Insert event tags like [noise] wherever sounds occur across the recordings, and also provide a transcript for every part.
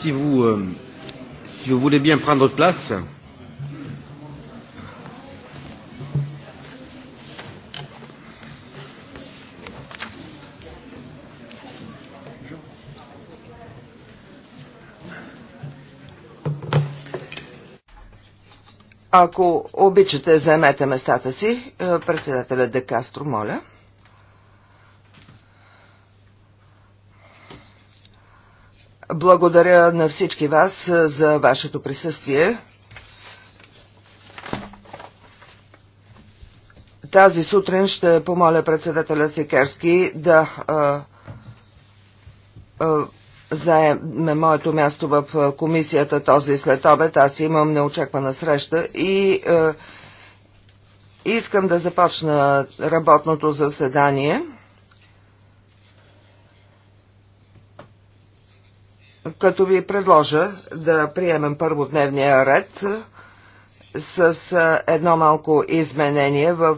si vous, euh, si vous voulez bien prendre votre place. Ако обичате, заемете местата си. Е, Председателя Декастро, моля. Благодаря на всички вас за вашето присъствие. Тази сутрин ще помоля председателя Секерски да а, а, заеме моето място в комисията този след обед. Аз имам неочаквана среща и а, искам да започна работното заседание. като ви предложа да приемем първо дневния ред с едно малко изменение в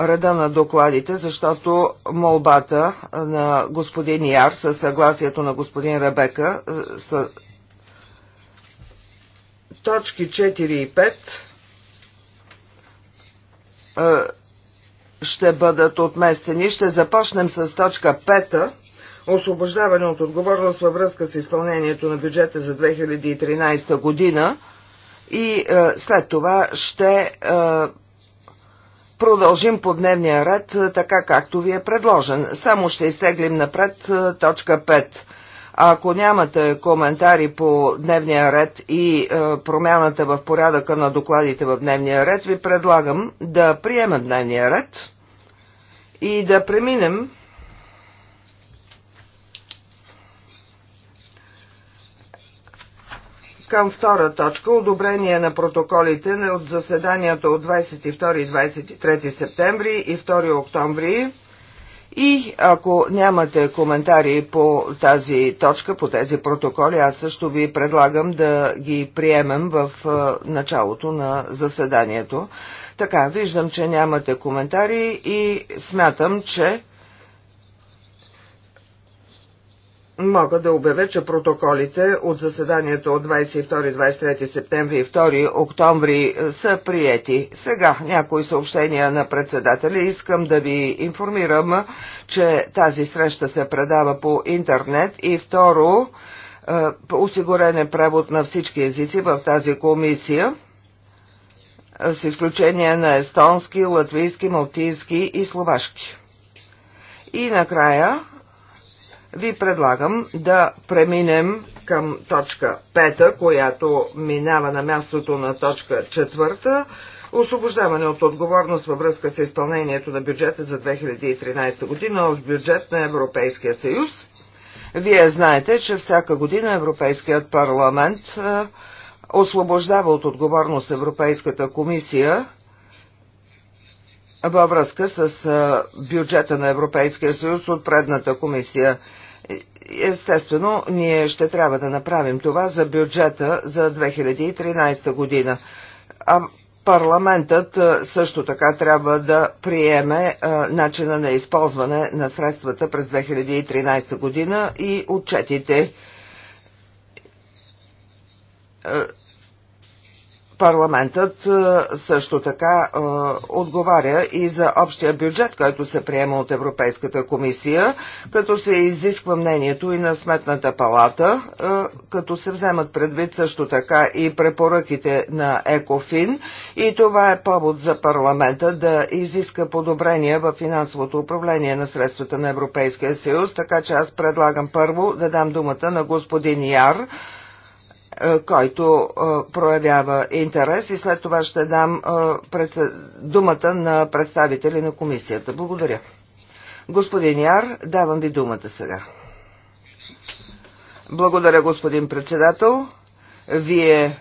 реда на докладите, защото молбата на господин Яр със съгласието на господин Ребека са точки 4 и 5 ще бъдат отместени. Ще започнем с точка 5 освобождаване от отговорност във връзка с изпълнението на бюджета за 2013 година и а, е, след това ще а, е, продължим по дневния ред, е, така както ви е предложен. Само ще изтеглим напред а, точка 5. А ако нямате коментари по дневния ред и е, промяната в порядъка на докладите в дневния ред, ви предлагам да приемем дневния ред и да преминем Към втора точка – одобрение на протоколите от заседанията от 22 и 23 септември и 2 октомври. И ако нямате коментари по тази точка, по тези протоколи, аз също ви предлагам да ги приемем в началото на заседанието. Така, виждам, че нямате коментари и смятам, че мога да обявя, че протоколите от заседанието от 22-23 септември и 2 октомври е, са приети. Сега някои съобщения на председателя. Искам да ви информирам, че тази среща се предава по интернет и второ, е, осигурен е превод на всички езици в тази комисия е, с изключение на естонски, латвийски, малтийски и словашки. И накрая ви предлагам да преминем към точка 5, която минава на мястото на точка 4. Освобождаване от отговорност във връзка с изпълнението на бюджета за 2013 година от бюджет на Европейския съюз. Вие знаете, че всяка година Европейският парламент освобождава от отговорност Европейската комисия във връзка с бюджета на Европейския съюз от предната комисия. Естествено, ние ще трябва да направим това за бюджета за 2013 година. А парламентът също така трябва да приеме начина на използване на средствата през 2013 година и отчетите Парламентът е, също така е, отговаря и за общия бюджет, който се приема от Европейската комисия, като се изисква мнението и на Сметната палата, е, като се вземат предвид също така и препоръките на ЕКОФИН и това е повод за парламента да изиска подобрения в финансовото управление на средствата на Европейския съюз, така че аз предлагам първо да дам думата на господин Яр, е, който е, проявява интерес и след това ще дам е, думата на представители на комисията. Благодаря. Господин Яр, давам ви думата сега. Благодаря, господин председател. Вие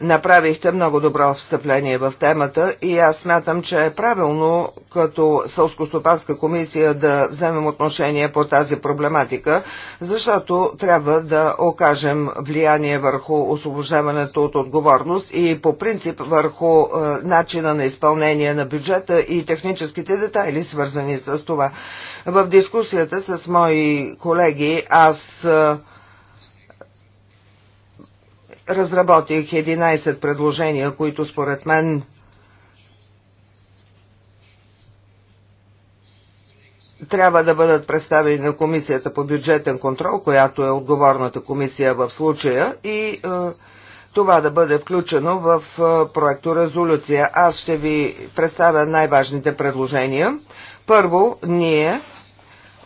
Направихте много добро встъпление в темата и аз смятам, че е правилно като Сълскостопанска комисия да вземем отношение по тази проблематика, защото трябва да окажем влияние върху освобождаването от отговорност и по принцип върху е, начина на изпълнение на бюджета и техническите детайли, свързани с това. В дискусията с мои колеги аз е, разработих 11 предложения, които според мен трябва да бъдат представени на Комисията по бюджетен контрол, която е отговорната комисия в случая и е, това да бъде включено в е, проекто резолюция. Аз ще ви представя най-важните предложения. Първо, ние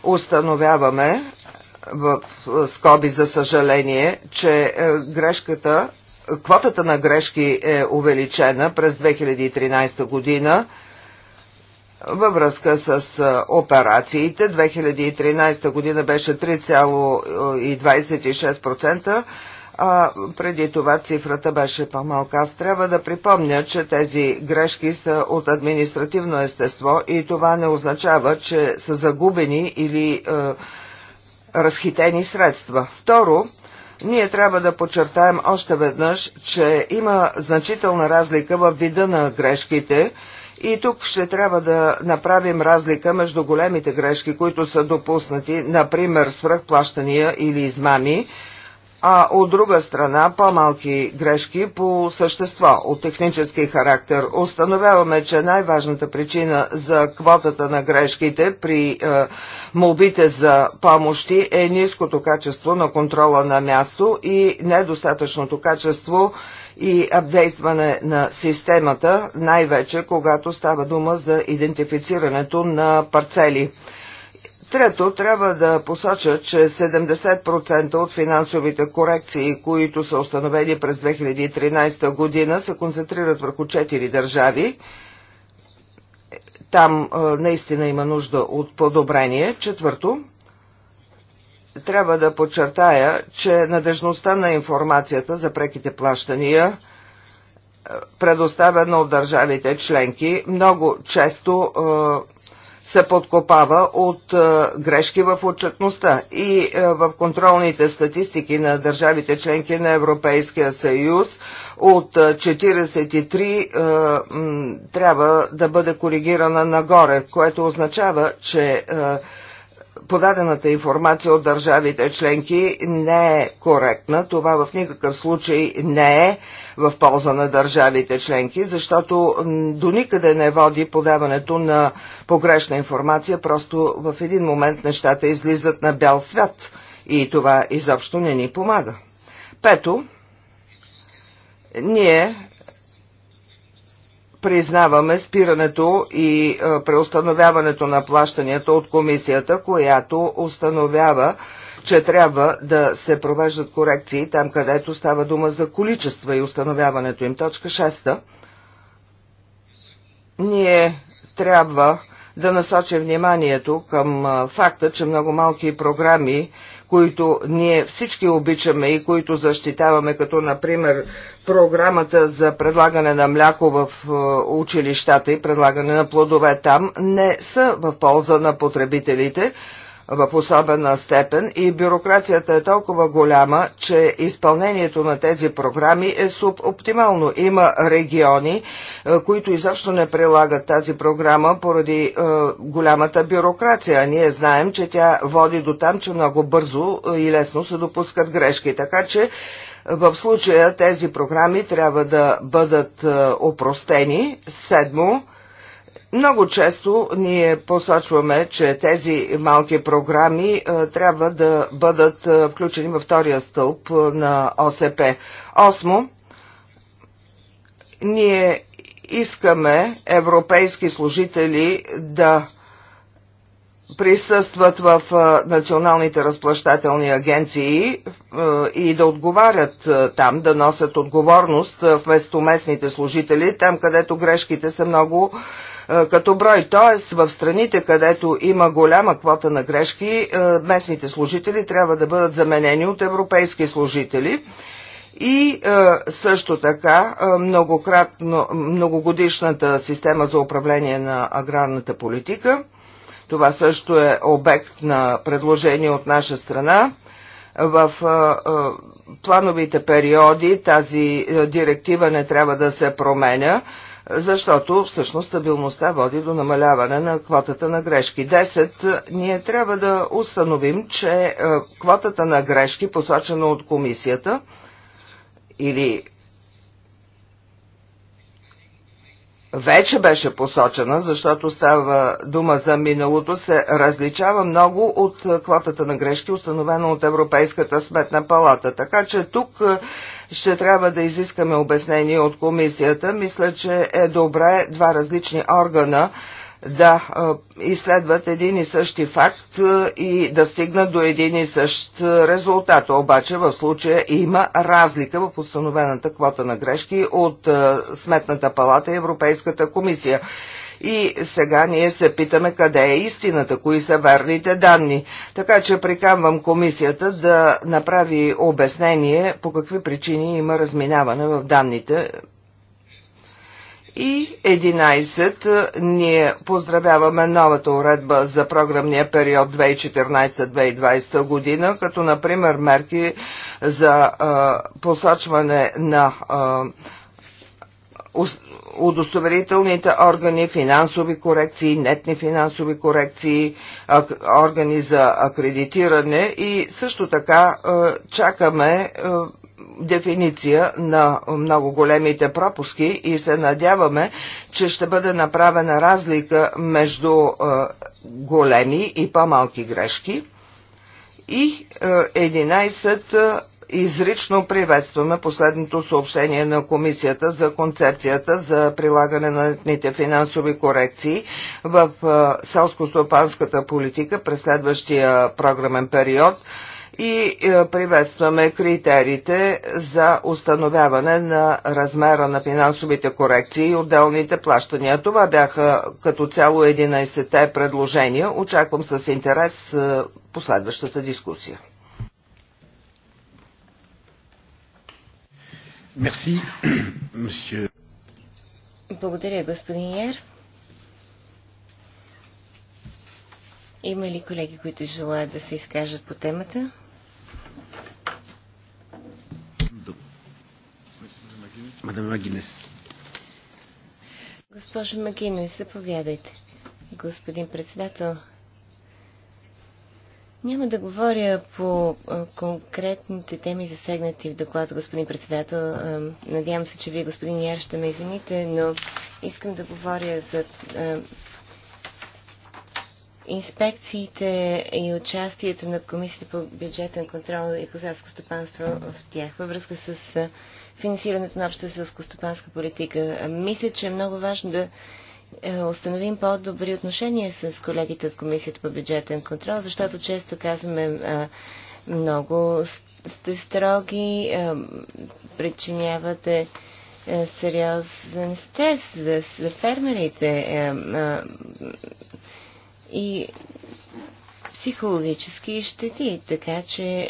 установяваме в скоби за съжаление, че е, грешката, квотата на грешки е увеличена през 2013 година във връзка с е, операциите. 2013 година беше 3,26%, а преди това цифрата беше по-малка. Аз трябва да припомня, че тези грешки са от административно естество и това не означава, че са загубени или е, разхитени средства. Второ, ние трябва да подчертаем още веднъж, че има значителна разлика в вида на грешките и тук ще трябва да направим разлика между големите грешки, които са допуснати, например свръхплащания или измами, а от друга страна по-малки грешки по същество от технически характер. Установяваме, че най-важната причина за квотата на грешките при е, молбите за помощи е ниското качество на контрола на място и недостатъчното качество и апдейтване на системата, най-вече когато става дума за идентифицирането на парцели. Трето, трябва да посоча, че 70% от финансовите корекции, които са установени през 2013 година, се концентрират върху 4 държави. Там наистина има нужда от подобрение. Четвърто, трябва да подчертая, че надежността на информацията за преките плащания – предоставена от държавите членки, много често е, се подкопава от е, грешки в отчетността и е, в контролните статистики на държавите членки на Европейския съюз от 43 е, трябва да бъде коригирана нагоре, което означава, че подадената информация от държавите членки не е коректна. Това в никакъв случай не е в полза на държавите членки, защото до никъде не води подаването на погрешна информация. Просто в един момент нещата излизат на бял свят и това изобщо не ни помага. Пето, ние признаваме спирането и преустановяването на плащанията от комисията, която установява, че трябва да се провеждат корекции там, където става дума за количества и установяването им. Точка 6. Ние трябва да насочим вниманието към факта, че много малки програми които ние всички обичаме и които защитаваме, като например програмата за предлагане на мляко в е, училищата и предлагане на плодове там не са в полза на потребителите в особена степен и бюрокрацията е толкова голяма, че изпълнението на тези програми е субоптимално. Има региони, е, които изобщо не прилагат тази програма поради е, голямата бюрокрация. Ние знаем, че тя води до там, че много бързо и лесно се допускат грешки. Така че в случая тези програми трябва да бъдат е, опростени. Седмо, много често ние посочваме, че тези малки програми е, трябва да бъдат е, включени във втория стълб на ОСП. Осмо, ние искаме европейски служители да присъстват в националните разплащателни агенции и да отговарят там, да носят отговорност вместо местните служители, там където грешките са много като брой. Т.е. в страните, където има голяма квота на грешки, местните служители трябва да бъдат заменени от европейски служители. И е, също така многократно, многогодишната система за управление на аграрната политика това също е обект на предложение от наша страна. В плановите периоди тази директива не трябва да се променя, защото всъщност стабилността води до намаляване на квотата на грешки. 10. Ние трябва да установим, че квотата на грешки, посочена от комисията, или вече беше посочена, защото става дума за миналото, се различава много от е, квотата на грешки, установена от Европейската сметна палата. Така че тук е, ще трябва да изискаме обяснение от комисията. Мисля, че е добре два различни органа да изследват един и същи факт и да стигнат до един и същ резултат. Обаче в случая има разлика в установената квота на грешки от Сметната палата и Европейската комисия. И сега ние се питаме къде е истината, кои са верните данни. Така че приканвам комисията да направи обяснение по какви причини има разминаване в данните и 11. Е, ние поздравяваме новата уредба за програмния период 2014-2020 година, като например мерки за а, е, посочване на а, е, удостоверителните органи, финансови корекции, нетни финансови корекции, органи за акредитиране и също така чакаме дефиниция на много големите пропуски и се надяваме, че ще бъде направена разлика между е, големи и по-малки грешки. И 11 е, е, изрично приветстваме последното съобщение на Комисията за концепцията за прилагане на летните финансови корекции в селско-стопанската политика през следващия програмен период – и е, приветстваме критериите за установяване на размера на финансовите корекции и отделните плащания. Това бяха като цяло 11-те предложения. Очаквам с интерес е, последващата дискусия. Мерси, Благодаря, господин Яр. Има ли колеги, които желаят да се изкажат по темата? Мадам Магинес. Госпожо Магинес, заповядайте. Господин председател, няма да говоря по конкретните теми, засегнати в доклада, господин председател. Надявам се, че вие, господин Яр, ще ме извините, но искам да говоря за инспекциите и участието на Комисията по бюджетен контрол и позарско стопанство в тях във връзка с финансирането на обща селско-стопанска политика. Мисля, че е много важно да е, установим по-добри отношения с колегите от Комисията по бюджетен контрол, защото често казваме много сте строги, причинявате е, сериозен стрес за фермерите е, и психологически щети, така че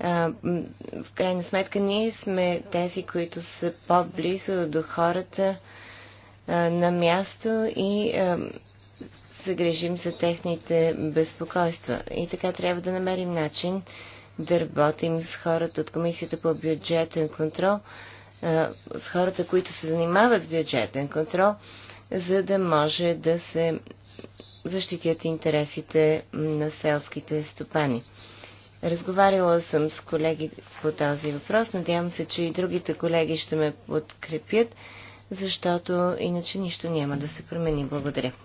в крайна сметка ние сме тези, които са по-близо до хората на място и загрежим за техните безпокойства. И така трябва да намерим начин да работим с хората от Комисията по бюджетен контрол, с хората, които се занимават с бюджетен контрол, за да може да се защитят интересите на селските стопани. Разговаряла съм с колеги по този въпрос. Надявам се, че и другите колеги ще ме подкрепят, защото иначе нищо няма да се промени. Благодаря. [coughs]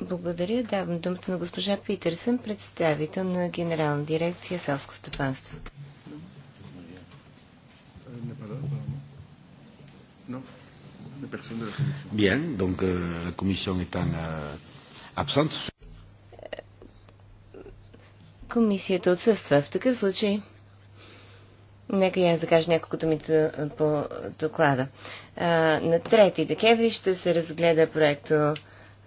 Euh, Благодаря. Давам думата на госпожа Питерсън, представител на Генерална дирекция селско стопанство. No. Е, Bien, donc euh, la commission étant euh, absente. Комисията отсъства. В такъв случай, нека я закажа няколко думи по доклада. на 3 декември ще се разгледа проекто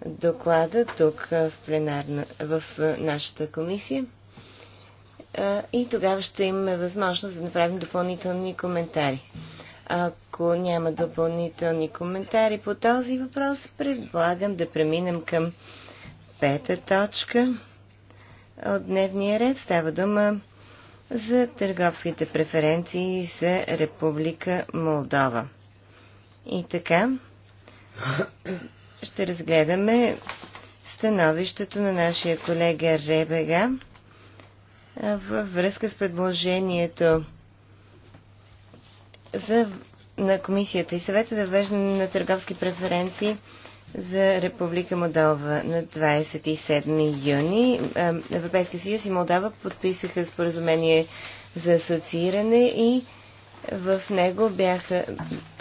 доклада тук в, пленарна, в нашата комисия и тогава ще имаме възможност да направим допълнителни коментари. Ако няма допълнителни коментари по този въпрос, предлагам да преминем към пета точка от дневния ред. Става дума за търговските преференции за Република Молдова. И така, ще разгледаме становището на нашия колега Ребега във връзка с предложението за на комисията и съвета за въвеждане на търговски преференции за Република Молдова на 27 юни. Е, Европейския съюз и Молдова подписаха споразумение за асоцииране и в него бяха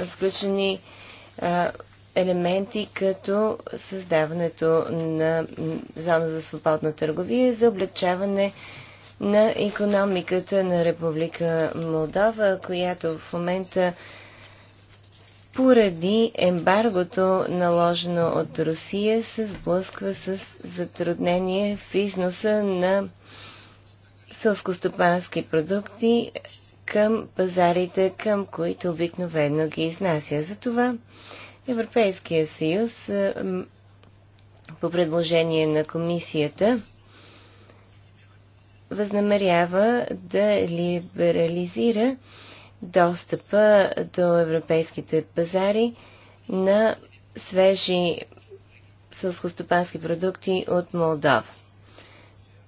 включени е, елементи като създаването на зона за свободна търговия за облегчаване на економиката на Република Молдова, която в момента поради ембаргото, наложено от Русия, се сблъсква с затруднение в износа на сълскостопански продукти към пазарите, към които обикновено ги изнася. Затова Европейския съюз по предложение на комисията възнамерява да либерализира достъпа до европейските пазари на свежи сълскостопански продукти от Молдова.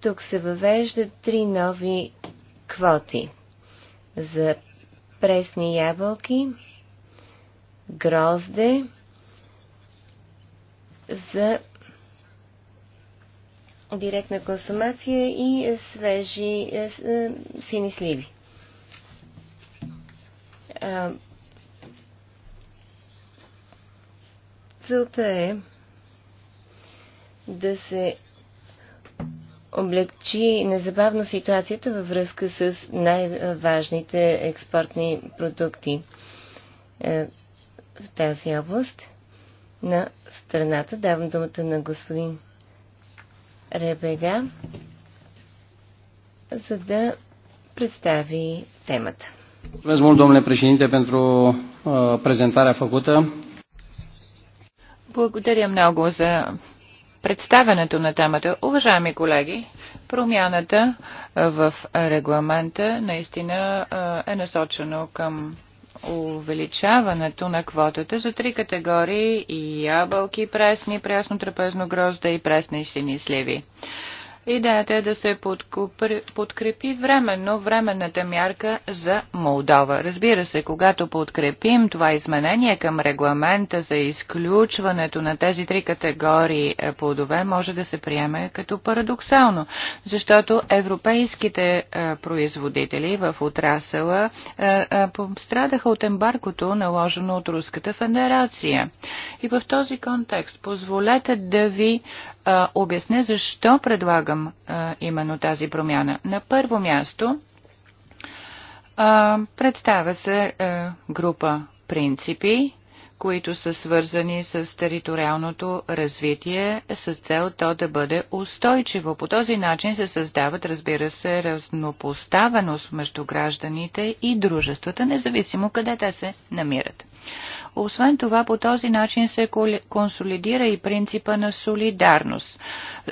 Тук се въвеждат три нови квоти за пресни ябълки, грозде, за директна консумация и свежи е, е, сини сливи. Е, целта е да се облегчи незабавно ситуацията във връзка с най-важните експортни продукти е, в тази област на страната. Давам думата на господин Ребега, за да представи темата. Mulțumesc mult, domnule președinte, pentru uh, prezentarea făcută. Благодаря много за представянето на темата. Уважаеми колеги, промяната в регламента наистина е насочена към увеличаването на квотата за три категории и ябълки, пресни, прясно трапезно грозда и пресни сини сливи. Идеята е да се подкрепи временно временната мярка за Молдова. Разбира се, когато подкрепим това изменение към регламента за изключването на тези три категории е, плодове, може да се приеме като парадоксално, защото европейските е, производители в отрасъла е, пострадаха от ембаркото, наложено от Руската федерация. И в този контекст позволете да ви а, обясня защо предлагам а, именно тази промяна. На първо място а, представя се а, група принципи, които са свързани с териториалното развитие с цел то да бъде устойчиво. По този начин се създават, разбира се, разнопоставеност между гражданите и дружествата, независимо къде те се намират. Освен това, по този начин се консолидира и принципа на солидарност.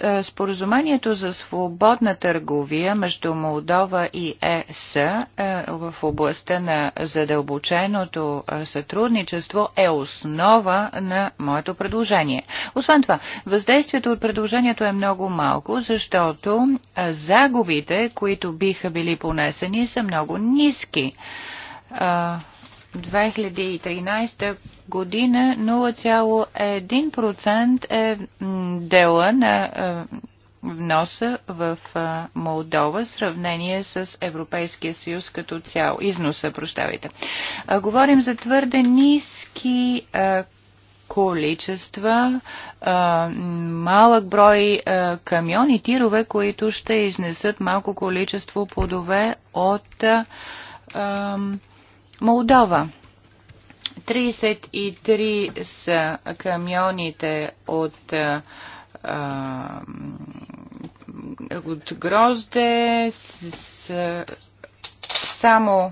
Е, споразумението за свободна търговия между Молдова и ЕС е, в областта на задълбоченото е, сътрудничество е основа на моето предложение. Освен това, въздействието от предложението е много малко, защото загубите, които биха били понесени, са много ниски 2013 година 0,1% е дела на е, вноса в е, Молдова в сравнение с Европейския съюз като цяло, износа, прощавайте. Говорим за твърде ниски е, количества, малък брой камиони, тирове, които ще изнесат малко количество плодове от Молдова. 33 са камионите от а, от грозде с, с само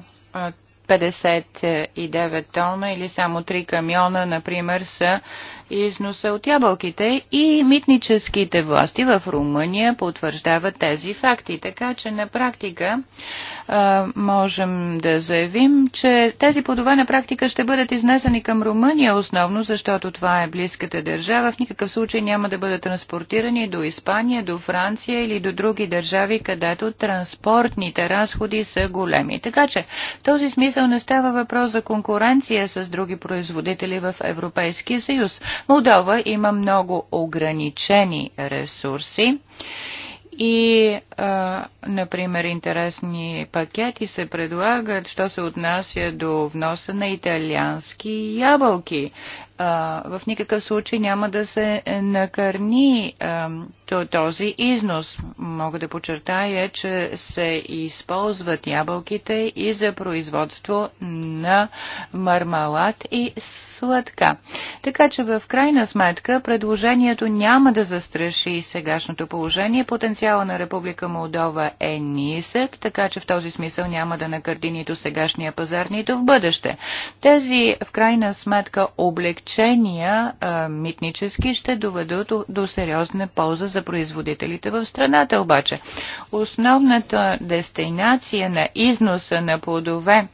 59 тона или само 3 камиона, например, са износа от ябълките и митническите власти в Румъния потвърждават тези факти. Така че на практика а, можем да заявим, че тези плодове на практика ще бъдат изнесени към Румъния основно, защото това е близката държава. В никакъв случай няма да бъдат транспортирани до Испания, до Франция или до други държави, където транспортните разходи са големи. Така че в този смисъл не става въпрос за конкуренция с други производители в Европейския съюз. Молдова има много ограничени ресурси и, а, например, интересни пакети се предлагат, що се отнася до вноса на италиански ябълки в никакъв случай няма да се накърни този износ. Мога да подчертая, че се използват ябълките и за производство на мармалад и сладка. Така че в крайна сметка предложението няма да застраши сегашното положение. Потенциала на Република Молдова е нисък, така че в този смисъл няма да накърди нито сегашния пазар, нито в бъдеще. Тези в крайна сметка облегчават облегчения а, митнически ще доведат до, до сериозна полза за производителите в страната. Обаче основната дестинация на износа на плодове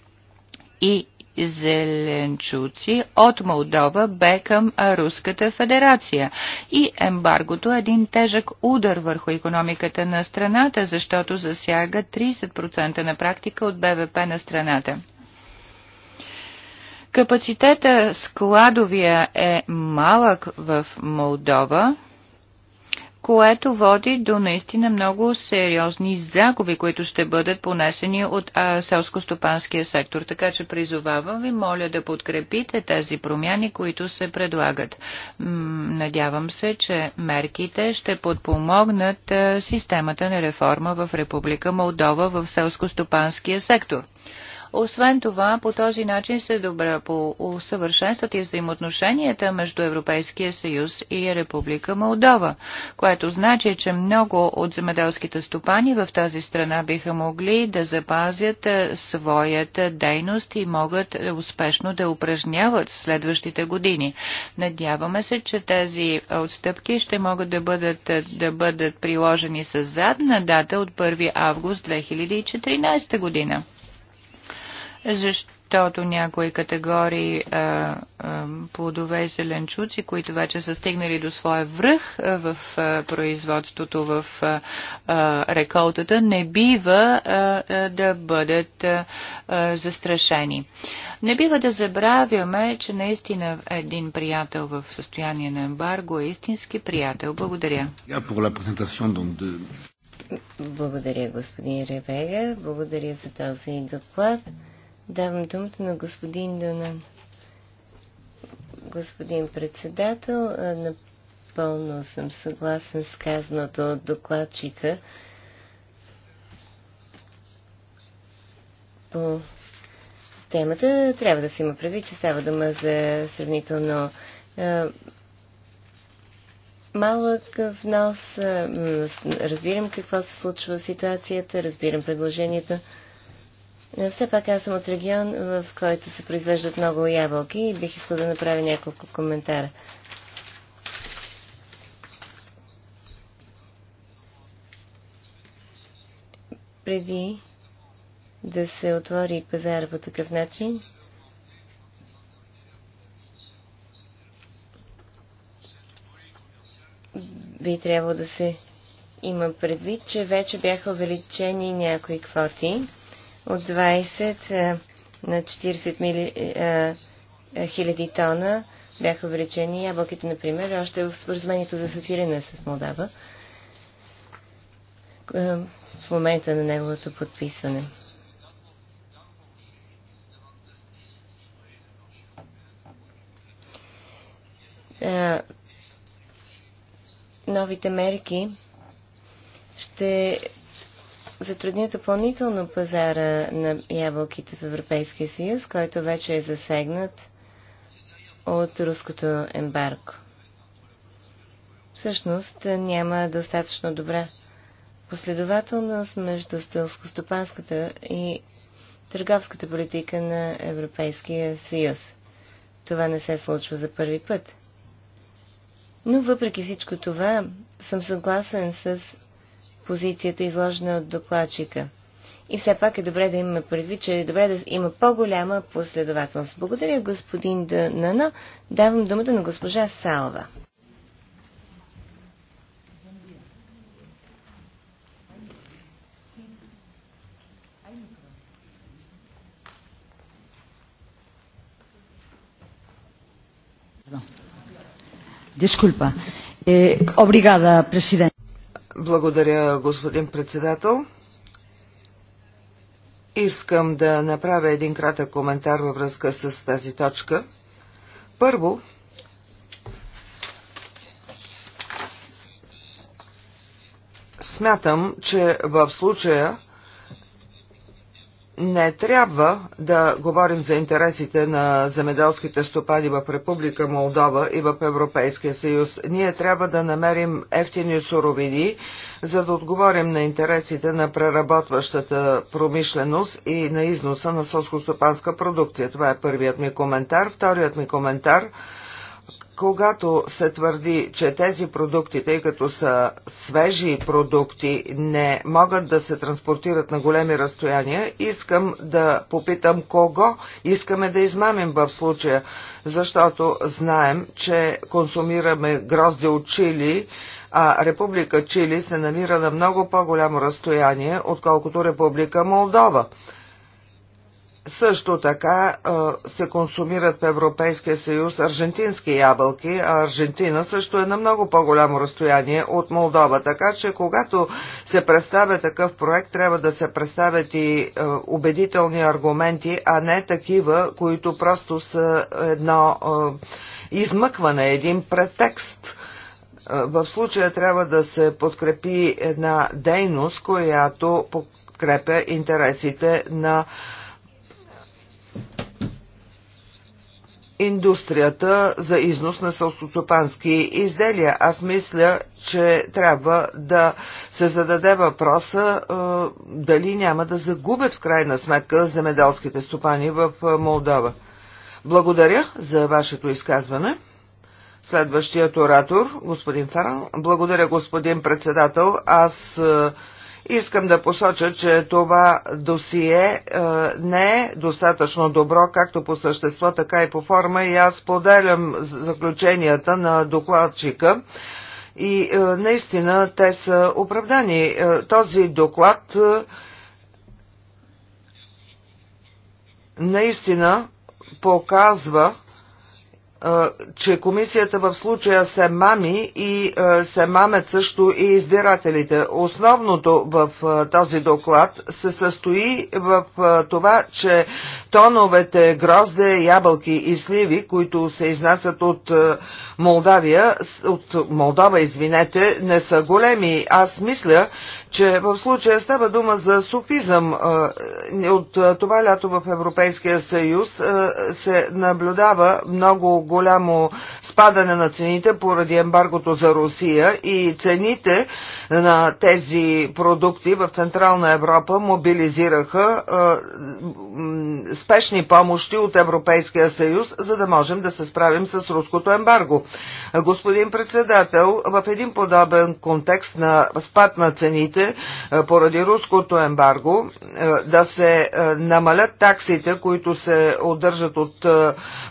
и зеленчуци от Молдова бе към Руската федерация. И ембаргото е един тежък удар върху економиката на страната, защото засяга 30% на практика от БВП на страната. Капацитета складовия е малък в Молдова, което води до наистина много сериозни загуби, които ще бъдат понесени от селско-стопанския сектор. Така че призовавам ви, моля да подкрепите тези промяни, които се предлагат. Надявам се, че мерките ще подпомогнат системата на реформа в Република Молдова в селско-стопанския сектор. Освен това, по този начин се добра по усъвършенстват и взаимоотношенията между Европейския съюз и Република Молдова, което значи, че много от земеделските стопани в тази страна биха могли да запазят е, своята е, дейност и могат е, успешно да упражняват следващите години. Надяваме се, че тези отстъпки ще могат да бъдат, да бъдат приложени с задна дата от 1 август 2014 година защото някои категории а, е, а, е, плодове и зеленчуци, които вече са стигнали до своя връх е, в а, производството, в а, а, реколтата, не бива а, а, да бъдат а, а, застрашени. Не бива да забравяме, че наистина един приятел в състояние на ембарго е истински приятел. Благодаря. Благодаря, господин Ребега. Благодаря за този доклад. Давам думата на господин Донан. Господин председател, напълно съм съгласен с казаното от докладчика по темата. Трябва да се има прави, че става дума за сравнително малък внос. Разбирам какво се случва в ситуацията, разбирам предложението. Е, все пак аз съм от регион, в който се произвеждат много ябълки и бих искал да направя няколко коментара. Преди да се отвори пазара по такъв начин, би трябвало да се има предвид, че вече бяха увеличени някои квоти от 20 е, на 40 мили, а, е, е, хиляди тона бяха увеличени ябълките, например, още в споразумението за асоцииране с Молдава в момента на неговото подписване. новите мерки ще затрудни допълнително пазара на ябълките в Европейския съюз, който вече е засегнат от руското ембарго. Всъщност няма достатъчно добра последователност между стълско-стопанската и търговската политика на Европейския съюз. Това не се случва за първи път. Но въпреки всичко това, съм съгласен с позицията, изложена от докладчика. И все пак е добре да имаме предвид, че е добре да има по-голяма последователност. Благодаря, господин Данано. Давам думата на госпожа Салва. Disculpa. Eh, obrigada, Presidente. Благодаря, господин председател. Искам да направя един кратък коментар във връзка с тази точка. Първо, смятам, че в случая не трябва да говорим за интересите на земеделските стопани в Република Молдова и в Европейския съюз. Ние трябва да намерим ефтини суровини, за да отговорим на интересите на преработващата промишленост и на износа на сълскостопанска продукция. Това е първият ми коментар. Вторият ми коментар – когато се твърди, че тези продукти, тъй като са свежи продукти, не могат да се транспортират на големи разстояния, искам да попитам кого искаме да измамим в случая, защото знаем, че консумираме грозди от чили, а Република Чили се намира на много по-голямо разстояние, отколкото Република Молдова. Също така се консумират в Европейския съюз аржентински ябълки, а Аржентина също е на много по-голямо разстояние от Молдова. Така че когато се представя такъв проект, трябва да се представят и убедителни аргументи, а не такива, които просто са едно измъкване, един претекст. В случая трябва да се подкрепи една дейност, която подкрепя интересите на индустрията за износ на сълсоцопански изделия. Аз мисля, че трябва да се зададе въпроса е, дали няма да загубят в крайна сметка земеделските стопани в е, Молдова. Благодаря за вашето изказване. Следващият оратор, господин Фаран. Благодаря, господин председател. Аз е, Искам да посоча, че това досие е, не е достатъчно добро, както по същество, така и по форма и аз поделям заключенията на докладчика и е, наистина те са оправдани. Е, този доклад е, наистина показва че комисията в случая се мами и се мамят също и избирателите. Основното в този доклад се състои в това, че тоновете грозде, ябълки и сливи, които се изнасят от Молдавия, от Молдова, извинете, не са големи. Аз мисля, че в случая става дума за суфизъм. Е, от е, това лято в Европейския съюз е, се наблюдава много голямо спадане на цените поради ембаргото за Русия и цените на тези продукти в Централна Европа мобилизираха спешни помощи от Европейския съюз, за да можем да се справим с руското ембарго. Господин председател, в един подобен контекст на спад на цените, страните е, поради руското ембарго, е, да се е, намалят таксите, които се отдържат от,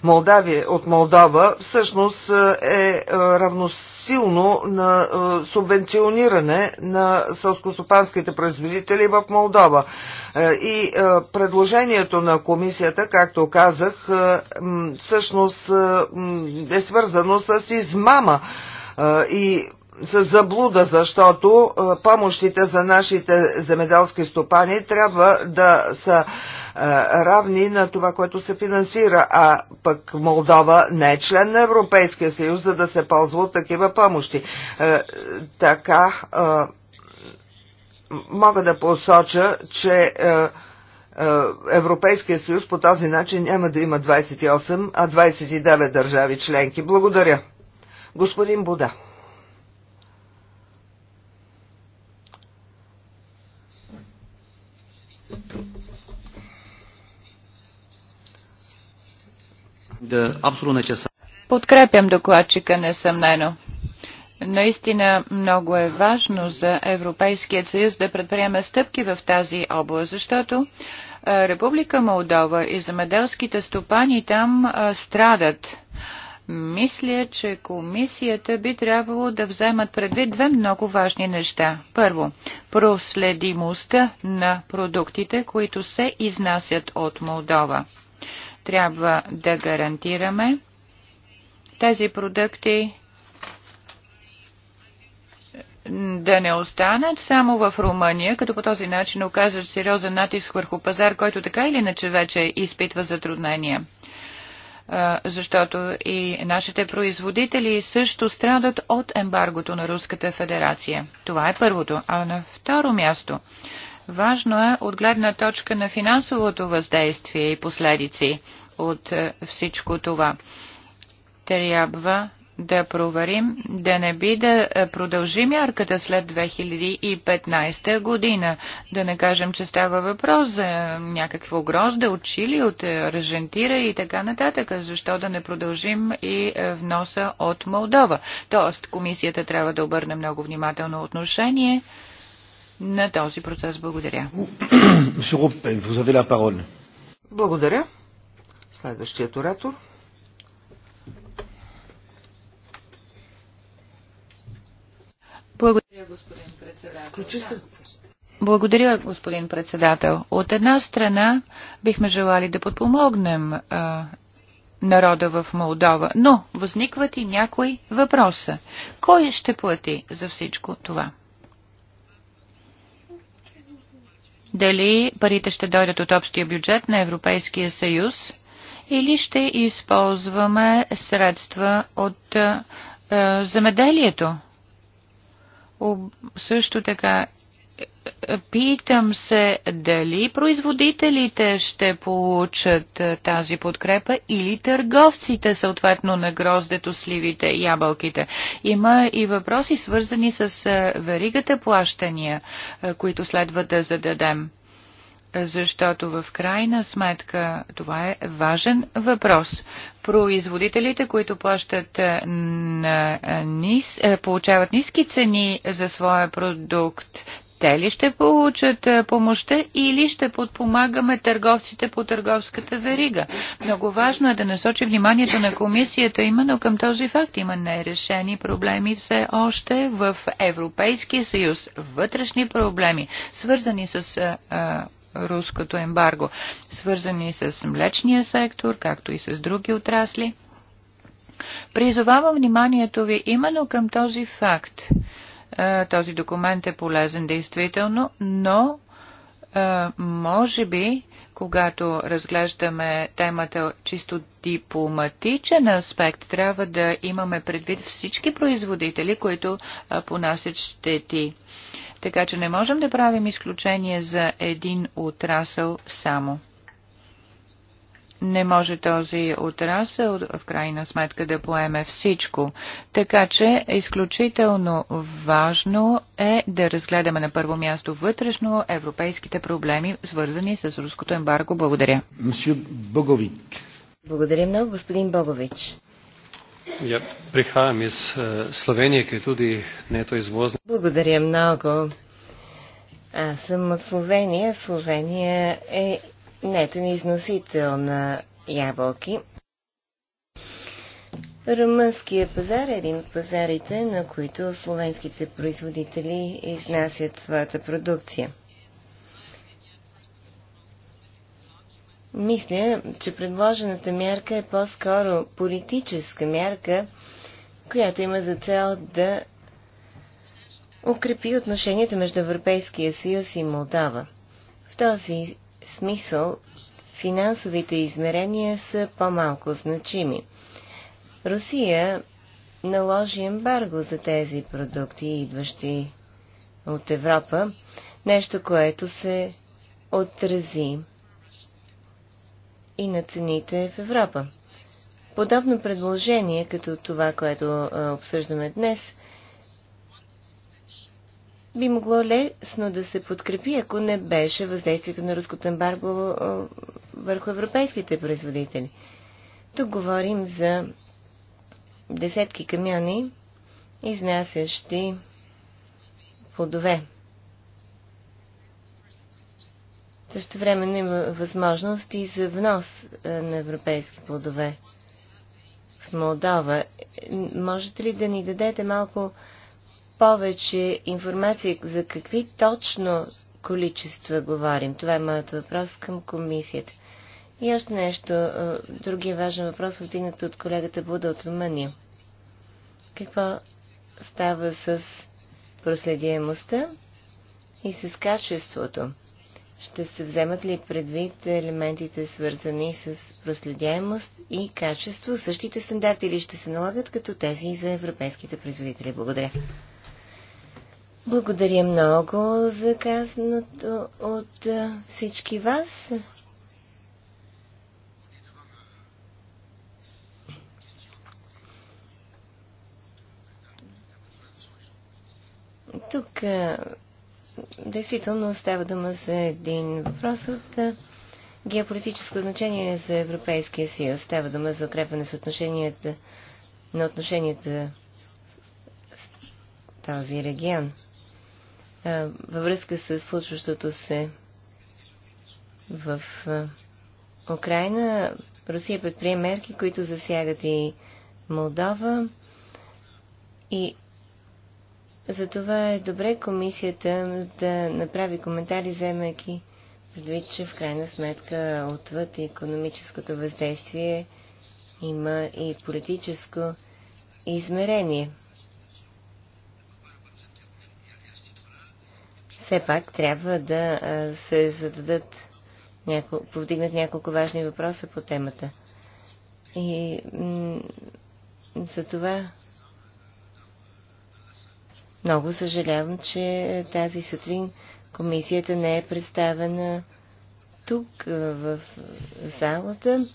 Молдавия, от Молдова, всъщност е равносилно на субвенциониране на сълскостопанските производители в Молдова. И предложението на комисията, както казах, всъщност е свързано с измама и с заблуда, защото помощите за нашите земеделски стопани трябва да са равни на това, което се финансира, а пък Молдова не е член на Европейския съюз, за да се ползва от такива помощи. Така мога да посоча, че Европейския съюз по този начин няма да има 28, а 29 държави членки. Благодаря. Господин Буда. Подкрепям докладчика, несъмнено. Наистина много е важно за Европейският съюз да предприеме стъпки в тази област, защото Република Молдова и замеделските стопани там страдат. Мисля, че комисията би трябвало да вземат предвид две много важни неща. Първо, проследимостта на продуктите, които се изнасят от Молдова. Трябва да гарантираме тези продукти да не останат само в Румъния, като по този начин оказват сериозен натиск върху пазар, който така или иначе вече изпитва затруднения. Защото и нашите производители също страдат от ембаргото на Руската федерация. Това е първото. А на второ място Важно е от гледна точка на финансовото въздействие и последици от е, всичко това. Трябва да проверим, да не би да е, продължим ярката след 2015 година. Да не кажем, че става въпрос за някакво грозда от Чили, от е, Аржентира и така нататък. Защо да не продължим и вноса от Молдова? Тоест, комисията трябва да обърне много внимателно отношение на този процес. Благодаря. Благодаря. Следващият оратор. Благодаря, господин председател. Благодаря, господин председател. От една страна бихме желали да подпомогнем а, народа в Молдова, но възникват и някои въпроса. Кой ще плати за всичко това? дали парите ще дойдат от общия бюджет на Европейския съюз или ще използваме средства от е, е замеделието. Об, също така Питам се дали производителите ще получат е, тази подкрепа или търговците, съответно на гроздето, сливите, ябълките. Има и въпроси свързани с е, веригата плащания, е, които следва да зададем. Защото в крайна сметка това е важен въпрос. Производителите, които плащат на нис, получават ниски цени за своя продукт, те ли ще получат помощта или ще подпомагаме търговците по търговската верига? Много важно е да насочи вниманието на комисията именно към този факт. Има нерешени проблеми все още в Европейския съюз, вътрешни проблеми, свързани с а, руското ембарго, свързани с млечния сектор, както и с други отрасли. Призовавам вниманието ви именно към този факт. Е, този документ е полезен действително, но е, може би, когато разглеждаме темата чисто дипломатичен аспект, трябва да имаме предвид всички производители, които е, понасят щети. Така че не можем да правим изключение за един отрасъл само не може този отрасъл в крайна сметка да поеме всичко. Така че изключително важно е да разгледаме на първо място вътрешно европейските проблеми, свързани с руското ембарго. Благодаря. Мсю Богович. Благодаря много, господин Богович. Я прихавам из е, Словения, къде туди нето е извозна. Благодаря много. Аз съм от Словения. Словения е нетен износител на ябълки. Румънския пазар е един от пазарите, на които словенските производители изнасят своята продукция. Мисля, че предложената мярка е по-скоро политическа мярка, която има за цел да укрепи отношенията между Европейския съюз и Молдава. В този смисъл финансовите измерения са по-малко значими. Русия наложи ембарго за тези продукти, идващи от Европа, нещо, което се отрази и на цените в Европа. Подобно предложение, като това, което обсъждаме днес, би могло лесно да се подкрепи, ако не беше въздействието на руското ембарго върху европейските производители. Тук говорим за десетки камиони, изнасящи плодове. Също време има възможности за внос на европейски плодове в Молдова. Можете ли да ни дадете малко повече информация за какви точно количества говорим. Това е моят въпрос към комисията. И още нещо, другия важен въпрос, вдигнат от колегата Буда от Румъния. Какво става с проследиемостта и с качеството? Ще се вземат ли предвид елементите свързани с проследяемост и качество, същите стандарти или ще се налагат като тези за европейските производители? Благодаря. Благодаря много за казаното от всички вас. Тук действително става дума за един въпрос от геополитическо значение за Европейския съюз. Става дума за укрепване с отношенията, на отношенията в този регион във връзка с случващото се в Украина. Русия предприе мерки, които засягат и Молдова. И за това е добре комисията да направи коментари, вземайки предвид, че в крайна сметка отвъд економическото въздействие има и политическо измерение – все пак трябва да се зададат, няко... повдигнат няколко важни въпроса по темата. И за това много съжалявам, че тази сутрин комисията не е представена тук, в залата,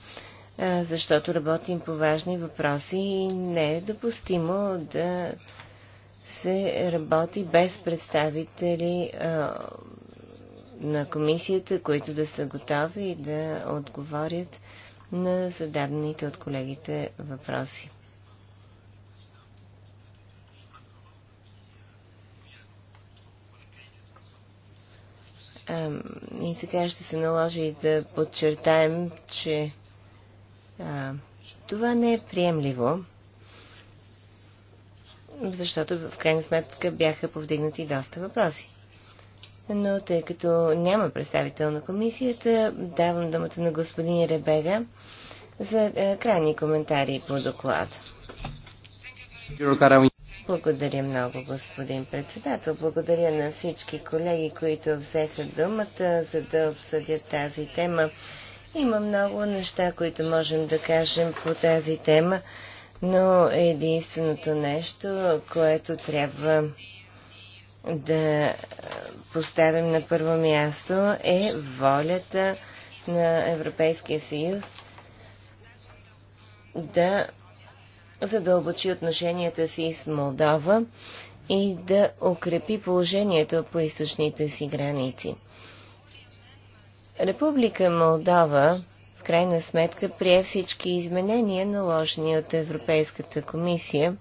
защото работим по важни въпроси и не е допустимо да се работи без представители а, на комисията, които да са готови да отговорят на зададените от колегите въпроси. А, и сега ще се наложи да подчертаем, че а, това не е приемливо защото в крайна сметка бяха повдигнати доста въпроси. Но тъй като няма представител на комисията, давам думата на господин Ребега за е, крайни коментари по доклад. Благодаря много, господин председател. Благодаря на всички колеги, които взеха думата, за да обсъдят тази тема. Има много неща, които можем да кажем по тази тема но единственото нещо, което трябва да поставим на първо място е волята на Европейския съюз да задълбочи отношенията си с Молдова и да укрепи положението по източните си граници. Република Молдова крайна сметка прие всички изменения, наложени от Европейската комисия.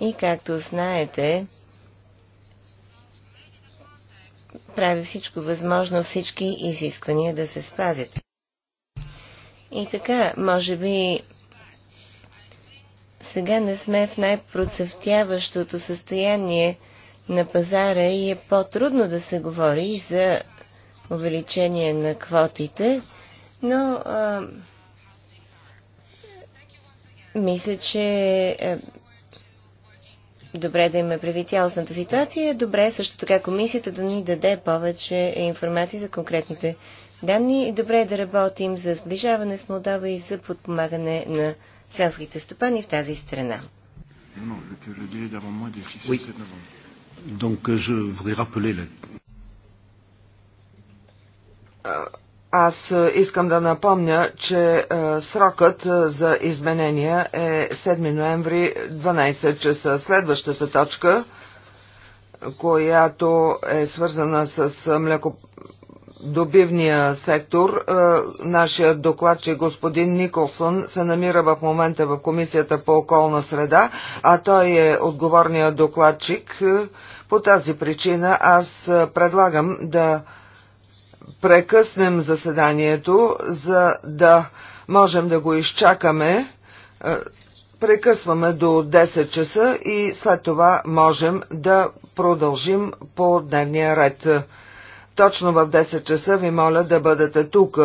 И както знаете, прави всичко възможно всички изисквания да се спазят. И така, може би сега не сме в най-процъфтяващото състояние на пазара и е по-трудно да се говори за увеличение на квотите, но а, мисля, че а, е, добре да има прави цялостната ситуация. Добре е също така комисията да ни даде повече информация за конкретните данни. Добре е да работим за сближаване с Молдова и за подпомагане на селските стопани в тази страна. Oui. Donc, je voudrais rappeler la... Euh, аз е, искам да напомня, че е, срокът е, за изменения е 7 ноември 12 часа. Следващата точка, която е свързана с млекодобивния сектор. Нашия докладчик господин Николсън се намира в момента в Комисията по околна среда, а той е отговорният докладчик. По тази причина аз предлагам да прекъснем заседанието, за да можем да го изчакаме. Е, прекъсваме до 10 часа и след това можем да продължим по дневния ред. Точно в 10 часа ви моля да бъдете тук,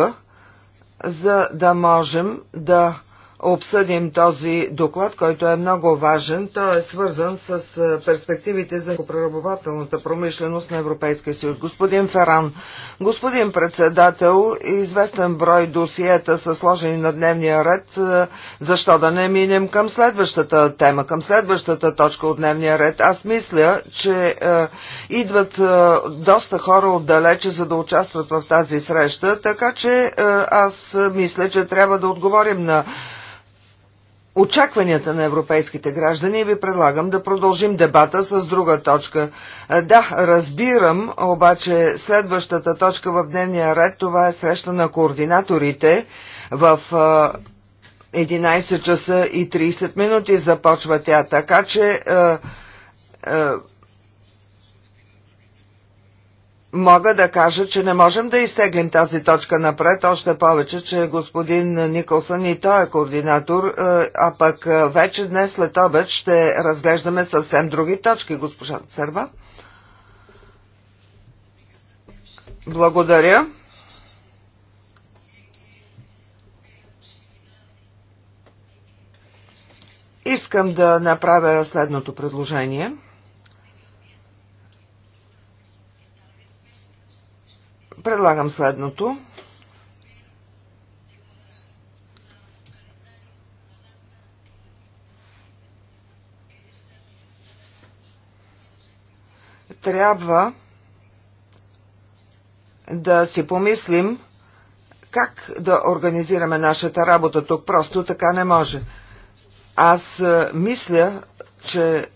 за да можем да обсъдим този доклад, който е много важен. Той е свързан с е, перспективите за преработвателната промишленост на Европейския съюз. Господин Феран, господин председател, известен брой досиета са сложени на дневния ред. Е, защо да не минем към следващата тема, към следващата точка от дневния ред? Аз мисля, че е, идват е, доста хора отдалече, за да участват в тази среща, така че е, аз мисля, че трябва да отговорим на очакванията на европейските граждани и ви предлагам да продължим дебата с друга точка. Е, да, разбирам, обаче следващата точка в дневния ред, това е среща на координаторите в 11 е, часа и 30 минути започва тя, така че е, мога да кажа, че не можем да изтеглим тази точка напред, още повече, че господин Николсън и той е координатор, е, а пък е, вече днес след обед ще разглеждаме съвсем други точки, госпожа Серба. Благодаря. Искам да направя следното предложение – Предлагам следното. Трябва да си помислим как да организираме нашата работа тук. Просто така не може. Аз е, мисля, че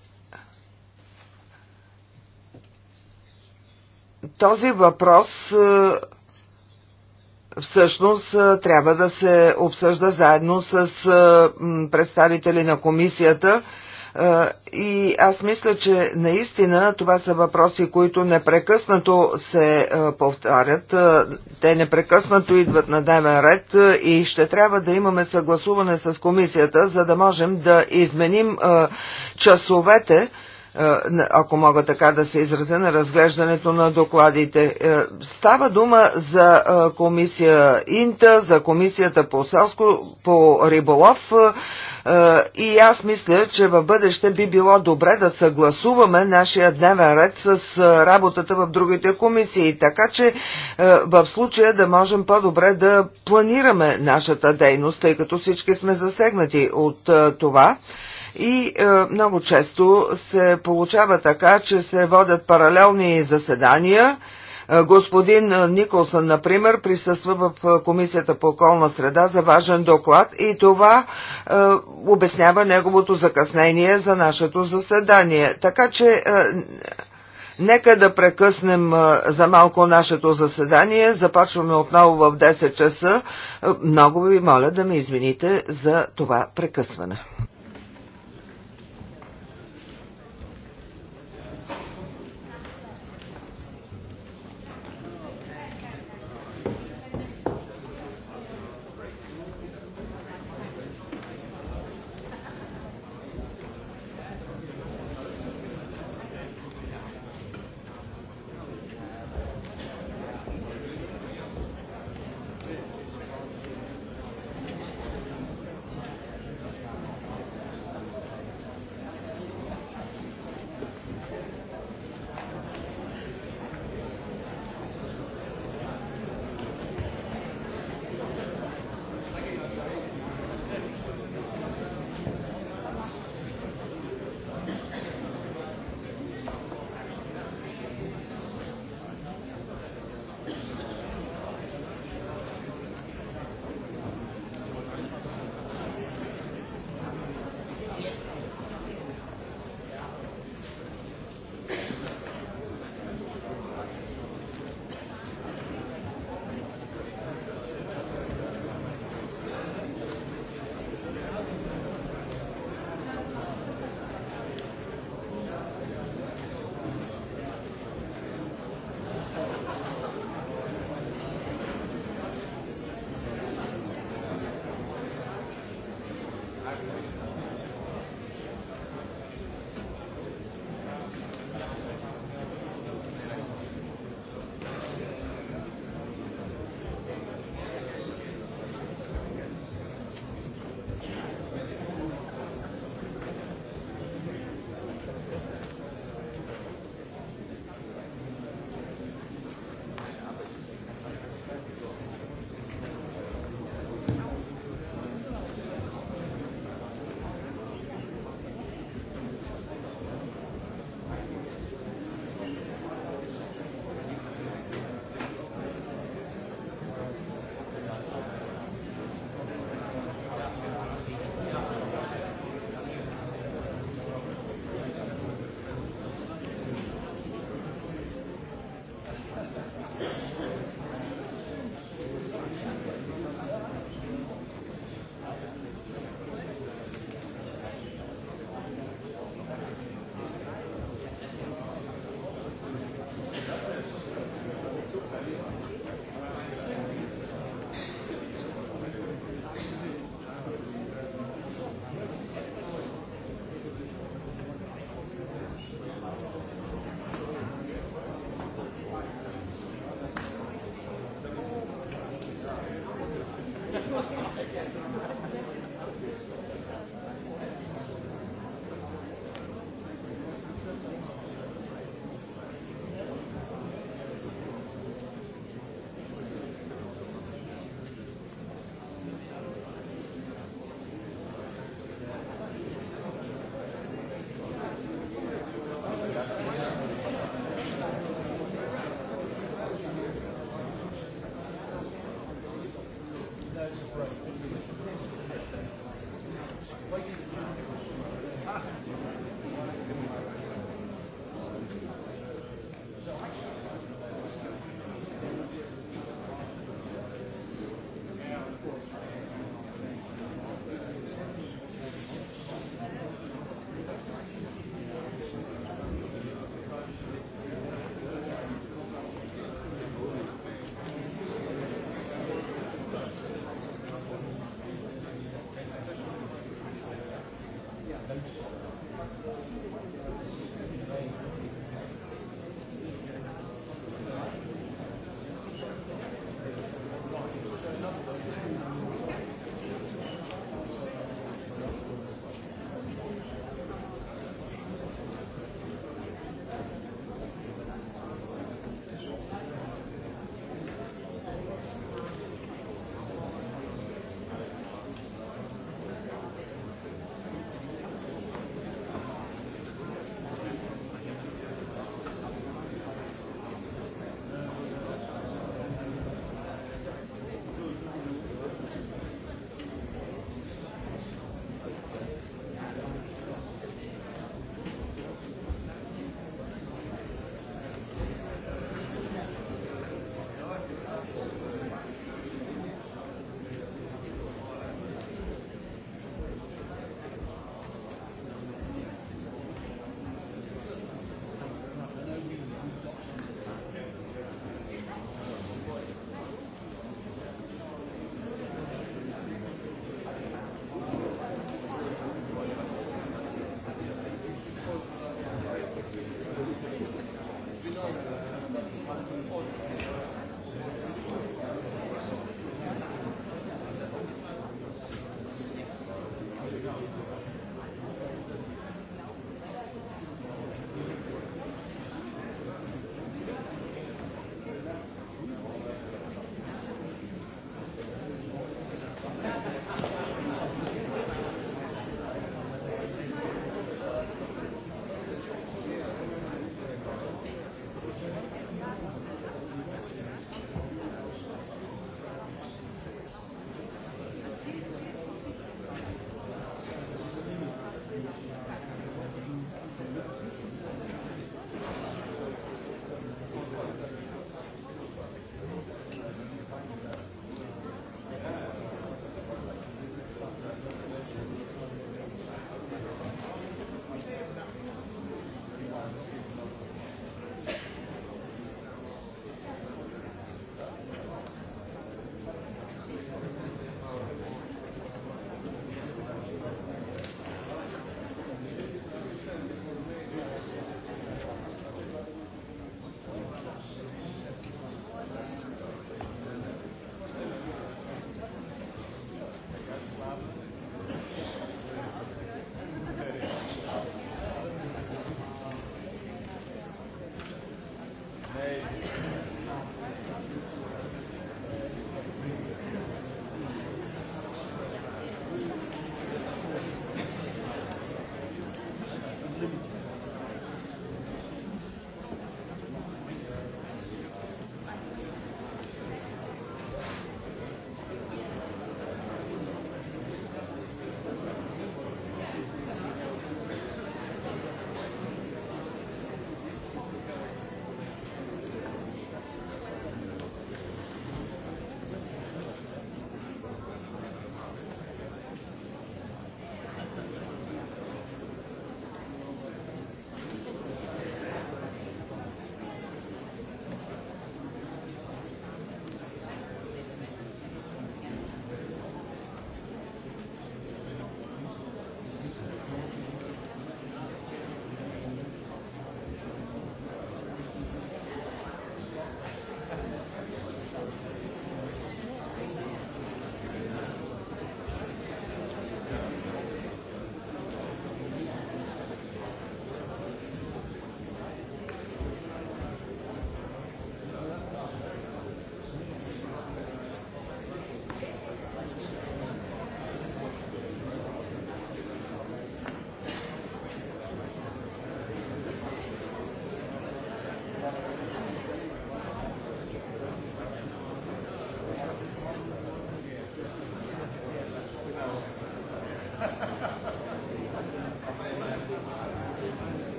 този въпрос е, всъщност е, трябва да се обсъжда заедно с е, представители на комисията. И аз мисля, че наистина това са въпроси, които непрекъснато се повтарят. Те непрекъснато идват на дневен ред и ще трябва да имаме съгласуване с комисията, за да можем да изменим часовете, е, ако мога така да се изразя, на разглеждането на докладите. Е, става дума за е, комисия Инта, за комисията по, селско, по риболов и аз мисля, че в бъдеще би било добре да съгласуваме нашия дневен ред с работата в другите комисии, така че в случая да можем по-добре да планираме нашата дейност, тъй като всички сме засегнати от това. И е, много често се получава така, че се водят паралелни заседания. Е, господин Николсън, например, присъства в Комисията по околна среда за важен доклад и това е, обяснява неговото закъснение за нашето заседание. Така че е, Нека да прекъснем е, за малко нашето заседание. Започваме отново в 10 часа. Е, много ви моля да ме извините за това прекъсване.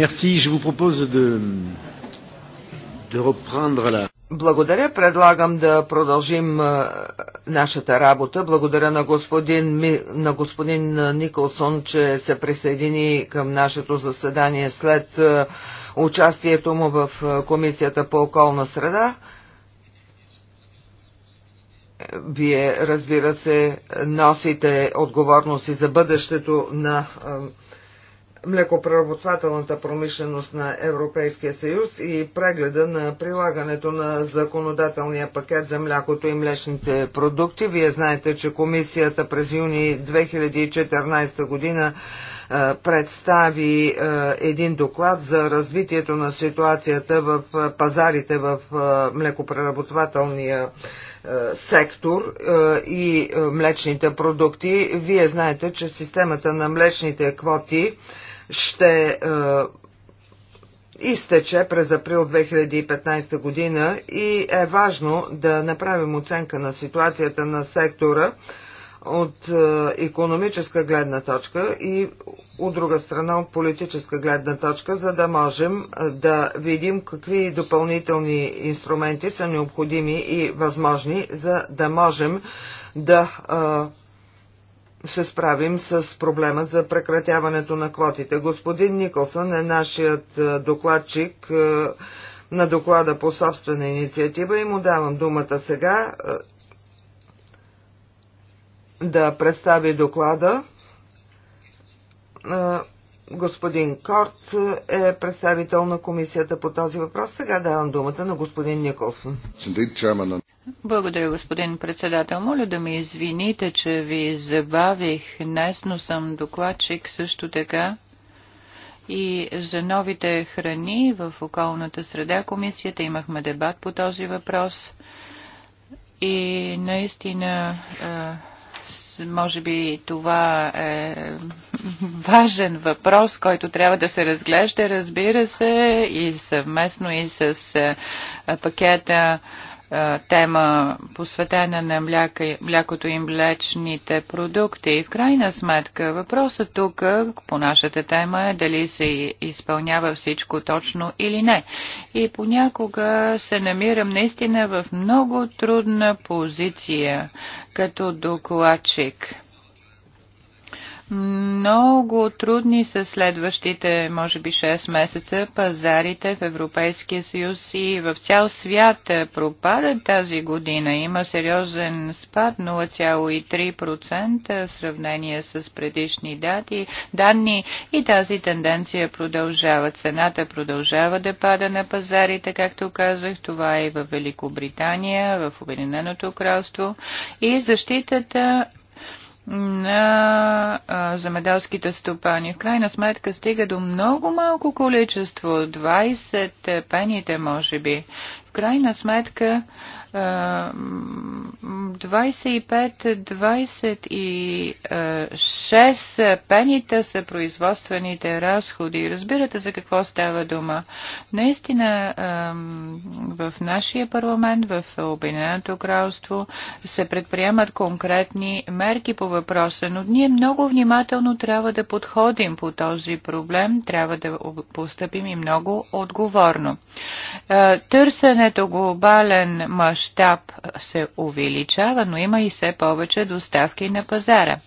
Merci. Je vous propose de, de reprendre la... Благодаря. Предлагам да продължим нашата работа. Благодаря на господин, на господин Николсон, че се присъедини към нашето заседание след участието му в Комисията по околна среда. Вие, разбира се, носите отговорности за бъдещето на млекопреработвателната промишленост на Европейския съюз и прегледа на прилагането на законодателния пакет за млякото и млечните продукти. Вие знаете, че комисията през юни 2014 година е, представи е, един доклад за развитието на ситуацията в е, пазарите в млекопреработвателния сектор и млечните продукти. Вие знаете, че системата на млечните квоти ще е, изтече през април 2015 година и е важно да направим оценка на ситуацията на сектора от економическа гледна точка и от друга страна от политическа гледна точка, за да можем е, да видим какви допълнителни инструменти са необходими и възможни, за да можем да е, се справим с проблема за прекратяването на квотите. Господин Николсън е нашият е, докладчик е, на доклада по собствена инициатива и му давам думата сега е, да представи доклада. Господин Корт е представител на комисията по този въпрос. Сега давам думата на господин Николсън. Благодаря, господин председател. Моля да ми извините, че ви забавих днес, но съм докладчик също така и за новите храни в околната среда. Комисията имахме дебат по този въпрос и наистина може би това е важен въпрос, който трябва да се разглежда, разбира се, и съвместно и с пакета е, тема, посветена на мляка, млякото и млечните продукти. И в крайна сметка въпросът тук е, по нашата тема е дали се изпълнява всичко точно или не. И понякога се намирам наистина в много трудна позиция като докладчик много трудни са следващите, може би 6 месеца. Пазарите в Европейския съюз и в цял свят пропадат тази година. Има сериозен спад 0,3% в сравнение с предишни дати, данни и тази тенденция продължава. Цената продължава да пада на пазарите, както казах. Това е и в Великобритания, в Обединеното кралство. И защитата на а, земеделските стопани. В крайна сметка стига до много малко количество, 20 пените може би. В крайна сметка 25-26 пенита са производствените разходи. Разбирате за какво става дума. Наистина в нашия парламент, в Обединеното кралство се предприемат конкретни мерки по въпроса, но ние много внимателно трябва да подходим по този проблем, трябва да постъпим и много отговорно. Търсенето глобален мъж мащаб се увеличава, но има и все повече доставки на пазара.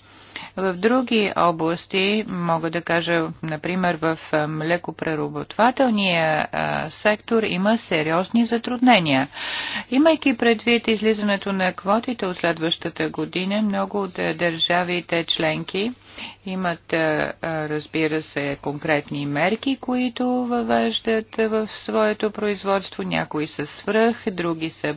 В други области, мога да кажа, например, в млекопреработвателния сектор има сериозни затруднения. Имайки предвид излизането на квотите от следващата година, много от държавите членки имат, разбира се, конкретни мерки, които въвеждат в своето производство. Някои са свръх, други са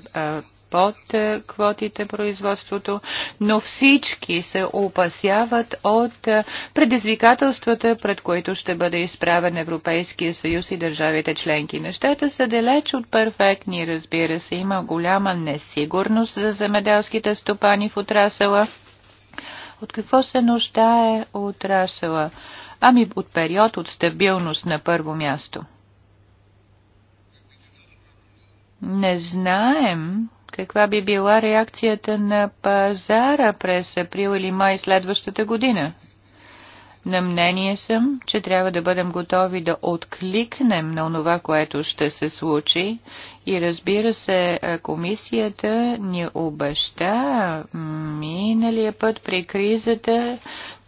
под е, квотите производството, но всички се опасяват от е, предизвикателствата, пред които ще бъде изправен Европейския съюз и държавите членки. Нещата са далеч от перфектни, разбира се. Има голяма несигурност за земеделските стопани в отрасъла. От какво се нуждае отрасъла? Ами от период от стабилност на първо място. Не знаем каква би била реакцията на пазара през април или май следващата година? На мнение съм, че трябва да бъдем готови да откликнем на това, което ще се случи. И разбира се, комисията ни обеща миналия път при кризата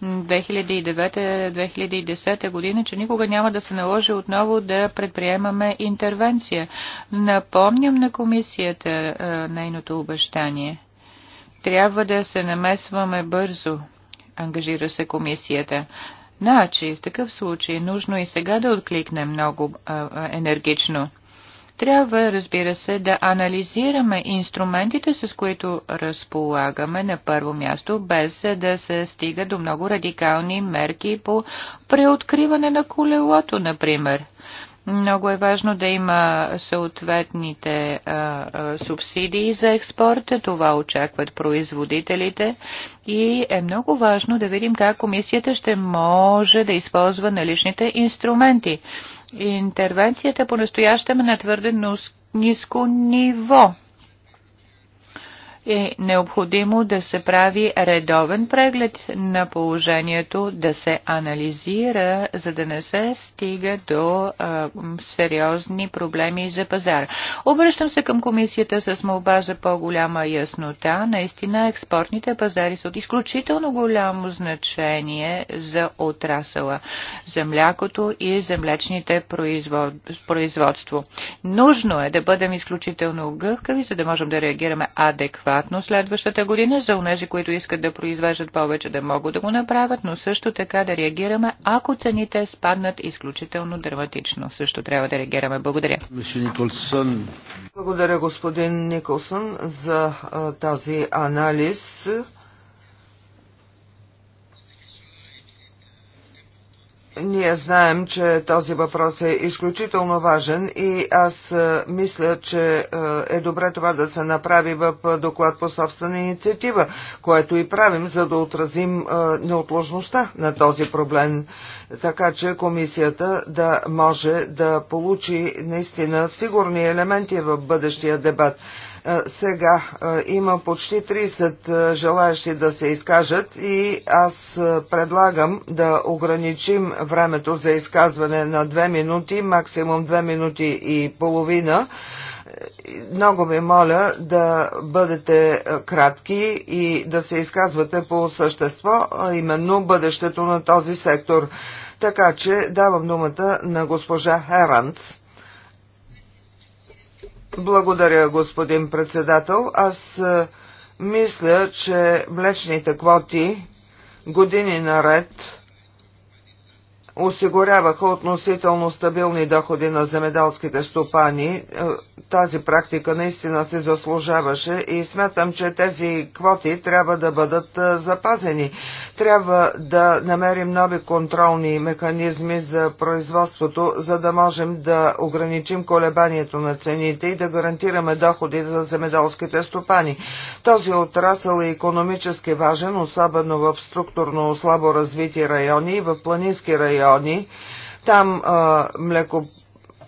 2009-2010 година, че никога няма да се наложи отново да предприемаме интервенция. Напомням на комисията нейното обещание. Трябва да се намесваме бързо ангажира се комисията. Значи, в такъв случай, нужно и сега да откликнем много а, енергично. Трябва, разбира се, да анализираме инструментите, с които разполагаме на първо място, без да се стига до много радикални мерки по преоткриване на колелото, например – много е важно да има съответните а, а, субсидии за експорта. Това очакват производителите. И е много важно да видим как комисията ще може да използва наличните инструменти. Интервенцията по-настоящем е на твърде ниско ниво е необходимо да се прави редовен преглед на положението, да се анализира, за да не се стига до а, сериозни проблеми за пазара. Обръщам се към комисията с молба за по-голяма яснота. Наистина експортните пазари са от изключително голямо значение за отрасъла, за млякото и за млечните производ... производство. Нужно е да бъдем изключително гъвкави, за да можем да реагираме адекватно безплатно следващата година за унези, които искат да произвеждат повече, да могат да го направят, но също така да реагираме, ако цените спаднат изключително драматично. Също трябва да реагираме. Благодаря. Благодаря, господин Николсън, за а, тази анализ. Ние знаем, че този въпрос е изключително важен и аз е, мисля, че е, е добре това да се направи в доклад по собствена инициатива, което и правим, за да отразим е, неотложността на този проблем, така че комисията да може да получи наистина сигурни елементи в бъдещия дебат. Сега има почти 30 желаящи да се изкажат и аз предлагам да ограничим времето за изказване на 2 минути, максимум 2 минути и половина. Много ви моля да бъдете кратки и да се изказвате по същество, а именно бъдещето на този сектор. Така че давам думата на госпожа Херанц. Благодаря, господин председател. Аз е, мисля, че млечните квоти години наред осигуряваха относително стабилни доходи на земеделските стопани. Е, тази практика наистина се заслужаваше и смятам, че тези квоти трябва да бъдат е, запазени. Трябва да намерим нови контролни механизми за производството, за да можем да ограничим колебанието на цените и да гарантираме доходи за земеделските стопани. Този отрасъл е економически важен, особено в структурно слабо развити райони и в планински райони райони. Там а, млеко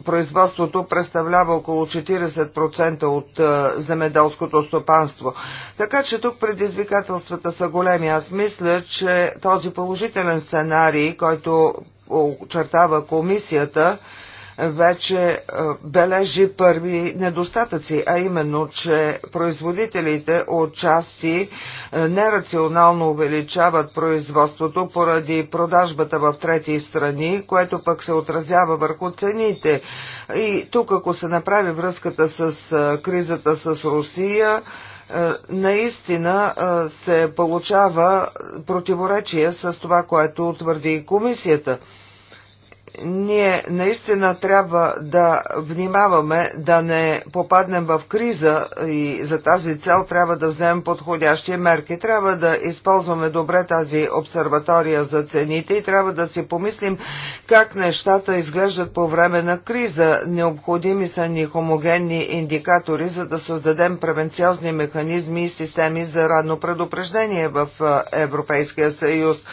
производството представлява около 40% от земеделското стопанство. Така че тук предизвикателствата са големи. Аз мисля, че този положителен сценарий, който очертава комисията, вече е, бележи първи недостатъци, а именно, че производителите от части е, нерационално увеличават производството поради продажбата в трети страни, което пък се отразява върху цените. И тук, ако се направи връзката с е, кризата с Русия, наистина се получава противоречие с това, което твърди комисията ние наистина трябва да внимаваме да не попаднем в криза и за тази цел трябва да вземем подходящи мерки. Трябва да използваме добре тази обсерватория за цените и трябва да си помислим как нещата изглеждат по време на криза. Необходими са ни хомогенни индикатори, за да създадем превенциозни механизми и системи за ранно предупреждение в Европейския съюз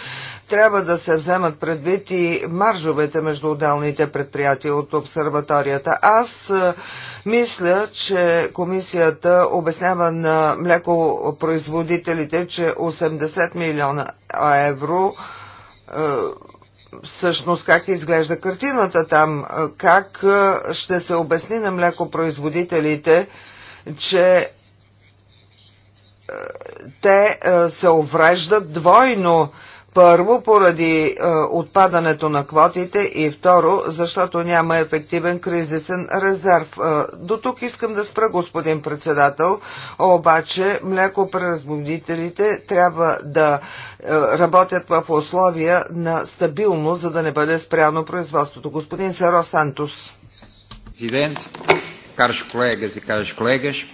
трябва да се вземат предвид и маржовете между отделните предприятия от обсерваторията. Аз е, мисля, че комисията обяснява на млекопроизводителите, че 80 милиона евро е, всъщност как изглежда картината там, е, как ще се обясни на млекопроизводителите, че те се увреждат двойно първо, поради е, отпадането на квотите и второ, защото няма ефективен кризисен резерв. Е, до тук искам да спра, господин председател, обаче млекопреразбудителите трябва да е, работят в условия на стабилно, за да не бъде спряно производството. Господин Серо Сантос. Президент, караш колега и караш колегаш,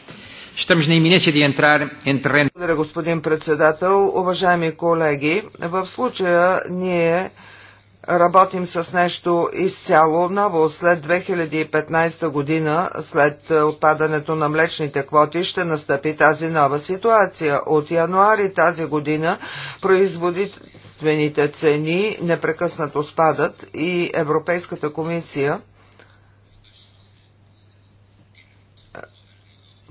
Estamos na iminência de entrar em terreno. Благодаря, господин председател. Уважаеми колеги, в случая ние работим с нещо изцяло ново. След 2015 година, след отпадането на млечните квоти, ще настъпи тази нова ситуация. От януари тази година производителите цени непрекъснато спадат и Европейската комисия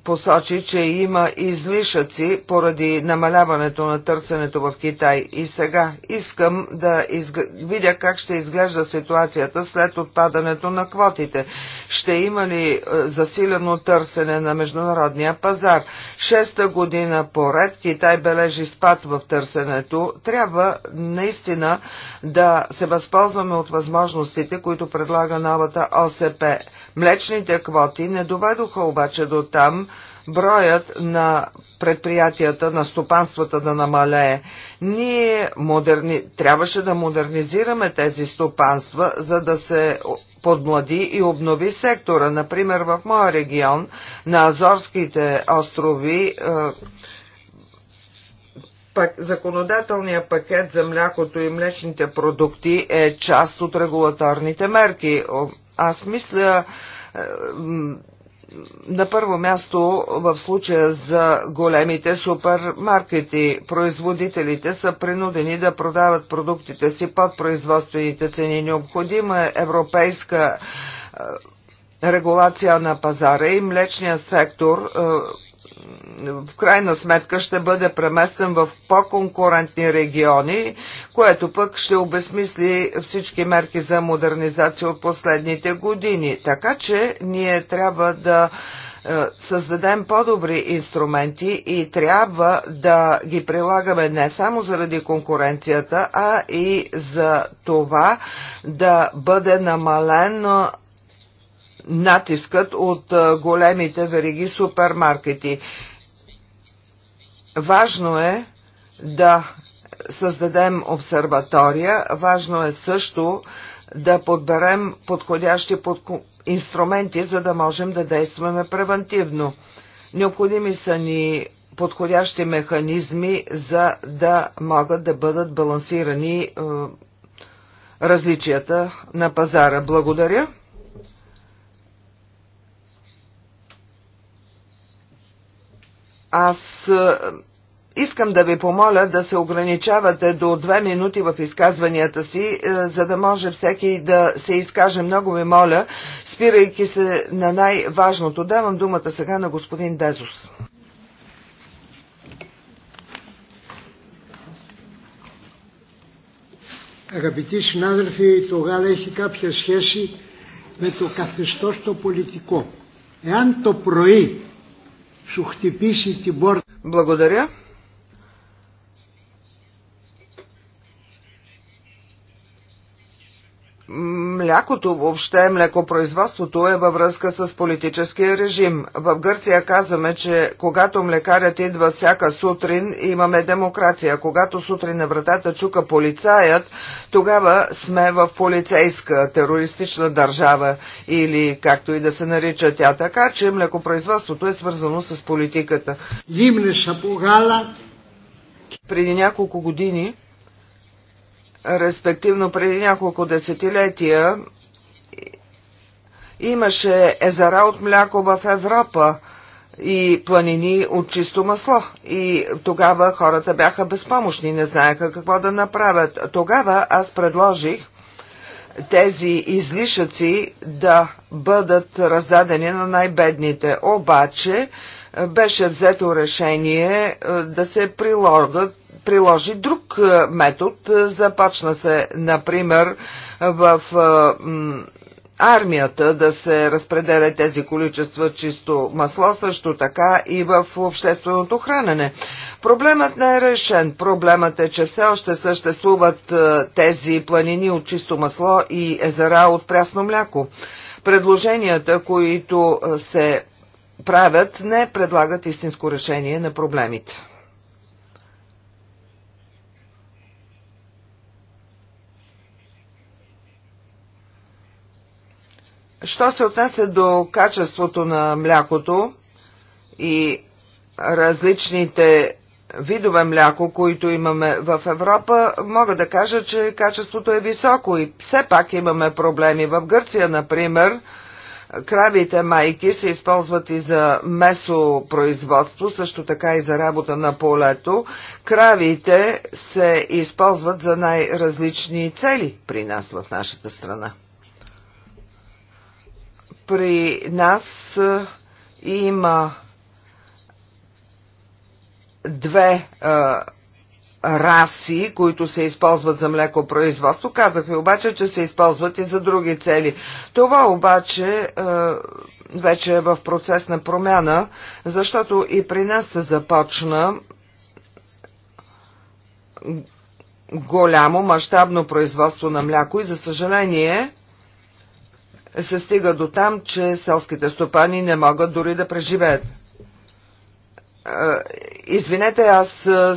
посочи, че има излишъци поради намаляването на търсенето в Китай. И сега искам да изг... видя как ще изглежда ситуацията след отпадането на квотите. Ще има ли е, засилено търсене на международния пазар? Шеста година поред Китай бележи спад в търсенето. Трябва наистина да се възползваме от възможностите, които предлага новата ОСП. Млечните квоти не доведоха обаче до там броят на предприятията, на стопанствата да намалее. Ние модерни... трябваше да модернизираме тези стопанства, за да се подмлади и обнови сектора. Например, в моя регион на Азорските острови е, пак, законодателния пакет за млякото и млечните продукти е част от регулаторните мерки. Аз мисля, на първо място в случая за големите супермаркети, производителите са принудени да продават продуктите си под производствените цени. Необходима е европейска е, регулация на пазара и млечния сектор е, в крайна сметка ще бъде преместен в по-конкурентни региони, което пък ще обесмисли всички мерки за модернизация от последните години. Така че ние трябва да е, създадем по-добри инструменти и трябва да ги прилагаме не само заради конкуренцията, а и за това да бъде намален е, натискът от големите вериги супермаркети. Важно е да създадем обсерватория, важно е също да подберем подходящи под... инструменти, за да можем да действаме превентивно. Необходими са ни подходящи механизми, за да могат да бъдат балансирани различията на пазара. Благодаря. Аз е, Искам да ви помоля да се ограничавате до две минути в изказванията си, е, за да може всеки да се изкаже. Много ви моля, спирайки се на най-важното. Давам думата сега на господин Дезус. Αγαπητοί συνάδελφοι, το ΓΑΛΑ έχει κάποια σχέση με το καθεστώς το πολιτικό. Εάν το πρωί благодаря. млякото, въобще млекопроизводството е във връзка с политическия режим. В Гърция казваме, че когато млекарят идва всяка сутрин, имаме демокрация. Когато сутрин на вратата чука полицаят, тогава сме в полицейска терористична държава или както и да се нарича тя. Така че млекопроизводството е свързано с политиката. Преди няколко години респективно преди няколко десетилетия, имаше езера от мляко в Европа и планини от чисто масло. И тогава хората бяха безпомощни, не знаеха какво да направят. Тогава аз предложих тези излишъци да бъдат раздадени на най-бедните. Обаче беше взето решение е, да се прилагат приложи друг е, метод. Е, започна се, например, в е, армията да се разпределя тези количества чисто масло, също така и в общественото хранене. Проблемът не е решен. Проблемът е, че все още съществуват тези планини от чисто масло и езера от прясно мляко. Предложенията, които се правят, не предлагат истинско решение на проблемите. Що се отнася до качеството на млякото и различните видове мляко, които имаме в Европа, мога да кажа, че качеството е високо и все пак имаме проблеми. В Гърция, например, кравите майки се използват и за месопроизводство, също така и за работа на полето. Кравите се използват за най-различни цели при нас в нашата страна. При нас е, има две а, е, раси, които се използват за млекопроизводство. Казах ви обаче, че се използват и за други цели. Това обаче а, е, вече е в процес на промяна, защото и при нас се започна голямо мащабно производство на мляко и за съжаление се стига до там, че селските стопани не могат дори да преживеят. Извинете, аз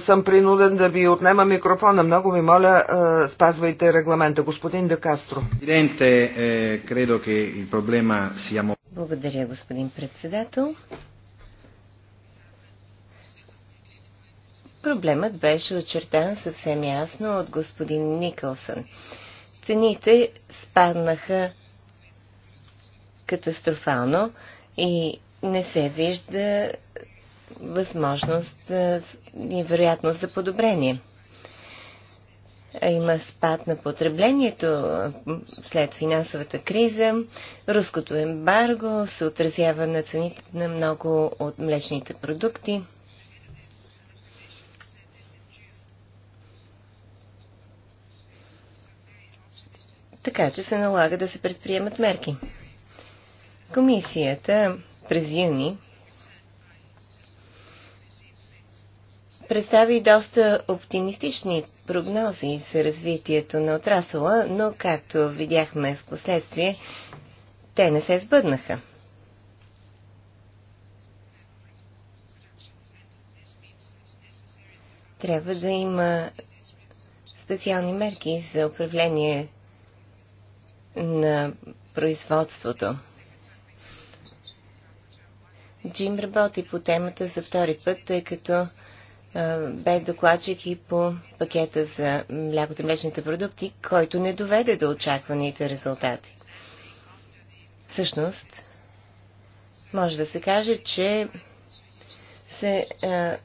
съм принуден да ви отнема микрофона. Много ви моля, спазвайте регламента. Господин Де Кастро. Е, Благодаря, господин председател. Проблемът беше очертан съвсем ясно от господин Никълсън. Цените спаднаха катастрофално и не се вижда възможност и вероятност за подобрение. Има спад на потреблението след финансовата криза, руското ембарго се отразява на цените на много от млечните продукти. Така че се налага да се предприемат мерки. Комисията през юни представи доста оптимистични прогнози за развитието на отрасъла, но както видяхме в последствие, те не се сбъднаха. Трябва да има специални мерки за управление на производството. Джим работи по темата за втори път, тъй като бе докладчик и по пакета за млякото и млечните продукти, който не доведе до очакваните резултати. Всъщност, може да се каже, че се, а,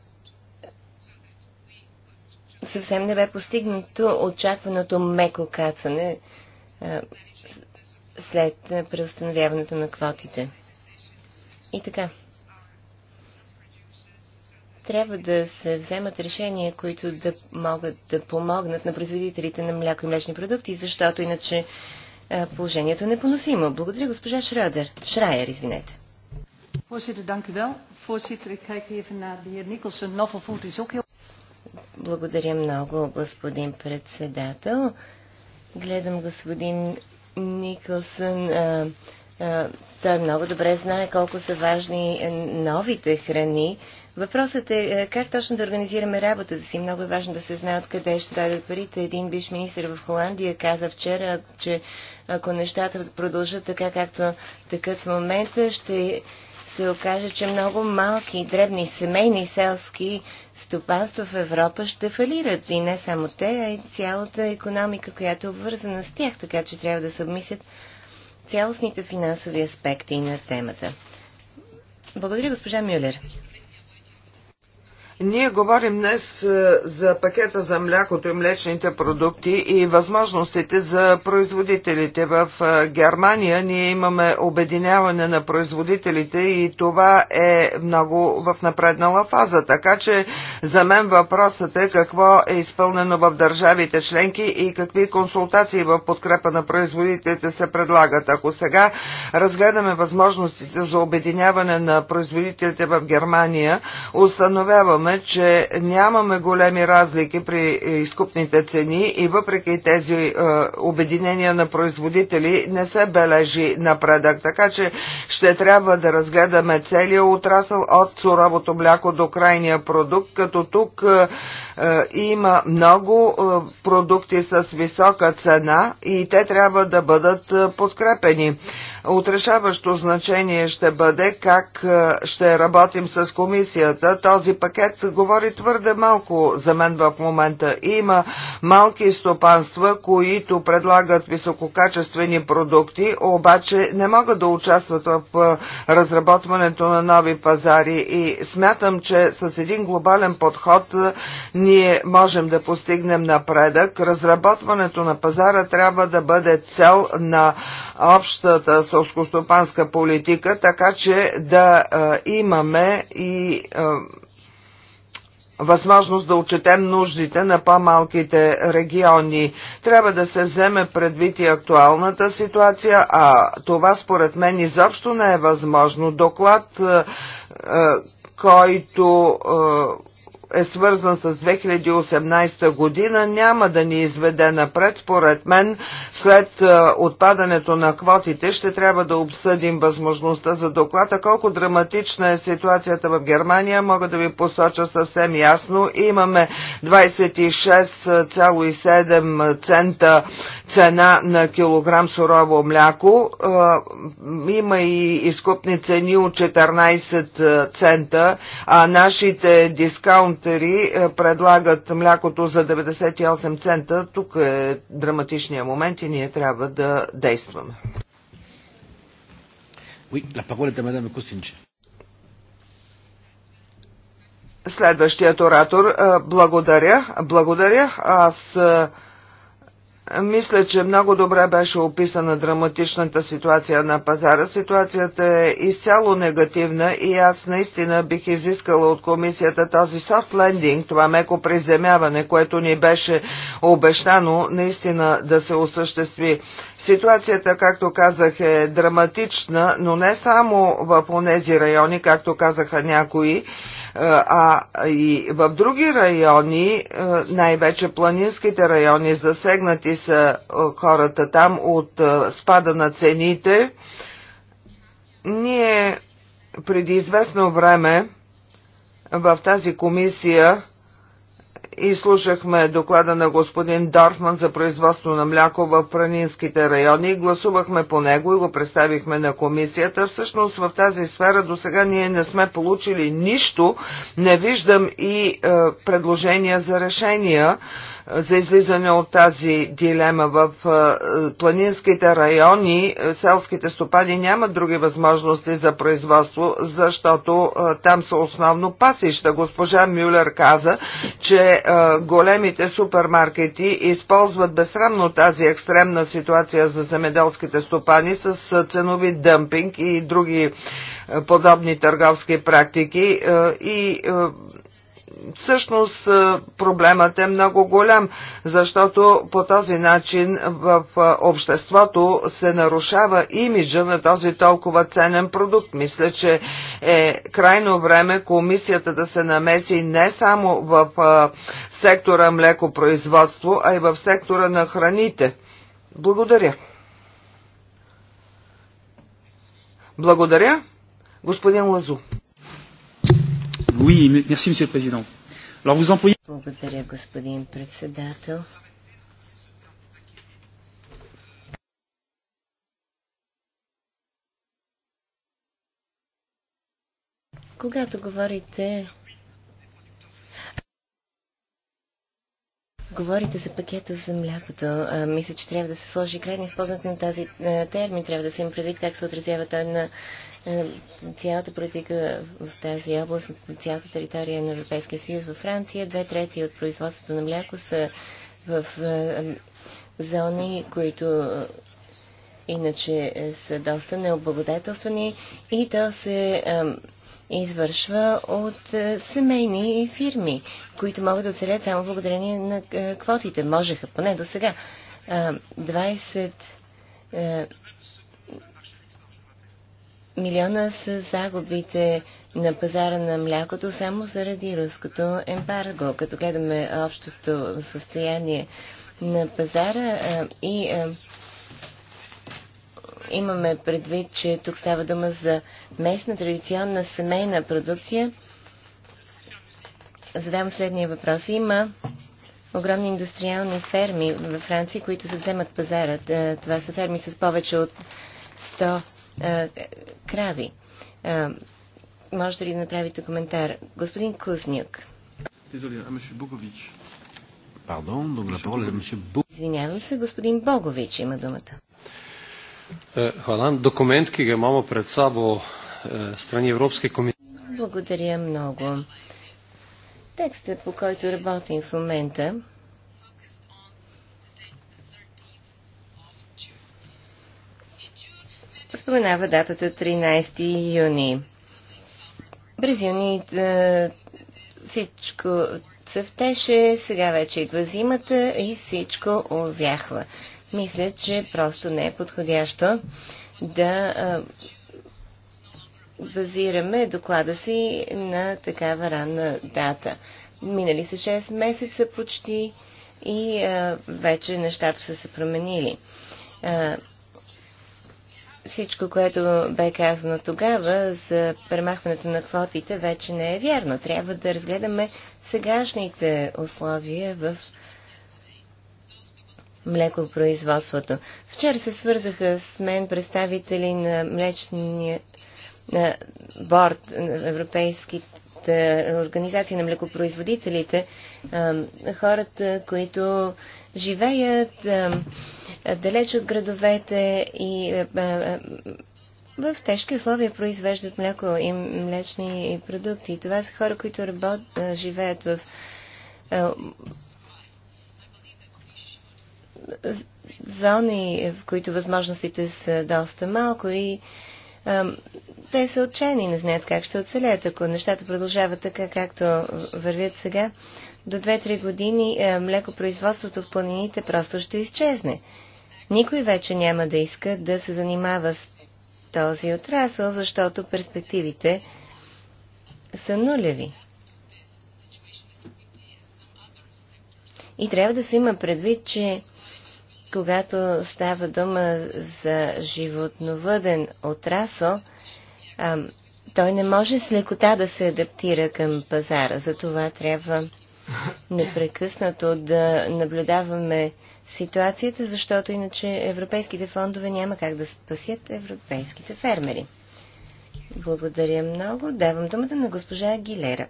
съвсем не бе постигнато очакваното меко кацане а, след преустановяването на квотите. И така трябва да се вземат решения, които да могат да помогнат на производителите на мляко и млечни продукти, защото иначе е, положението е непоносимо. Благодаря, госпожа Шрадер. Шрайер, извинете. Благодаря много, господин председател. Гледам господин Никълсън. А, а, той много добре знае колко са важни новите храни Въпросът е, е как точно да организираме работата си. Много е важно да се знае откъде ще да парите. Един биш министр в Холандия каза вчера, че ако нещата продължат така, както такъв в момента, ще се окаже, че много малки, дребни, семейни, селски стопанства в Европа ще фалират. И не само те, а и цялата економика, която е обвързана с тях. Така че трябва да се обмислят цялостните финансови аспекти на темата. Благодаря, госпожа Мюлер. Ние говорим днес е, за пакета за млякото и млечните продукти и възможностите за производителите. В е, Германия ние имаме обединяване на производителите и това е много в напреднала фаза. Така че за мен въпросът е какво е изпълнено в държавите членки и какви консултации в подкрепа на производителите се предлагат. Ако сега разгледаме възможностите за обединяване на производителите в Германия, установяваме, казваме, че нямаме големи разлики при изкупните цени и въпреки тези е, обединения на производители не се бележи напредък. Така че ще трябва да разгледаме целият отрасъл от суровото мляко до крайния продукт, като тук е, е има много е, продукти с висока цена и те трябва да бъдат е, подкрепени. Отрешаващо значение ще бъде как е, ще работим с комисията. Този пакет говори твърде малко за мен в момента. Има малки стопанства, които предлагат висококачествени продукти, обаче не могат да участват в е, разработването на нови пазари и смятам, че с един глобален подход е, ние можем да постигнем напредък. Разработването на пазара трябва да бъде цел на общата сълскостопанска политика, така че да имаме и възможност да отчетем нуждите на по-малките региони. Трябва да се вземе предвид и актуалната ситуация, а това според мен изобщо не е възможно. Доклад, който е свързан с 2018 година, няма да ни изведе напред. Според мен, след е, отпадането на квотите, ще трябва да обсъдим възможността за доклада. Колко драматична е ситуацията в Германия, мога да ви посоча съвсем ясно. Имаме 26,7 цента цена на килограм сурово мляко. Има и изкупни цени от 14 цента, а нашите дискаунтери предлагат млякото за 98 цента. Тук е драматичният момент и ние трябва да действаме. Следващият оратор. Благодаря. Благодаря. Аз мисля, че много добре беше описана драматичната ситуация на пазара. Ситуацията е изцяло негативна и аз наистина бих изискала от комисията този soft landing, това меко приземяване, което ни беше обещано наистина да се осъществи. Ситуацията, както казах, е драматична, но не само в тези райони, както казаха някои, е, а и в други райони, е, най-вече планинските райони, засегнати са е, хората там от спада на цените. Ние преди известно време в тази комисия изслушахме доклада на господин Дорфман за производство на мляко в Пранинските райони, гласувахме по него и го представихме на комисията. Всъщност в тази сфера до сега ние не сме получили нищо, не виждам и е, предложения за решения за излизане от тази дилема. В планинските райони селските стопани нямат други възможности за производство, защото там са основно пасища. Госпожа Мюлер каза, че големите супермаркети използват безсрамно тази екстремна ситуация за земеделските стопани с ценови дъмпинг и други подобни търговски практики и всъщност е, проблемът е много голям, защото по този начин в е, обществото се нарушава имиджа на този толкова ценен продукт. Мисля, че е крайно време комисията да се намеси не само в е, сектора млекопроизводство, а и в сектора на храните. Благодаря. Благодаря, господин Лазу. Oui, merci, monsieur le président. Alors, vous employez... Благодаря, господин председател. Когато говорите говорите за пакета за млякото, мисля, че трябва да се сложи край на използването на тази термин. Трябва да се им предвид как се отразява той на е, цялата политика в тази област, на цялата територия на Европейския съюз във Франция. Две трети от производството на мляко са в е, е, зони, които иначе са доста необлагодетелствани и то се извършва от семейни фирми, които могат да оцелят само благодарение на квотите. Можеха поне до сега. 20 милиона са загубите на пазара на млякото само заради руското ембарго. Като гледаме общото състояние на пазара и имаме предвид, че тук става дума за местна традиционна семейна продукция, задавам следния въпрос. Има огромни индустриални ферми във Франция, които се вземат пазара. Това са ферми с повече от 100 е, крави. А, е, можете ли да направите коментар? Господин Кузнюк. Извинявам се, господин Богович има думата. Е, хвала. Документ, ки га имамо пред сабо страни Европски комисии. Благодаря много. Текстът, по който работим в момента, споменава датата 13 юни. През юни да, е, всичко цъфтеше, сега вече идва зимата и всичко овяхва. Мисля, че просто не е подходящо да а, е, базираме доклада си на такава ранна дата. Минали са 6 месеца почти и а, е, вече нещата са се променили. А, всичко, което бе казано тогава за премахването на квотите, вече не е вярно. Трябва да разгледаме сегашните условия в млекопроизводството. Вчера се свързаха с мен представители на млечния на борт на Европейските организации на млекопроизводителите, хората, които живеят далеч от градовете и в тежки условия произвеждат мляко и млечни продукти. Това са хора, които работ, живеят в зони, в които възможностите са доста малко и те са отчаяни, не знаят как ще оцелят. Ако нещата продължават така, както вървят сега, до 2-3 години е, млекопроизводството в планините просто ще изчезне. Никой вече няма да иска да се занимава с този отрасъл, защото перспективите са нулеви. И трябва да се има предвид, че когато става дума за животновъден отрасъл, той не може с лекота да се адаптира към пазара. Затова трябва непрекъснато да наблюдаваме ситуацията, защото иначе европейските фондове няма как да спасят европейските фермери. Благодаря много. Давам думата на госпожа Агилера.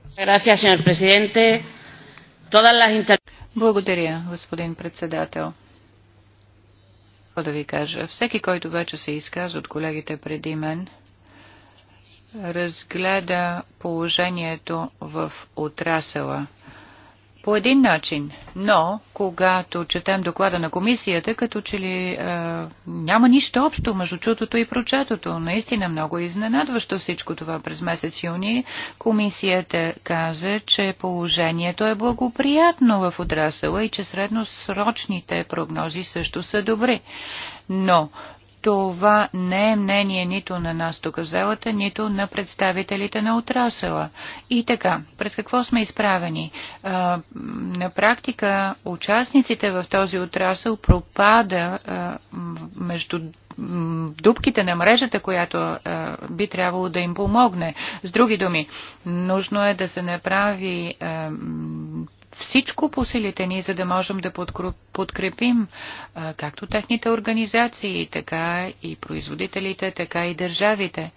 Благодаря, господин председател. Какво да ви кажа? Всеки, който вече се изказа от колегите преди мен, разгледа положението в отрасъла по един начин, но когато четем доклада на комисията, като че ли е, няма нищо общо между чутото и прочетото. Наистина много е изненадващо всичко това. През месец юни комисията каза, че положението е благоприятно в отрасъла и че средносрочните прогнози също са добри. Но това не е мнение нито на нас тук в залата, нито на представителите на отрасъла. И така, пред какво сме изправени? А, на практика участниците в този отрасъл пропада а, между дубките на мрежата, която а, би трябвало да им помогне. С други думи, нужно е да се направи а, всичко по силите ни, за да можем да подкрепим както техните организации, така и производителите, така и държавите.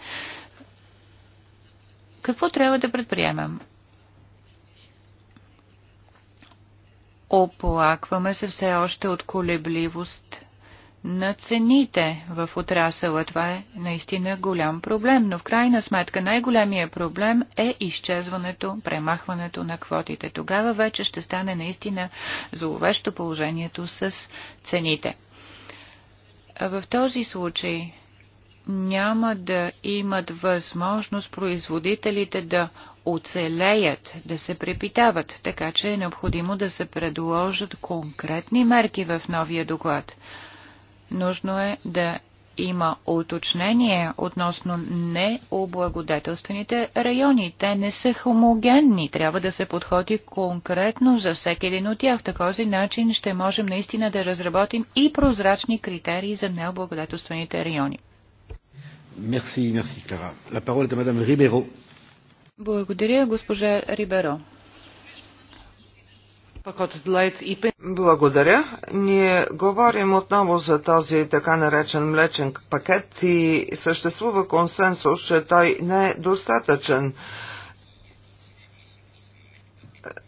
Какво трябва да предприемам? Оплакваме се все още от колебливост на цените в отрасъла. Това е наистина голям проблем, но в крайна сметка най-големия проблем е изчезването, премахването на квотите. Тогава вече ще стане наистина зловещо положението с цените. А в този случай няма да имат възможност производителите да оцелеят, да се препитават, така че е необходимо да се предложат конкретни мерки в новия доклад. Нужно е да има уточнение относно необлагодетелствените райони. Те не са хомогенни. Трябва да се подходи конкретно за всеки един от тях. В този начин ще можем наистина да разработим и прозрачни критерии за необлагодетелствените райони. Merci, merci, Clara. La parole est à Madame Благодаря, госпожа Риберо. Благодаря. Ние говорим отново за този така наречен млечен пакет и съществува консенсус, че той не е достатъчен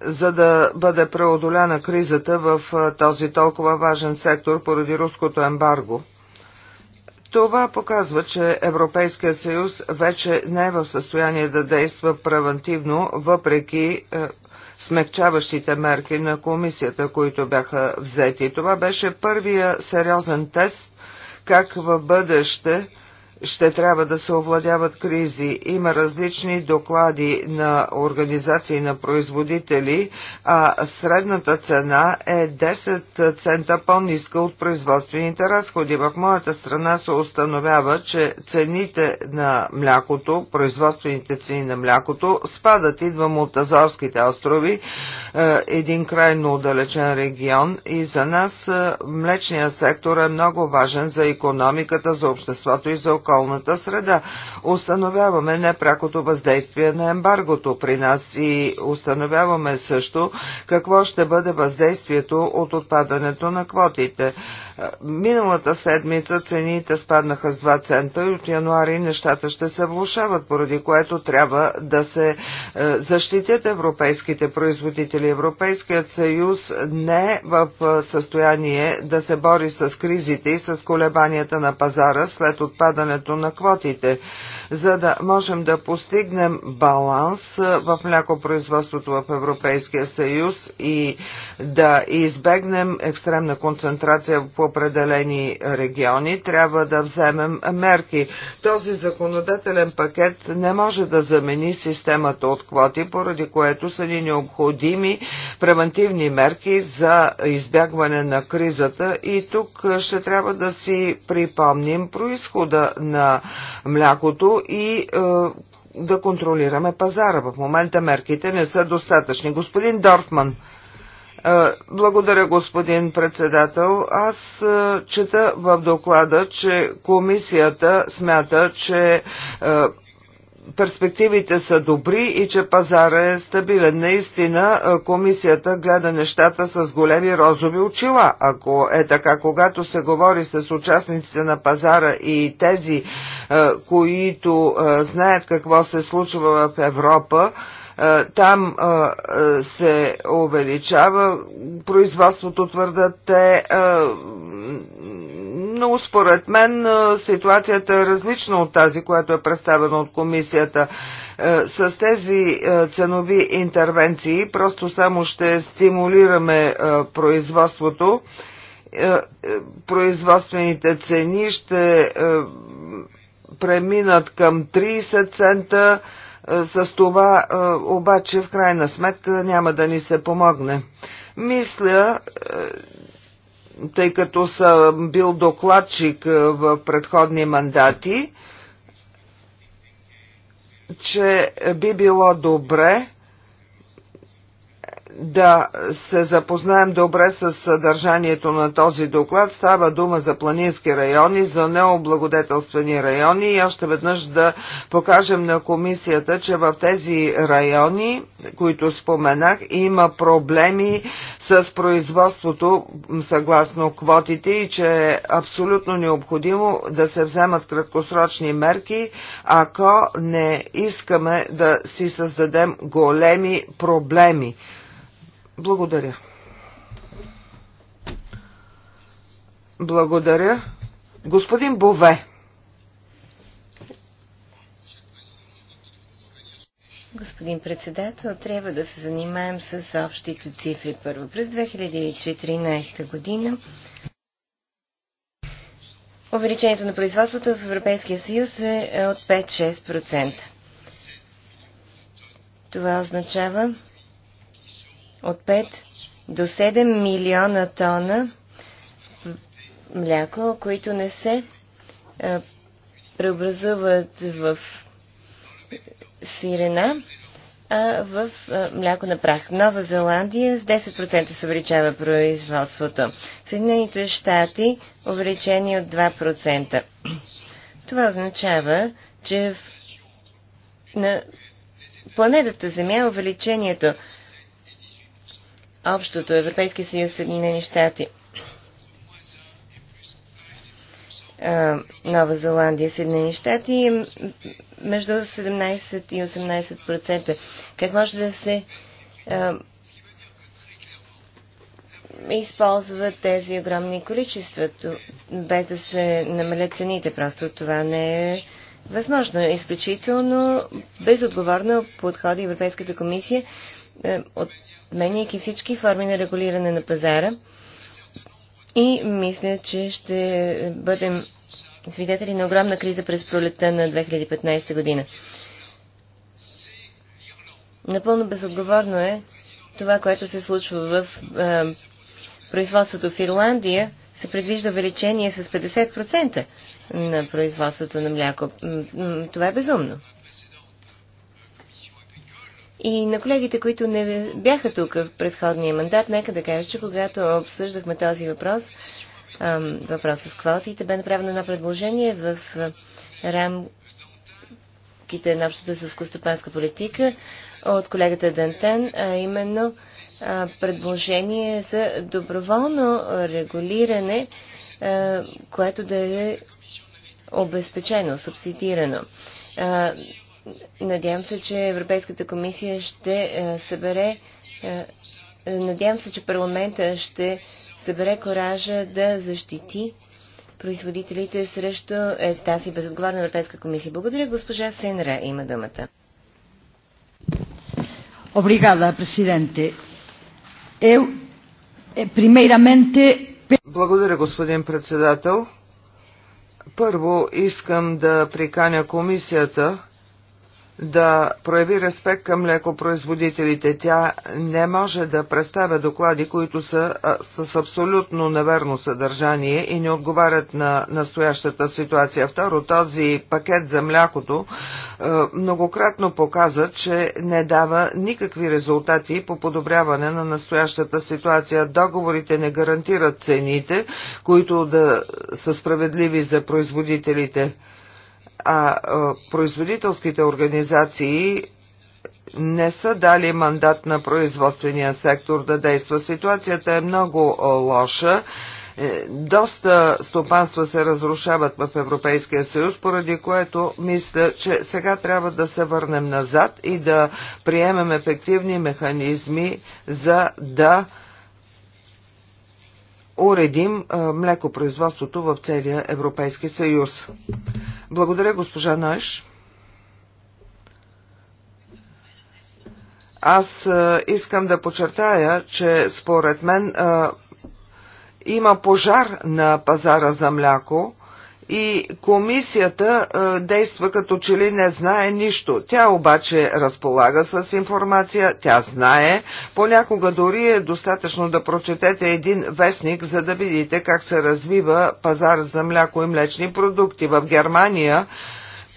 за да бъде преодоляна кризата в този толкова важен сектор поради руското ембарго. Това показва, че Европейския съюз вече не е в състояние да действа превентивно, въпреки смягчаващите мерки на комисията, които бяха взети. Това беше първия сериозен тест как в бъдеще ще трябва да се овладяват кризи. Има различни доклади на организации на производители, а средната цена е 10 цента по-ниска от производствените разходи. В моята страна се установява, че цените на млякото, производствените цени на млякото спадат. Идвам от Азорските острови, е, един крайно отдалечен регион и за нас е, млечният сектор е много важен за економиката, за обществото и за околната среда. Установяваме непрякото въздействие на ембаргото при нас и установяваме също какво ще бъде въздействието от отпадането на квотите. Миналата седмица цените спаднаха с 2 цента и от януари нещата ще се влушават, поради което трябва да се е, защитят европейските производители. Европейският съюз не е в е, състояние да се бори с кризите и с колебанията на пазара след отпадането на квотите за да можем да постигнем баланс в млякопроизводството в Европейския съюз и да избегнем екстремна концентрация в определени региони, трябва да вземем мерки. Този законодателен пакет не може да замени системата от квоти, поради което са ни необходими превентивни мерки за избягване на кризата и тук ще трябва да си припомним происхода на млякото, и и е, да контролираме пазара. В момента мерките не са достатъчни. Господин Дорфман, е, благодаря, господин председател. Аз е, чета в доклада, че комисията смята, че перспективите са добри и че пазара е стабилен. Наистина комисията гледа нещата с големи розови очила. Ако е така, когато се говори с участниците на пазара и тези, които знаят какво се случва в Европа, е, там е, се увеличава производството, твърдат е, но според мен ситуацията е различна от тази, която е представена от комисията. С тези ценови интервенции просто само ще стимулираме производството. Производствените цени ще преминат към 30 цента с това е, обаче в крайна сметка няма да ни се помогне. Мисля, е, тъй като съм бил докладчик е, в предходни мандати, че би било добре да се запознаем добре с съдържанието на този доклад. Става дума за планински райони, за необлагодетелствени райони и още веднъж да покажем на комисията, че в тези райони, които споменах, има проблеми с производството съгласно квотите и че е абсолютно необходимо да се вземат краткосрочни мерки, ако не искаме да си създадем големи проблеми. Благодаря. Благодаря. Господин Бове. Господин председател, трябва да се занимаем с общите цифри първо. През 2014 година увеличението на производството в Европейския съюз е от 5-6%. Това означава от 5 до 7 милиона тона мляко, които не се преобразуват в сирена, а в мляко на прах. Нова Зеландия с 10% се увеличава производството. Съединените щати увеличени от 2%. Това означава, че в, на планетата Земя увеличението общото Европейски съюз Съединени щати. Нова Зеландия, Съединени щати между 17 и 18%. Как може да се а, използват тези огромни количества, без да се намалят цените? Просто това не е възможно. Изключително безотговорно подходи Европейската комисия е, отменяйки всички форми на регулиране на пазара. И мисля, че ще бъдем свидетели на огромна криза през пролетта на 2015 година. Напълно безотговорно е това, което се случва в е, производството в Ирландия. Се предвижда увеличение с 50% на производството на мляко. Това е безумно. И на колегите, които не бяха тук в предходния мандат, нека да кажа, че когато обсъждахме този въпрос, въпрос с квотите, бе направено едно предложение в рамките на общата селскостопанска политика от колегата Дантен, а именно предложение за доброволно регулиране, което да е обезпечено, субсидирано. Надявам се, че Европейската комисия ще е, събере. Е, е, надявам се, че парламента ще събере коража да защити производителите срещу тази безотговорна Европейска комисия. Благодаря, госпожа Сенра. Има думата. Обригада, президенте. Е, е, Благодаря, господин председател. Първо искам да приканя комисията да прояви респект към млекопроизводителите. Тя не може да представя доклади, които са а, с абсолютно неверно съдържание и не отговарят на настоящата ситуация. Второ, този пакет за млякото а, многократно показа, че не дава никакви резултати по подобряване на настоящата ситуация. Договорите не гарантират цените, които да са справедливи за производителите а производителските организации не са дали мандат на производствения сектор да действа. Ситуацията е много лоша. Е, доста стопанства се разрушават в Европейския съюз, поради което мисля, че сега трябва да се върнем назад и да приемем ефективни механизми за да уредим млекопроизводството в целия Европейски съюз. Благодаря, госпожа Нойш. Аз искам да подчертая, че според мен има пожар на пазара за мляко и комисията действа като че ли не знае нищо. Тя обаче разполага с информация, тя знае. Понякога дори е достатъчно да прочетете един вестник, за да видите как се развива пазар за мляко и млечни продукти. В Германия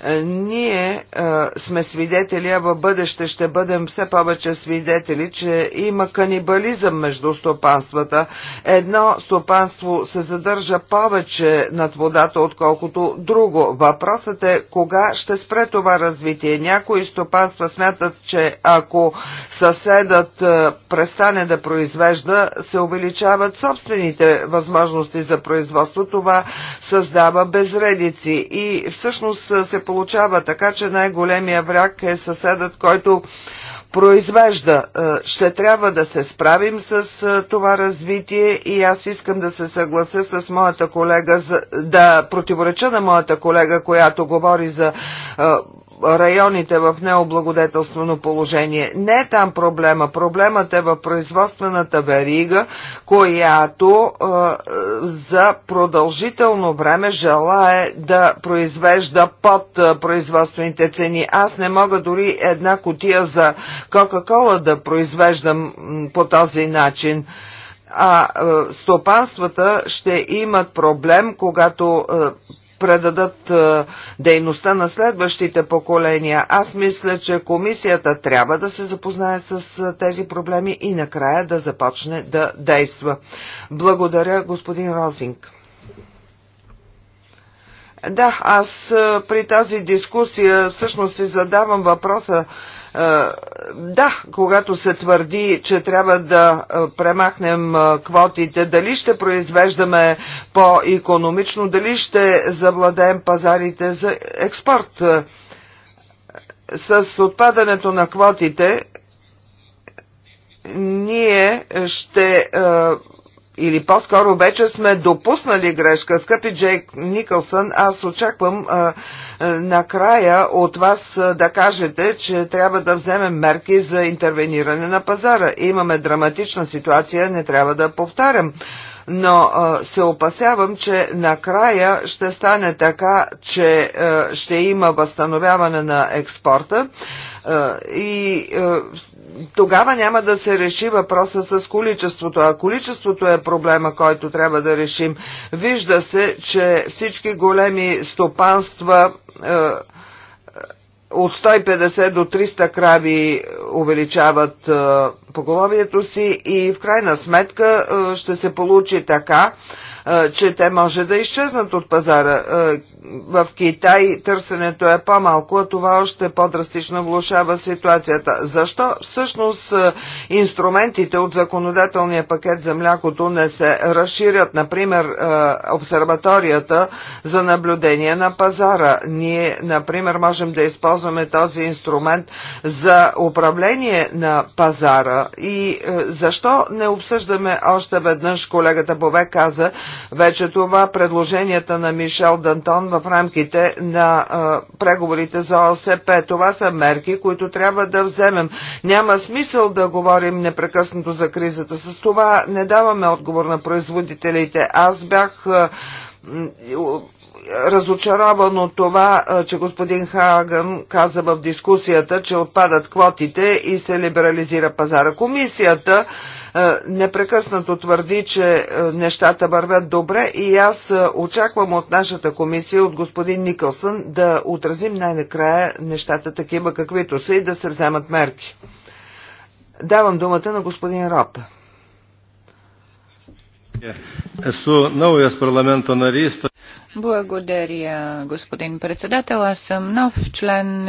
е, ние а, е, сме свидетели, а в бъдеще ще бъдем все повече свидетели, че има канибализъм между стопанствата. Едно стопанство се задържа повече над водата, отколкото друго. Въпросът е кога ще спре това развитие. Някои стопанства смятат, че ако съседът а, е, престане да произвежда, се увеличават собствените възможности за производство. Това създава безредици и всъщност се получава, така че най-големия враг е съседът, който произвежда. Е, ще трябва да се справим с е, това развитие и аз искам да се съглася с моята колега, да противореча на моята колега, която говори за е, районите в необлагодетелствено положение. Не е там проблема. Проблемът е в производствената верига, която е, за продължително време желае да произвежда под производствените цени. Аз не мога дори една котия за Кока-Кола да произвеждам по този начин а стопанствата ще имат проблем, когато предадат е, дейността на следващите поколения. Аз мисля, че комисията трябва да се запознае с е, тези проблеми и накрая да започне да действа. Благодаря, господин Розинг. Да, аз е, при тази дискусия всъщност си задавам въпроса да, когато се твърди, че трябва да премахнем квотите, дали ще произвеждаме по-економично, дали ще завладеем пазарите за експорт. С отпадането на квотите ние ще или по-скоро вече сме допуснали грешка. Скъпи Джейк Никълсън, аз очаквам а, а, накрая от вас а, да кажете, че трябва да вземем мерки за интервениране на пазара. Имаме драматична ситуация, не трябва да повтарям. Но а, се опасявам, че накрая ще стане така, че а, ще има възстановяване на експорта и тогава няма да се реши въпроса с количеството. А количеството е проблема, който трябва да решим. Вижда се, че всички големи стопанства е, е от 150 до 300 крави увеличават е, поголовието си и в крайна сметка е, ще се получи така, е, че те може да изчезнат от пазара. Е, в Китай търсенето е по-малко, а това още по-драстично влушава ситуацията. Защо всъщност е, инструментите от законодателния пакет за млякото не се разширят? Например, е, обсерваторията за наблюдение на пазара. Ние, например, можем да използваме този инструмент за управление на пазара. И е, защо не обсъждаме още веднъж, колегата Бове каза, вече това предложенията на Мишел Дантон в в рамките на преговорите за ОСП. Това са мерки, които трябва да вземем. Няма смисъл да говорим непрекъснато за кризата. С това не даваме отговор на производителите. Аз бях разочарован от това, че господин Хаган каза в дискусията, че отпадат квотите и се либерализира пазара. Комисията е, непрекъснато твърди, че е, нещата вървят добре и аз е, очаквам от нашата комисия, от господин Никълсън, да отразим най-накрая нещата такива каквито са и да се вземат мерки. Давам думата на господин Роп. Esu naujas parlamento narys, благодаря, господин председател. Аз съм нов член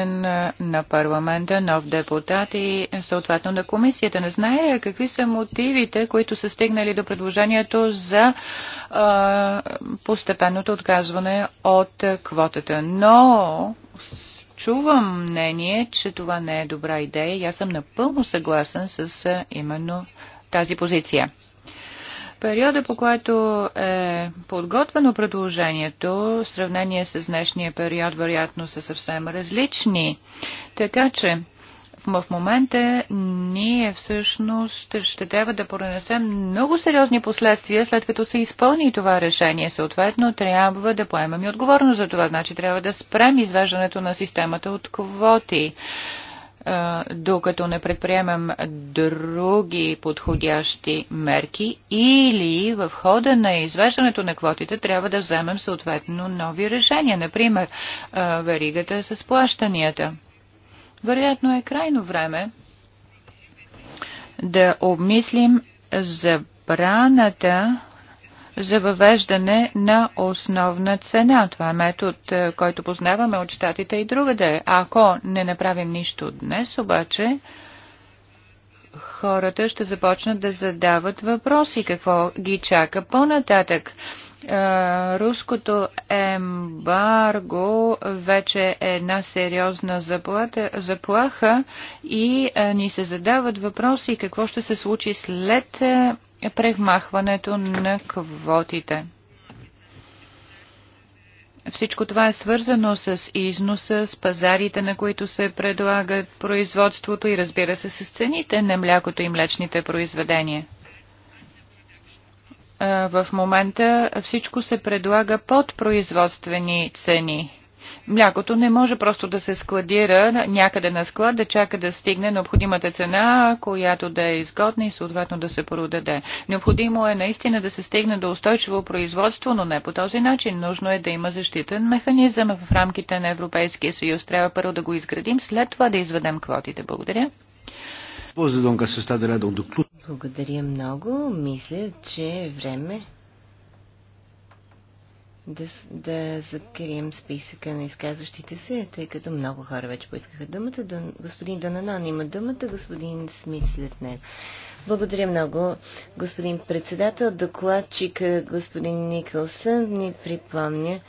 на парламента, нов депутат и съответно на комисията. Не зная какви са мотивите, които са стигнали до предложението за а, постепенното отказване от квотата. Но чувам мнение, че това не е добра идея и аз съм напълно съгласен с именно тази позиция. Периода, по който е подготвено предложението, в сравнение с днешния период, вероятно са съвсем различни. Така че, в момента ние всъщност ще, трябва да пронесем много сериозни последствия, след като се изпълни това решение. Съответно, трябва да поемем и отговорност за това. Значи трябва да спрем извеждането на системата от квоти. Е, докато не предприемем други подходящи мерки или в хода на извеждането на квотите трябва да вземем съответно нови решения, например е, веригата с плащанията. Вероятно е крайно време да обмислим забраната за въвеждане на основна цена. Това е метод, е, който познаваме от щатите и другаде. Ако не направим нищо днес, обаче, хората ще започнат да задават въпроси. Какво ги чака по-нататък? Е, руското ембарго вече е една сериозна заплаха и е, ни се задават въпроси какво ще се случи след е премахването на квотите. Всичко това е свързано с износа, с пазарите, на които се предлагат производството и разбира се с цените на млякото и млечните произведения. В момента всичко се предлага под производствени цени. Млякото не може просто да се складира някъде на склад, да чака да стигне необходимата цена, която да е изгодна и съответно да се продаде. Необходимо е наистина да се стигне до устойчиво производство, но не по този начин. Нужно е да има защитен механизъм в рамките на Европейския съюз. Трябва първо да го изградим, след това да изведем квотите. Благодаря. Благодаря много. Мисля, че е време да, да закрием списъка на изказващите се, тъй като много хора вече поискаха думата. Дон, господин Донанон има думата, господин Смит след него. Благодаря много, господин председател. Докладчик господин Никълсън ни припомня,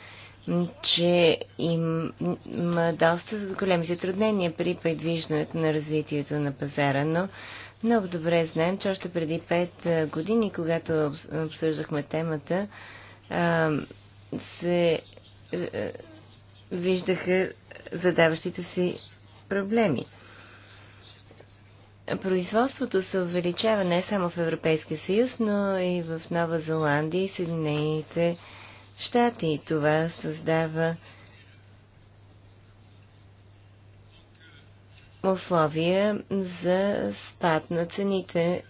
че има доста големи затруднения при предвиждането на развитието на пазара, но много добре знаем, че още преди 5 години, когато обсъждахме темата, се е, е, виждаха задаващите си проблеми. Производството се увеличава не само в Европейския съюз, но и в Нова Зеландия и Съединените щати. Това създава условия за спад на цените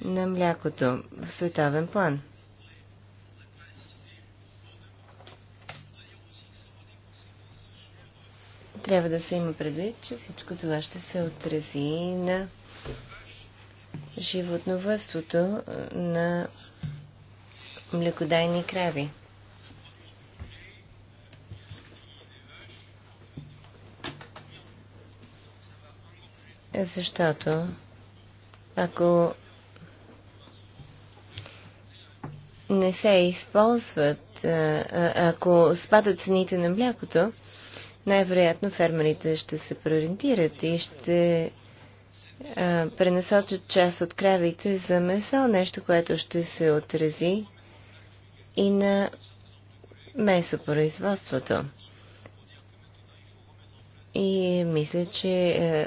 на млякото в световен план. Трябва да се има предвид, че всичко това ще се отрази на животновътството на млекодайни крави. Защото ако не се използват, ако спадат цените на млякото, най-вероятно фермерите ще се преориентират и ще а, пренасочат част от кравите за месо, нещо, което ще се отрази и на месопроизводството. И мисля, че а,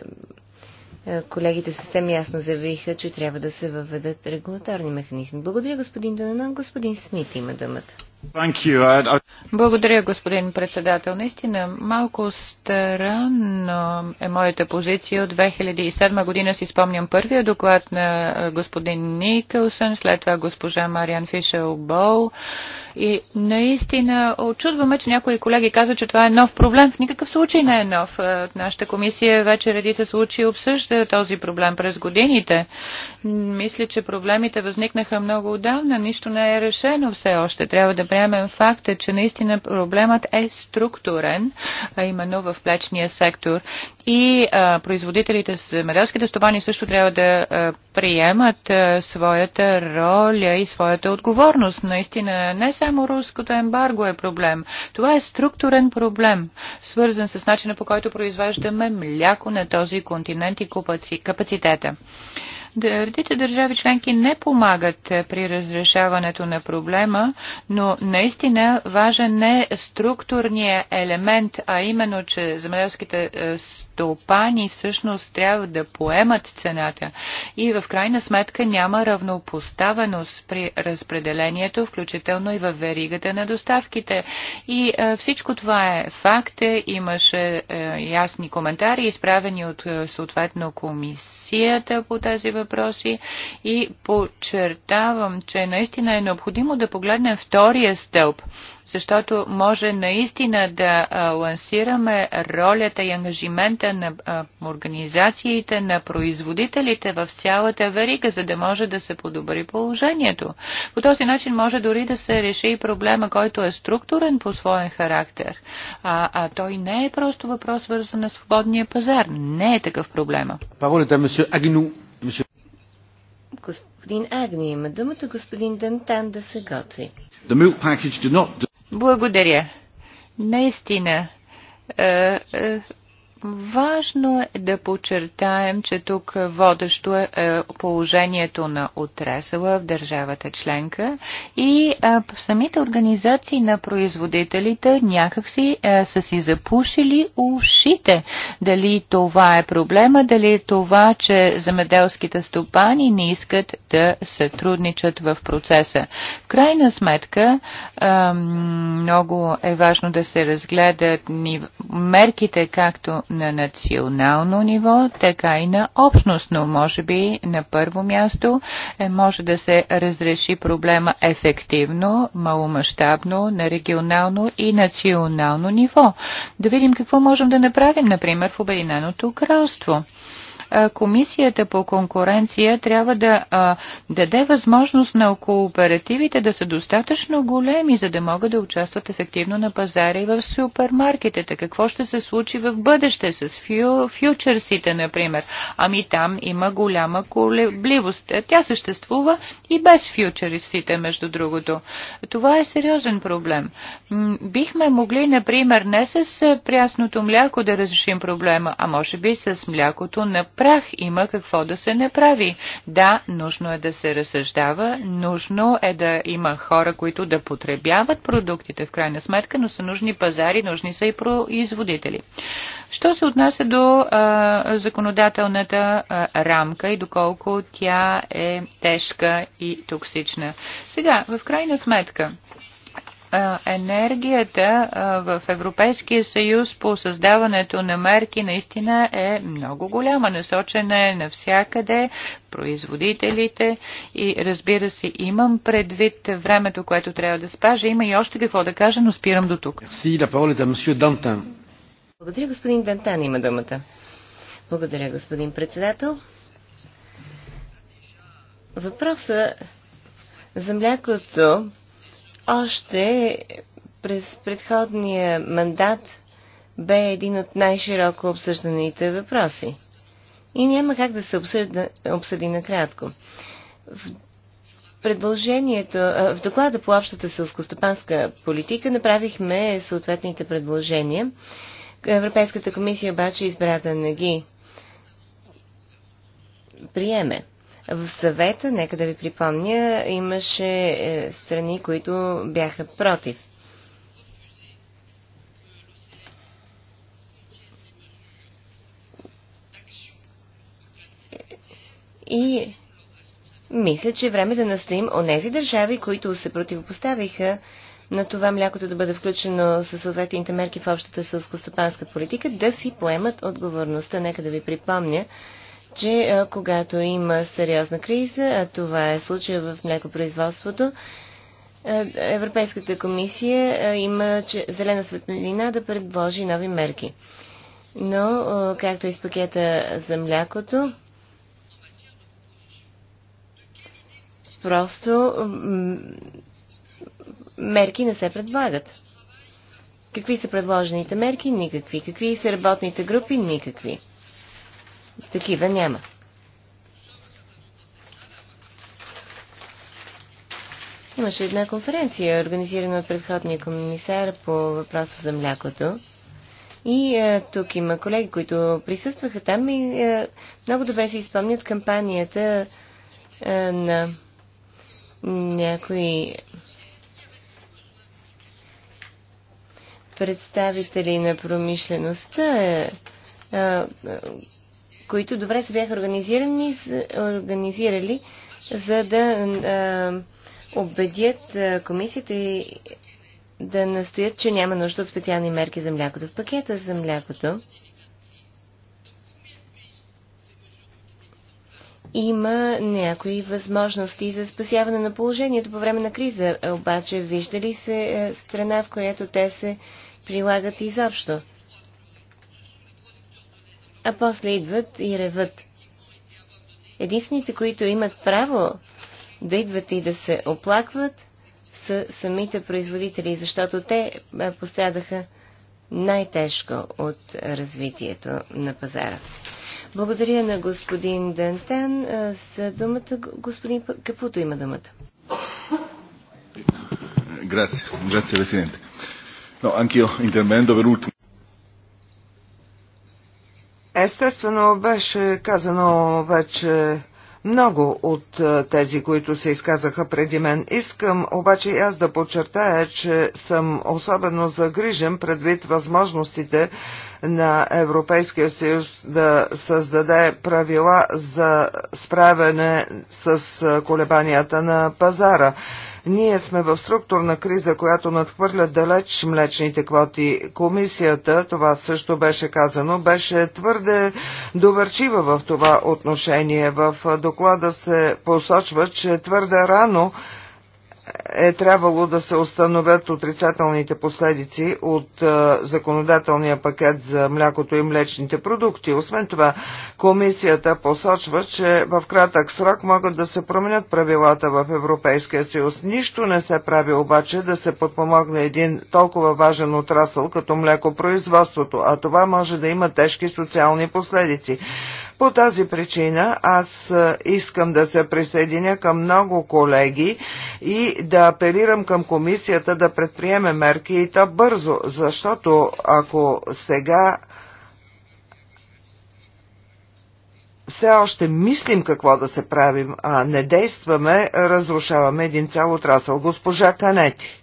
колегите съвсем ясно заявиха, че трябва да се въведат регулаторни механизми. Благодаря, господин Дананон. Господин Смит има думата. Благодаря, господин председател. Наистина, малко странно е моята позиция. От 2007 година си спомням първия доклад на господин Никълсън, след това госпожа Мариан Фишел Бол. И наистина очудваме, че някои колеги казват, че това е нов проблем. В никакъв случай не е нов. нашата комисия вече редица случаи обсъжда този проблем през годините. Мисля, че проблемите възникнаха много отдавна. Нищо не е решено все още. Трябва да приемем факта, че наистина проблемът е структурен, а именно в плечния сектор. И а, производителите, земеделските стопани също трябва да а, приемат а, своята роля и своята отговорност. Наистина не само руското ембарго е проблем. Това е структурен проблем, свързан с начина по който произвеждаме мляко на този континент и капацитета. Редите държави членки не помагат е, при разрешаването на проблема, но наистина важен е структурният елемент, а именно, че земеделските е, стопани всъщност трябва да поемат цената и в крайна сметка няма равнопоставеност при разпределението, включително и в веригата на доставките. И е, всичко това е факт. Имаше е, ясни коментари, изправени от е, съответно комисията по тези въпроси и подчертавам, че наистина е необходимо да погледнем втория стълб защото може наистина да лансираме ролята и ангажимента на организациите, на производителите в цялата верига, за да може да се подобри положението. По този начин може дори да се реши и проблема, който е структурен по своя характер, а, а той не е просто въпрос свързан на свободния пазар. Не е такъв проблема. месье Господин Агни има думата, господин Дантан да се готви. The milk package did not благодаря. Наистина, е, е, Важно е да подчертаем, че тук водещо е, е положението на отресала в държавата членка и самите организации на производителите някакси е, са си запушили ушите. Дали това е проблема, дали е това, че замеделските стопани не искат да сътрудничат в процеса. В крайна сметка много е важно да се разгледат мерките, както на национално ниво, така и на общностно. Може би на първо място е, може да се разреши проблема ефективно, маломащабно, на регионално и национално ниво. Да видим какво можем да направим, например, в Обединеното кралство. Комисията по конкуренция трябва да даде възможност на кооперативите да са достатъчно големи, за да могат да участват ефективно на пазара и в супермаркетите. Какво ще се случи в бъдеще с фью, фьючерсите, например? Ами там има голяма колебливост. Тя съществува и без фьючерсите, между другото. Това е сериозен проблем. Бихме могли, например, не с прясното мляко да разрешим проблема, а може би с млякото на прах, има какво да се направи. Да, нужно е да се разсъждава, нужно е да има хора, които да потребяват продуктите в крайна сметка, но са нужни пазари, нужни са и производители. Що се отнася до а, законодателната а, рамка и доколко тя е тежка и токсична? Сега, в крайна сметка, енергията в Европейския съюз по създаването на мерки наистина е много голяма. Насочена е навсякъде, производителите и разбира се имам предвид времето, което трябва да спажа. Има и още какво да кажа, но спирам до тук. Благодаря, господин Дантан има думата. Благодаря, господин председател. Въпроса за млякото още през предходния мандат бе един от най-широко обсъжданите въпроси. И няма как да се обсъди, обсъди накратко. В предложението, в доклада по общата селскостопанска политика направихме съответните предложения. Европейската комисия обаче избра да не ги приеме. В съвета, нека да ви припомня, имаше е, страни, които бяха против. И мисля, че е време да настоим онези държави, които се противопоставиха на това млякото да бъде включено със съответните мерки в общата сълскостопанска политика, да си поемат отговорността. Нека да ви припомня, че а, когато има сериозна криза, а това е случая в млекопроизводството, Европейската комисия има зелена светлина да предложи нови мерки. Но, както е и с пакета за млякото, просто мерки не се предлагат. Какви са предложените мерки? Никакви. Какви са работните групи? Никакви. Такива няма. Имаше една конференция, организирана от предходния комисар по въпроса за млякото. И а, е, тук има колеги, които присъстваха там и а, е, много добре се изпомнят кампанията а, е, на някои представители на промишлеността, а, а, които добре се бяха организирани, организирали, за да а, убедят комисията и да настоят, че няма нужда от специални мерки за млякото. В пакета за млякото има някои възможности за спасяване на положението по време на криза, обаче вижда ли се е, страна, в която те се прилагат изобщо? а после идват и реват. Единствените, които имат право да идват и да се оплакват, са самите производители, защото те пострадаха най-тежко от развитието на пазара. Благодаря на господин Дантан за думата. Господин Капуто има думата. Grazie, grazie Presidente. No, anch'io intervenendo per ultimo. Естествено беше казано вече много от е, тези, които се изказаха преди мен. Искам обаче и аз да подчертая, че съм особено загрижен предвид възможностите на Европейския съюз да създаде правила за справяне с е, колебанията на пазара. Ние сме в структурна криза, която надхвърля далеч млечните квоти. Комисията, това също беше казано, беше твърде доверчива в това отношение. В доклада се посочва, че твърде рано е трябвало да се установят отрицателните последици от е, законодателния пакет за млякото и млечните продукти. Освен това, комисията посочва, че в кратък срок могат да се променят правилата в Европейския съюз. Нищо не се прави обаче да се подпомогне един толкова важен отрасъл като млекопроизводството, а това може да има тежки социални последици. По тази причина аз искам да се присъединя към много колеги и да апелирам към комисията да предприеме мерки и то бързо, защото ако сега все още мислим какво да се правим, а не действаме, разрушаваме един цял отрасъл. Госпожа Канети.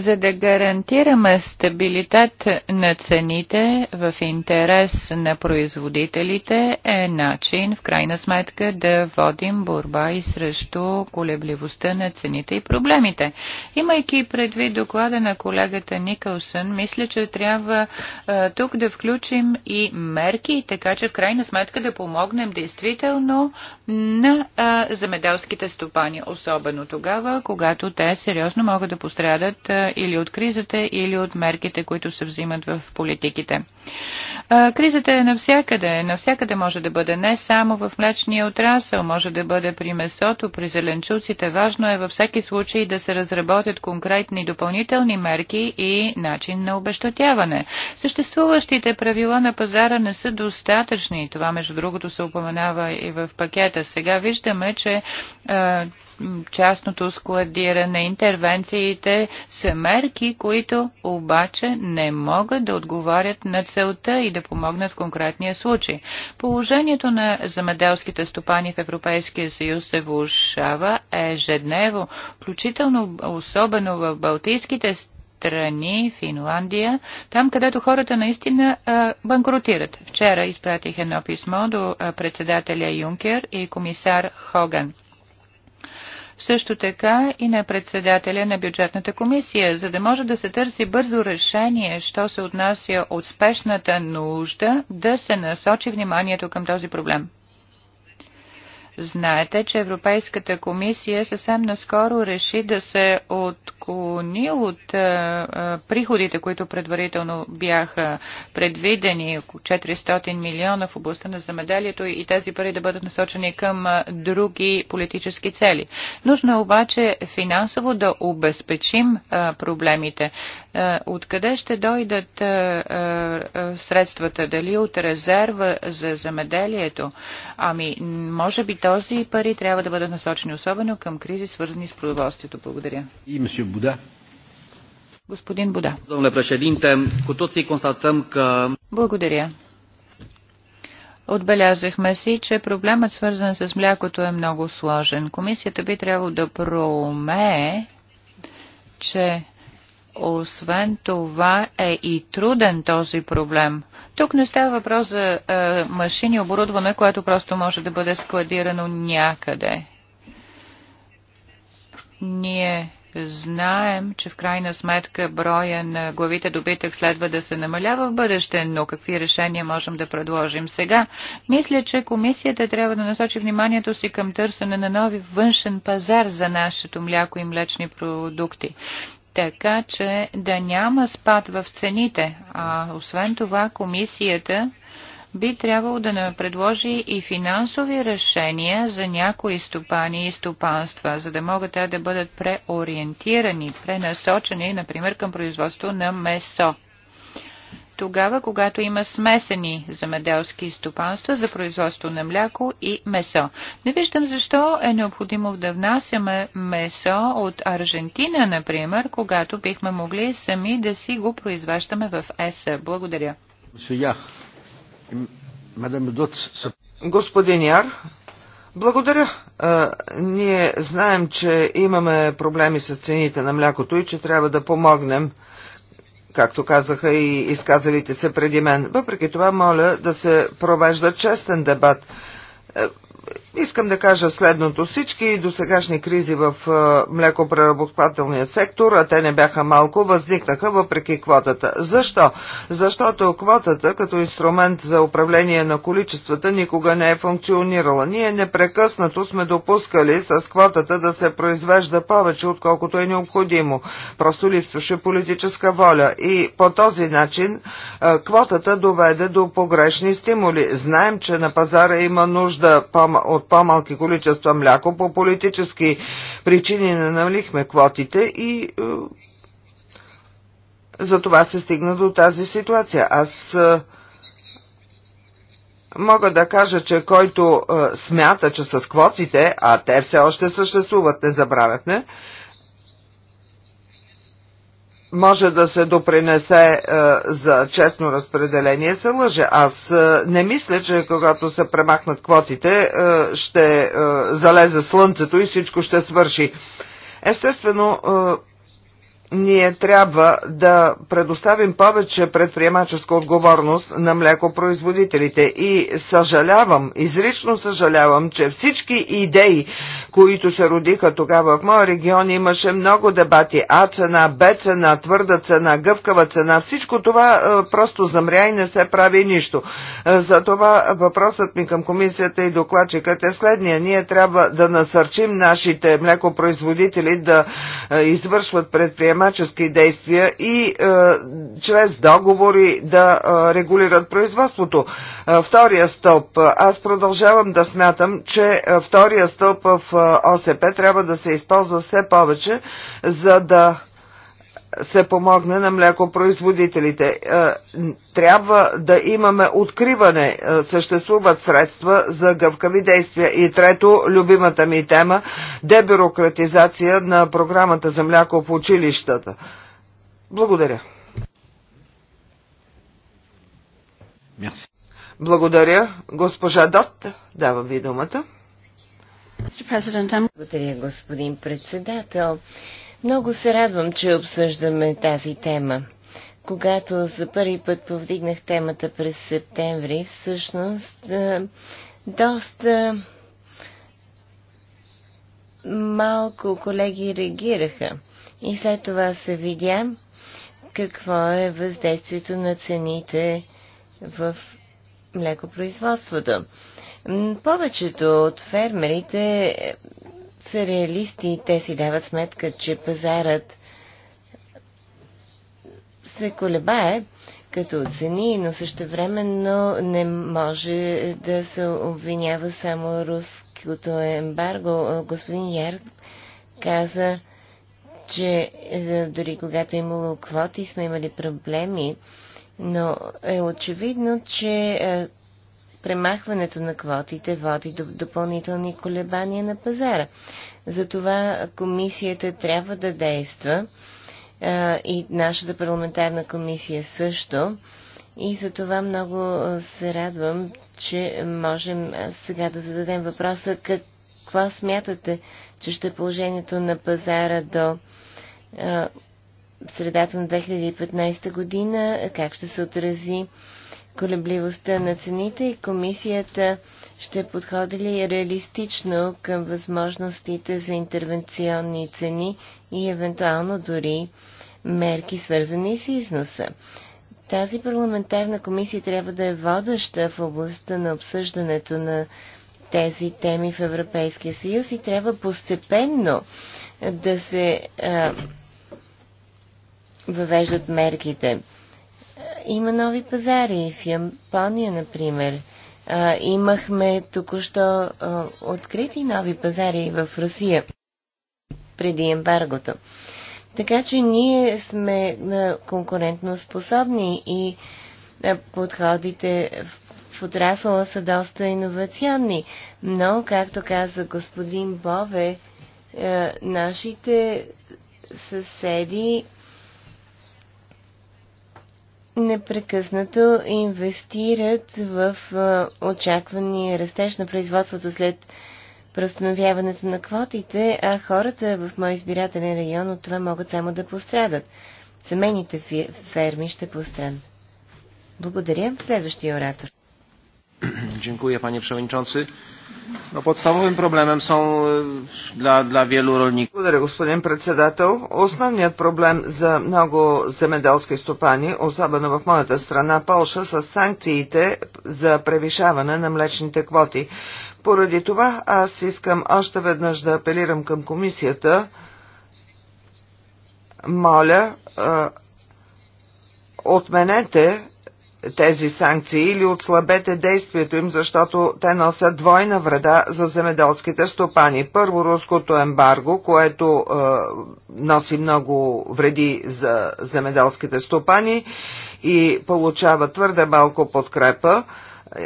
за да гарантираме стабилитет на цените в интерес на производителите е начин, в крайна сметка, да водим борба и срещу колебливостта на цените и проблемите. Имайки предвид доклада на колегата Никълсън, мисля, че трябва а, тук да включим и мерки, така че в крайна сметка да помогнем действително на а, земеделските стопани, особено тогава, когато те сериозно могат да пострадат а, или от кризата, или от мерките, които се взимат в политиките. Кризата е навсякъде. Навсякъде може да бъде не само в млечния отрасъл, може да бъде при месото, при зеленчуците. Важно е във всеки случай да се разработят конкретни допълнителни мерки и начин на обещатяване. Съществуващите правила на пазара не са достатъчни. Това, между другото, се упоменава и в пакета. Сега виждаме, че частното складиране, интервенциите са мерки, които обаче не могат да отговарят на целта и да помогнат в конкретния случай. Положението на замеделските стопани в Европейския съюз се влушава ежедневно, включително особено в Балтийските страни, Финландия, там където хората наистина а, банкротират. Вчера изпратих едно писмо до председателя Юнкер и комисар Хоган също така и на председателя на бюджетната комисия, за да може да се търси бързо решение, що се отнася от спешната нужда да се насочи вниманието към този проблем. Знаете, че Европейската комисия съвсем наскоро реши да се отклони от а, е, е, приходите, които предварително бяха предвидени, около 400 милиона в областта на замеделието и тези пари да бъдат насочени към а, е, други политически цели. Нужно е обаче финансово да обезпечим а, проблемите. Е, откъде ще дойдат е, е, средствата? Дали от резерва за замеделието? Ами, може би този пари трябва да бъдат насочени особено към кризи, свързани с продоволствието. Благодаря. И месио Буда. Господин Буда. Domnule președinte, cu toții constatăm că... Благодаря. Отбелязахме си, че проблемът свързан с млякото е много сложен. Комисията би трябвало да проумее, че освен това е и труден този проблем. Тук не става въпрос за е, машини оборудване, което просто може да бъде складирано някъде. Ние знаем, че в крайна сметка броя на главите добитък следва да се намалява в бъдеще, но какви решения можем да предложим сега? Мисля, че комисията трябва да насочи вниманието си към търсене на нови външен пазар за нашето мляко и млечни продукти така че да няма спад в цените. А освен това, комисията би трябвало да предложи и финансови решения за някои стопани и стопанства, за да могат те да бъдат преориентирани, пренасочени, например, към производство на месо тогава, когато има смесени замеделски стопанства за производство на мляко и месо. Не виждам защо е необходимо да внасяме месо от Аржентина, например, когато бихме могли сами да си го произвеждаме в ЕС. Благодаря. Господин Яр, благодаря. А, ние знаем, че имаме проблеми с цените на млякото и че трябва да помогнем както казаха и изказалите се преди мен. Въпреки това, моля да се провежда честен дебат. Е, Искам да кажа следното. Всички досегашни кризи в млекопреработвателния сектор, а те не бяха малко, възникнаха въпреки квотата. Защо? Защото квотата като инструмент за управление на количествата никога не е функционирала. Ние непрекъснато сме допускали с квотата да се произвежда повече, отколкото е необходимо. Просто липсваше политическа воля. И по този начин квотата доведе до погрешни стимули. Знаем, че на пазара има нужда повече от по-малки количества мляко. По политически причини не намалихме квотите и е, за това се стигна до тази ситуация. Аз е, Мога да кажа, че който е, смята, че с квотите, а те все още съществуват, не забравяхме, може да се допринесе е, за честно разпределение, се лъже. Аз е, не мисля, че когато се премахнат квотите, е, ще залезе слънцето и всичко ще свърши. Естествено, ние трябва да предоставим повече предприемаческа отговорност на млекопроизводителите. И съжалявам, изрично съжалявам, че всички идеи, които се родиха тогава в моя регион, имаше много дебати. А цена, Б цена, твърда цена, гъвкава цена, всичко това е, просто замря и не се прави нищо. Е, затова въпросът ми към комисията и докладчикът е следния. Ние трябва да насърчим нашите млекопроизводители да е, извършват предприемаческа предприемачески действия и е, чрез договори да е, регулират производството. Е, втория стълб. Аз продължавам да смятам, че е, втория стълб в е, ОСП трябва да се използва все повече, за да се помогне на млекопроизводителите. Е, трябва да имаме откриване, е, съществуват средства за гъвкави действия. И трето, любимата ми тема – дебюрократизация на програмата за мляко в училищата. Благодаря. Благодаря. Госпожа Дот, давам ви думата. Благодаря, господин председател. Много се радвам, че обсъждаме тази тема. Когато за първи път повдигнах темата през септември, всъщност доста малко колеги реагираха. И след това се видя какво е въздействието на цените в млекопроизводството. Повечето от фермерите са реалисти и те си дават сметка, че пазарът се колебае като цени, но също времено не може да се обвинява само руското ембарго. Господин Яр каза, че е, дори когато е имало квоти сме имали проблеми, но е очевидно, че е, премахването на квотите води до допълнителни колебания на пазара. Затова комисията трябва да действа и нашата парламентарна комисия също. И за това много се радвам, че можем сега да зададем въпроса какво смятате, че ще е положението на пазара до средата на 2015 година, как ще се отрази колебливостта на цените и комисията ще подходи ли реалистично към възможностите за интервенционни цени и евентуално дори мерки свързани с износа. Тази парламентарна комисия трябва да е водеща в областта на обсъждането на тези теми в Европейския съюз и трябва постепенно да се а, въвеждат мерките има нови пазари. В Япония, например, а, имахме току-що открити нови пазари в Русия преди ембаргото. Така че ние сме конкурентно способни и подходите в отрасъла са доста иновационни. Но, както каза господин Бове, нашите съседи непрекъснато инвестират в очаквания растеж на производството след преустановяването на квотите, а хората в мой избирателен район от това могат само да пострадат. Семейните ферми ще пострадат. Благодаря. Следващия оратор. [clears throat] Dziękuję panie przewodniczący. No, подставовим проблемem są e, dla, dla wielu rolników. Благодаря, господин председател. Основният проблем за много земеделски стопани, особено в моята страна Полша, са санкциите за превишаване на млечните квоти. Поради това аз искам още веднъж да апелирам към комисията. Моля, е, отменете тези санкции или отслабете действието им, защото те носят двойна вреда за земеделските стопани. Първо руското ембарго, което е, носи много вреди за земеделските стопани и получава твърде малко подкрепа. Е,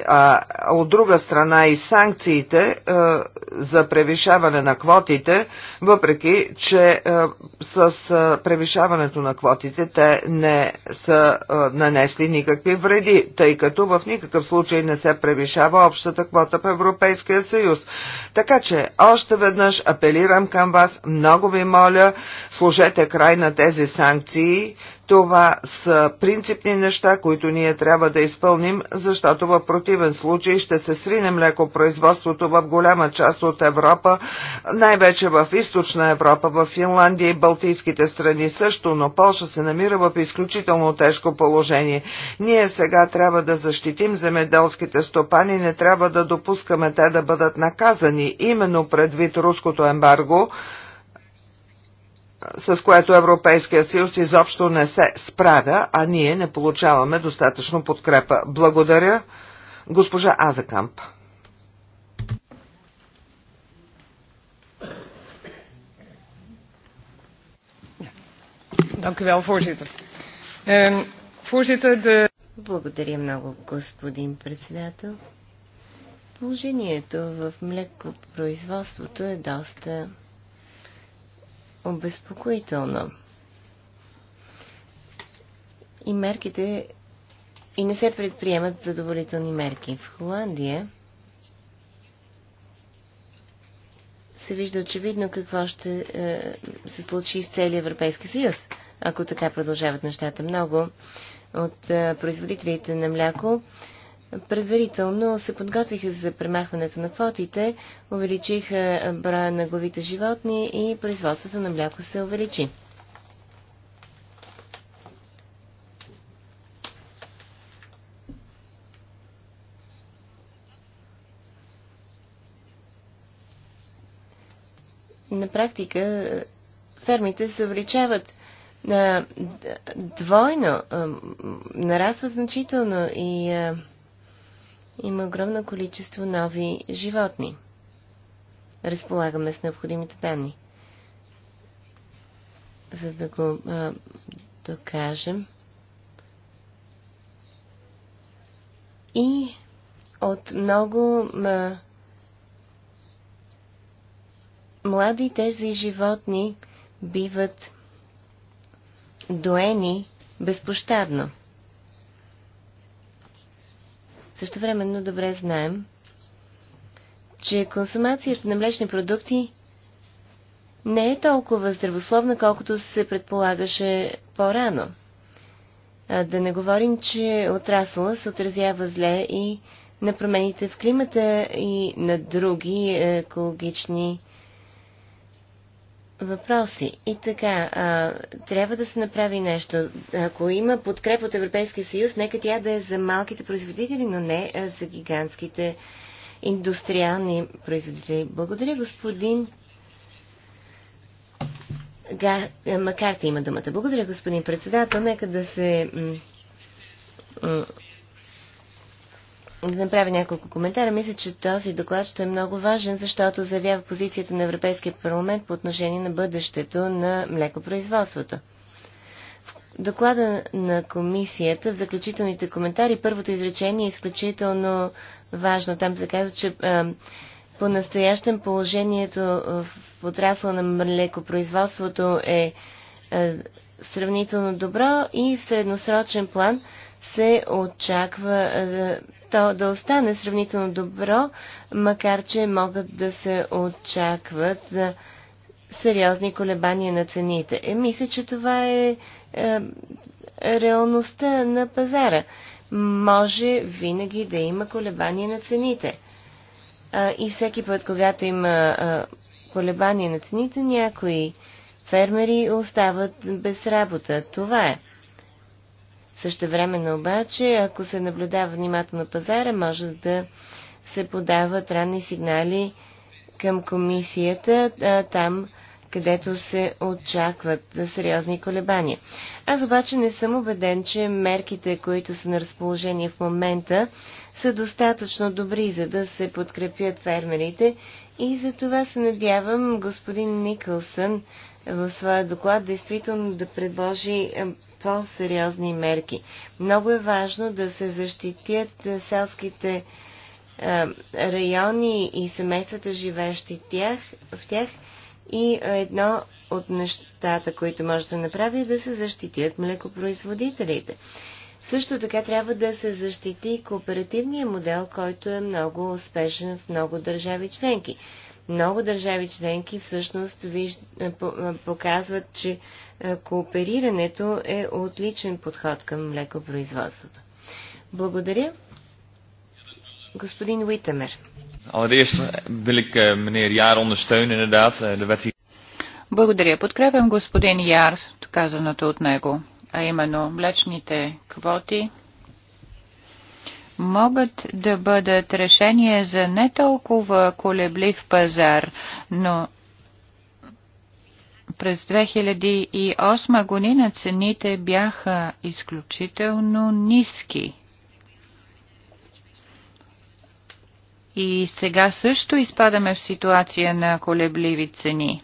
а от друга страна и санкциите а, за превишаване на квотите, въпреки че а, с а, превишаването на квотите те не са а, нанесли никакви вреди, тъй като в никакъв случай не се превишава общата квота в Европейския съюз. Така че още веднъж апелирам към вас, много ви моля, служете край на тези санкции, това са принципни неща, които ние трябва да изпълним, защото в противен случай ще се срине млекопроизводството в голяма част от Европа, най-вече в източна Европа, в Финландия и Балтийските страни също, но Польша се намира в изключително тежко положение. Ние сега трябва да защитим земеделските стопани, не трябва да допускаме те да бъдат наказани, именно предвид руското ембарго, с което Европейския съюз изобщо не се справя, а ние не получаваме достатъчно подкрепа. Благодаря, госпожа Азакамп. Ehm, Благодаря много, господин председател. Положението в млекопроизводството е доста обезпокоително. И мерките и не се предприемат задоволителни мерки. В Холандия се вижда очевидно какво ще е, се случи в целия Европейски съюз, ако така продължават нещата. Много от е, производителите на мляко предварително се подготвиха за премахването на квотите, увеличиха броя на главите животни и производството на мляко се увеличи. На практика фермите се увеличават двойно, нарастват значително и има огромно количество нови животни. Разполагаме с необходимите данни. За да го а, докажем. И от много а, млади и тези животни биват доени безпощадно. Също времено добре знаем, че консумацията на млечни продукти не е толкова здравословна, колкото се предполагаше по-рано. Да не говорим, че отрасъла се отразява зле и на промените в климата и на други екологични въпроси. И така, а, трябва да се направи нещо. Ако има подкреп от Европейския съюз, нека тя да е за малките производители, но не а, за гигантските индустриални производители. Благодаря, господин. Га... Е, Макарта има думата. Благодаря, господин председател. Нека да се направя няколко коментара. Мисля, че този доклад ще е много важен, защото заявява позицията на Европейския парламент по отношение на бъдещето на млекопроизводството. В доклада на комисията в заключителните коментари първото изречение е изключително важно. Там се казва, че а, по настоящем положението в отрасла на млекопроизводството е а, сравнително добро и в средносрочен план се очаква е, то да остане сравнително добро, макар че могат да се очакват за е, сериозни колебания на цените. Е, мисля, че това е, е реалността на пазара. Може винаги да има колебания на цените. А, е, и всеки път, когато има а, колебания на цените, някои фермери остават без работа. Това е на обаче, ако се наблюдава внимателно пазара, може да се подават ранни сигнали към комисията а, там, където се очакват сериозни колебания. Аз обаче не съм убеден, че мерките, които са на разположение в момента, са достатъчно добри, за да се подкрепят фермерите и за това се надявам господин Никълсън в своя доклад действително да предложи е, по-сериозни мерки. Много е важно да се защитят е, селските е, райони и семействата, живеещи тях, в тях. И едно от нещата, които може да направи, е да се защитят млекопроизводителите. Също така трябва да се защити кооперативния модел, който е много успешен в много държави членки много държави членки всъщност показват, че кооперирането е отличен подход към млекопроизводството. Благодаря. Господин Уитамер. Allereerst wil ik eh, meneer Jaar ondersteunen inderdaad. De eh, er wet hier... Благодаря. Подкрепям господин Яр, казаното от него, а именно млечните квоти могат да бъдат решение за не толкова колеблив пазар, но през 2008 година цените бяха изключително ниски. И сега също изпадаме в ситуация на колебливи цени.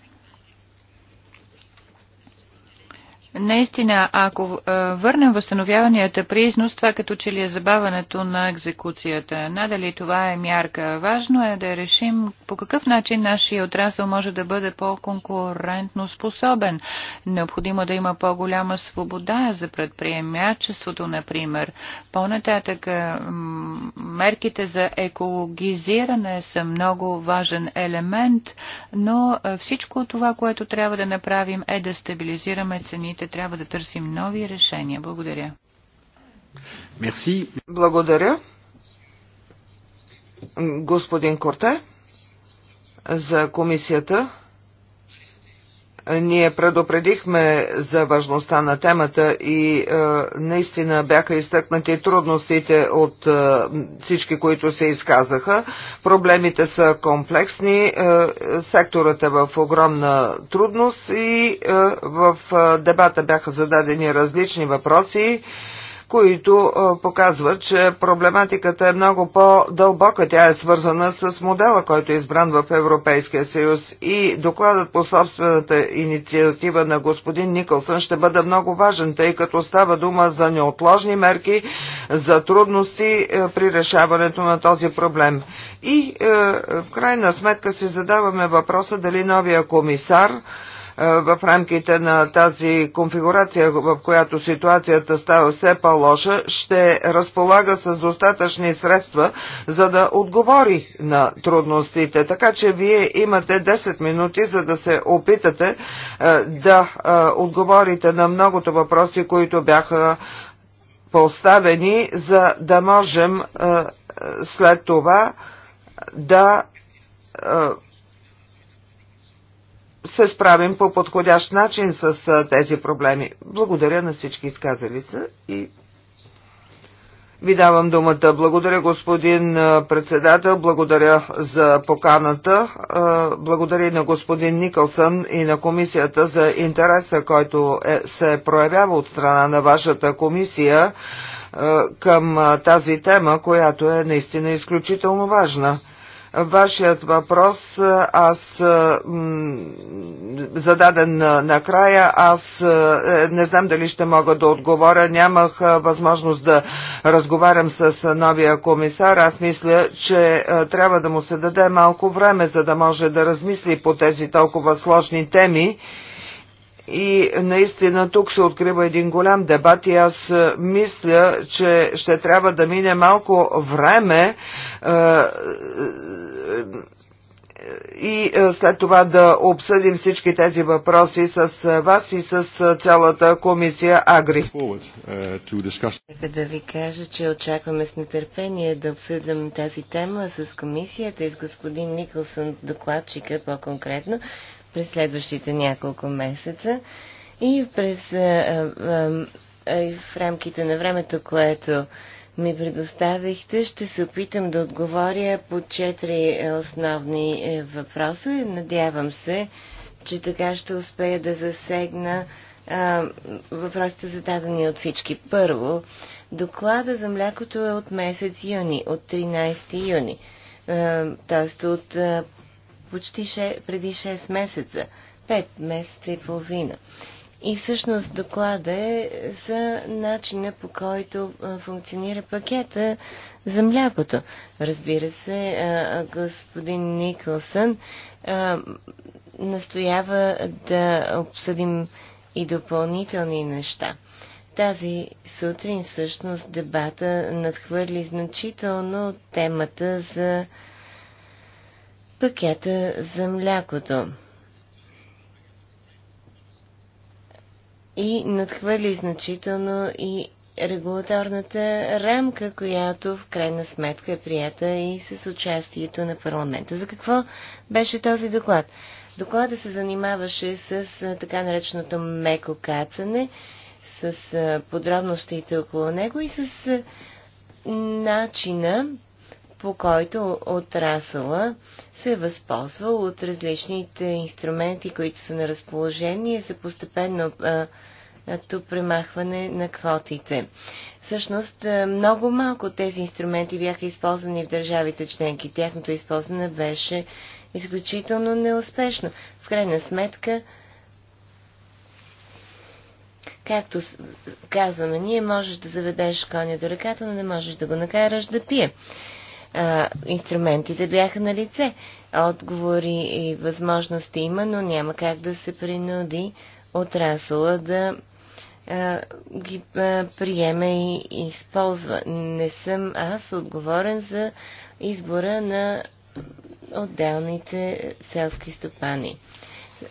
Наистина, ако върнем възстановяванията при износ, това като че ли е забаването на екзекуцията. Надали това е мярка. Важно е да решим по какъв начин нашия отрасъл може да бъде по-конкурентно способен. Необходимо да има по-голяма свобода за предприемачеството, например. По-нататък мерките за екологизиране са много важен елемент, но всичко това, което трябва да направим е да стабилизираме цените ще трябва да търсим нови решения. Благодаря. Мерси. Благодаря. Господин Корте, за комисията. Ние предупредихме за важността на темата и е, наистина бяха изтъкнати трудностите от е, всички, които се изказаха. Проблемите са комплексни, е, секторът е в огромна трудност и е, в е, дебата бяха зададени различни въпроси. Е, които показват, че проблематиката е много по-дълбока. Тя е свързана с модела, който е избран в Европейския съюз. И докладът по собствената инициатива на господин Никълсън ще бъде много важен, тъй като става дума за неотложни мерки, за трудности е, при решаването на този проблем. И е, в крайна сметка си задаваме въпроса дали новия комисар е, в рамките на тази конфигурация, в която ситуацията става все по-лоша, ще разполага с достатъчни средства, за да отговори на трудностите. Така че вие имате 10 минути, за да се опитате е, да е, отговорите на многото въпроси, които бяха поставени, за да можем след това да се справим по подходящ начин с тези проблеми. Благодаря на всички изказали се и ви давам думата. Благодаря, господин председател. Благодаря за поканата. Благодаря и на господин Никълсън и на комисията за интереса, който е, се проявява от страна на вашата комисия към тази тема, която е наистина изключително важна вашият въпрос аз зададен накрая, аз е, не знам дали ще мога да отговоря. Нямах възможност да разговарям с новия комисар. Аз мисля, че трябва да му се даде малко време, за да може да размисли по тези толкова сложни теми. И наистина тук се открива един голям дебат и аз е, мисля, че ще трябва да мине малко време е, е, и след това да обсъдим всички тези въпроси с вас и с цялата комисия Агри. Нека да ви кажа, че очакваме с нетърпение да обсъдим тази тема с комисията и с господин Николсън докладчика по-конкретно през следващите няколко месеца и през, а, а, а, в рамките на времето, което ми предоставихте, ще се опитам да отговоря по четири основни е, въпроса. Надявам се, че така ще успея да засегна а, въпросите зададени от всички. Първо, доклада за млякото е от месец юни, от 13 юни, т.е. от а, почти ше, преди 6 месеца, 5 месеца и половина. И всъщност доклада е за начина по който функционира пакета за млякото. Разбира се, господин Никълсън настоява да обсъдим и допълнителни неща. Тази сутрин всъщност дебата надхвърли значително темата за пакета за млякото. И надхвърли значително и регулаторната рамка, която в крайна сметка е прията и с участието на парламента. За какво беше този доклад? Доклада се занимаваше с така нареченото меко кацане, с подробностите около него и с начина по който отрасъла се възползва от различните инструменти, които са на разположение за постепенно премахване на квотите. Всъщност, много малко тези инструменти бяха използвани в държавите членки. Тяхното използване беше изключително неуспешно. В крайна сметка, както казваме ние, можеш да заведеш коня до ръката, но не можеш да го накараш да пие а, инструментите бяха на лице. Отговори и възможности има, но няма как да се принуди отрасъла да а, ги а, приеме и използва. Не съм аз отговорен за избора на отделните селски стопани.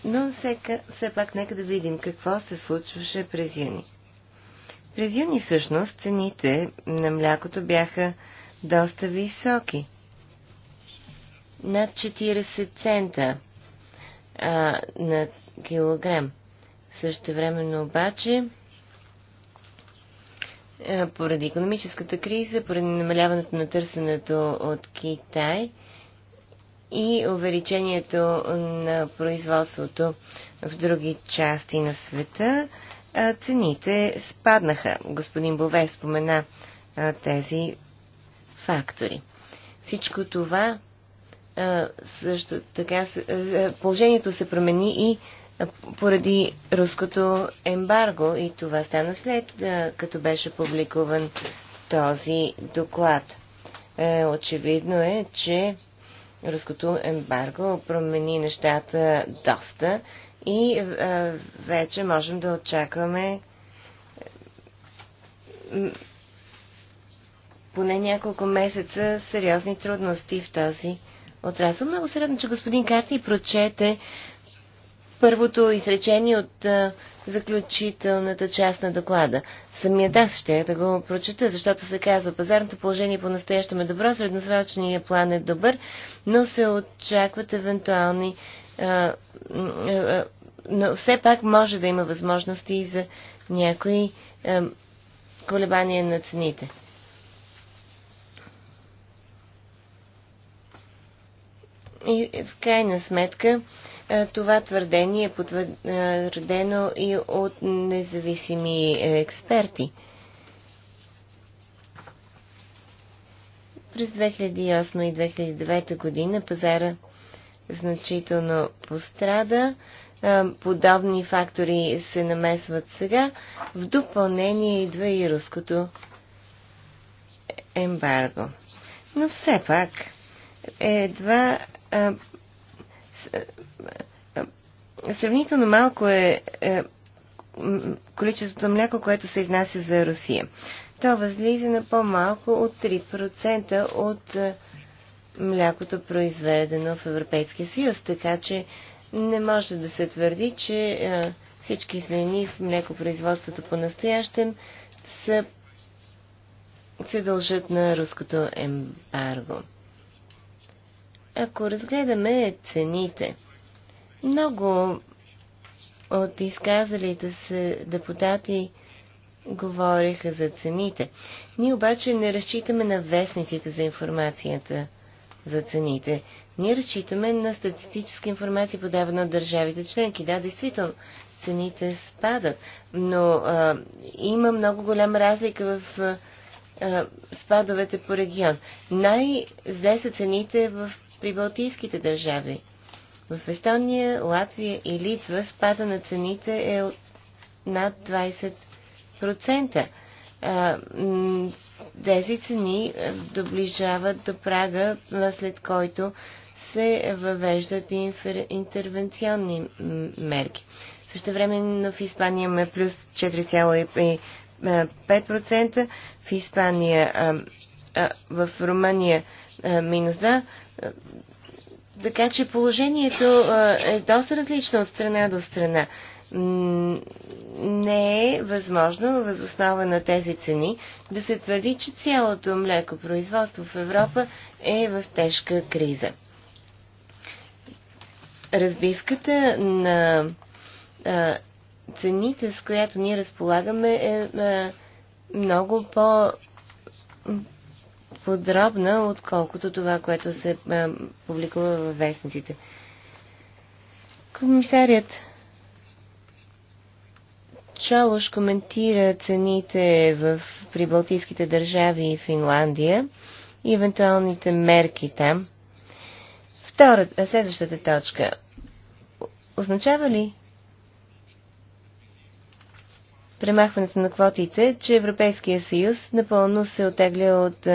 Но всека, все пак нека да видим какво се случваше през юни. През юни всъщност цените на млякото бяха доста високи. Над 40 цента а, на килограм. Също времено обаче, а, поради економическата криза, поради намаляването на търсенето от Китай и увеличението на производството в други части на света, а, цените спаднаха. Господин Бове спомена а, тези фактори. Всичко това също така положението се промени и поради руското ембарго и това стана след като беше публикуван този доклад. Е, очевидно е, че руското ембарго промени нещата доста и вече можем да очакваме поне няколко месеца сериозни трудности в този отрасъл. Много се радвам, че господин Карти прочете първото изречение от заключителната част на доклада. Самият аз ще да го прочета, защото се казва, пазарното положение по настоящем е добро, средносрочният план е добър, но се очакват евентуални... А, а, но все пак може да има възможности и за някои колебания на цените. И в крайна сметка това твърдение е потвърдено и от независими експерти. През 2008 и 2009 година пазара значително пострада. Подобни фактори се намесват сега. В допълнение идва и руското ембарго. Но все пак едва а, сравнително малко е а, е, количеството мляко, което се изнася за Русия. То възлиза на по-малко от 3% от а, е, млякото произведено в Европейския съюз, така че не може да се твърди, че а, е, всички измени в млекопроизводството по-настоящем са, се дължат на руското ембарго. Ако разгледаме цените, много от изказалите се депутати говориха за цените. Ние обаче не разчитаме на вестниците за информацията за цените. Ние разчитаме на статистическа информация, подавана от държавите членки. Да, действително, цените спадат, но а, има много голяма разлика в а, спадовете по регион. Най-зле са цените в при балтийските държави. В Естония, Латвия и Литва спада на цените е от над 20%. Тези цени доближават до прага, след който се въвеждат интервенционни мерки. Също време в Испания има плюс 4,5%, в Испания, в Румъния е, минус е, Така че положението е, е доста различно от страна до страна. Не е възможно възоснова на тези цени да се твърди, че цялото млекопроизводство в Европа е в тежка криза. Разбивката на цените, с която ние разполагаме, е много по подробна, отколкото това, което се а, публикува във вестниците. Комисарият Чалош коментира цените в прибалтийските държави и Финландия и евентуалните мерки там. Втората, следващата точка. Означава ли премахването на квотите, че Европейския съюз напълно се отегля от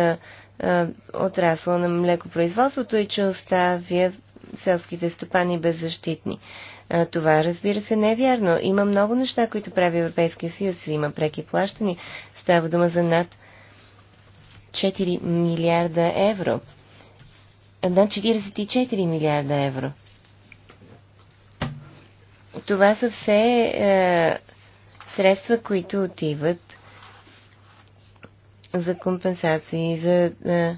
отрасла на млекопроизводството и че оставя селските стопани беззащитни. Това, разбира се, не е вярно. Има много неща, които прави Европейския съюз. Има преки плащани. Става дума за над 4 милиарда евро. Над 44 милиарда евро. Това са все е, средства, които отиват за компенсации, за а,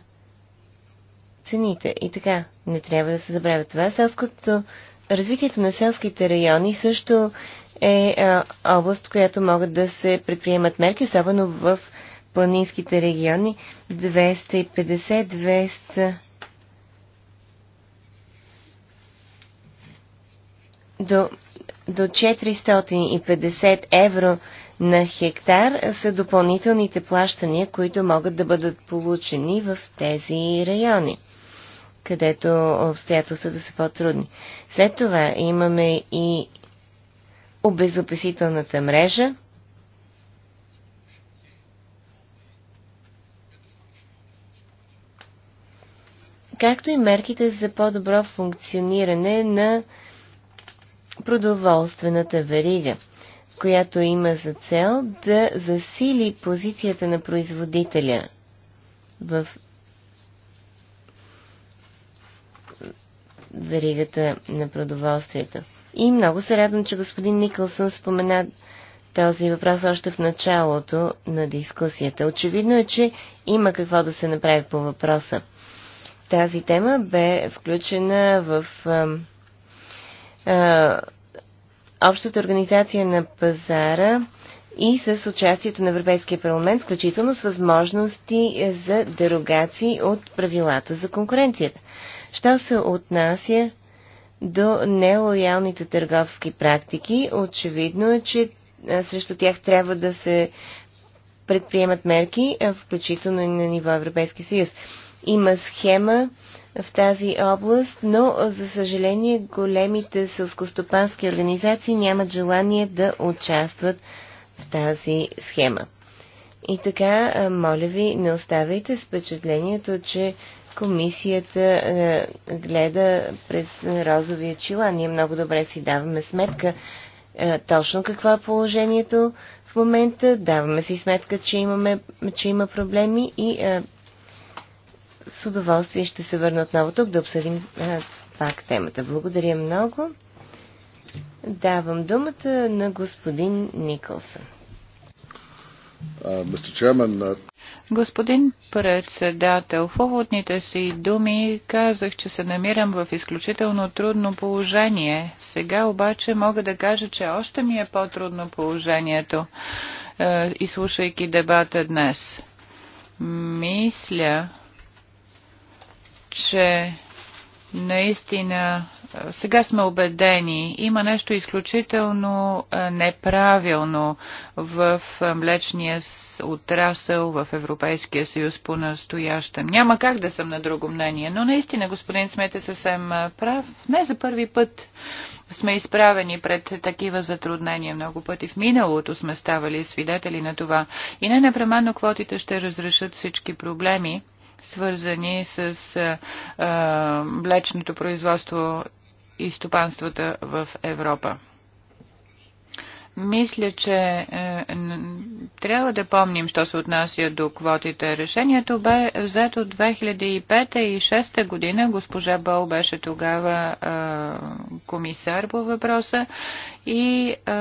цените. И така, не трябва да се забравя това. Селското, развитието на селските райони също е а, област, в която могат да се предприемат мерки, особено в планинските региони. 250-200 до до 450 евро на хектар са допълнителните плащания, които могат да бъдат получени в тези райони, където обстоятелствата са по-трудни. След това имаме и обезопасителната мрежа, както и мерките за по-добро функциониране на продоволствената верига, която има за цел да засили позицията на производителя в веригата на продоволствието. И много се радвам, че господин Никълсън спомена този въпрос още в началото на дискусията. Очевидно е, че има какво да се направи по въпроса. Тази тема бе включена в ам, е, общата организация на пазара и с участието на Европейския парламент, включително с възможности за дерогации от правилата за конкуренцията. Що се отнася до нелоялните търговски практики, очевидно е, че е, срещу тях трябва да се предприемат мерки, е, включително и на ниво Европейски съюз. Има схема в тази област, но за съжаление големите сълскостопански организации нямат желание да участват в тази схема. И така, моля ви, не оставайте с впечатлението, че комисията гледа през розовия чила. Ние много добре си даваме сметка точно какво е положението в момента. Даваме си сметка, че, имаме, че има проблеми и с удоволствие ще се върна отново тук да обсъдим а, пак темата. Благодаря много. Давам думата на господин Николсън. Господин председател, в уводните си думи казах, че се намирам в изключително трудно положение. Сега обаче мога да кажа, че още ми е по-трудно положението, изслушайки дебата днес. Мисля, че наистина сега сме убедени, има нещо изключително неправилно в млечния отрасъл в Европейския съюз по настоящем. Няма как да съм на друго мнение, но наистина господин Смете, съвсем прав. Не за първи път сме изправени пред такива затруднения. Много пъти в миналото сме ставали свидетели на това. И не непременно квотите ще разрешат всички проблеми свързани с млечното производство и стопанствата в Европа. Мисля, че е, трябва да помним, що се отнася до квотите. Решението бе взето 2005 и 2006 година. Госпожа Бол беше тогава е, комисар по въпроса и е,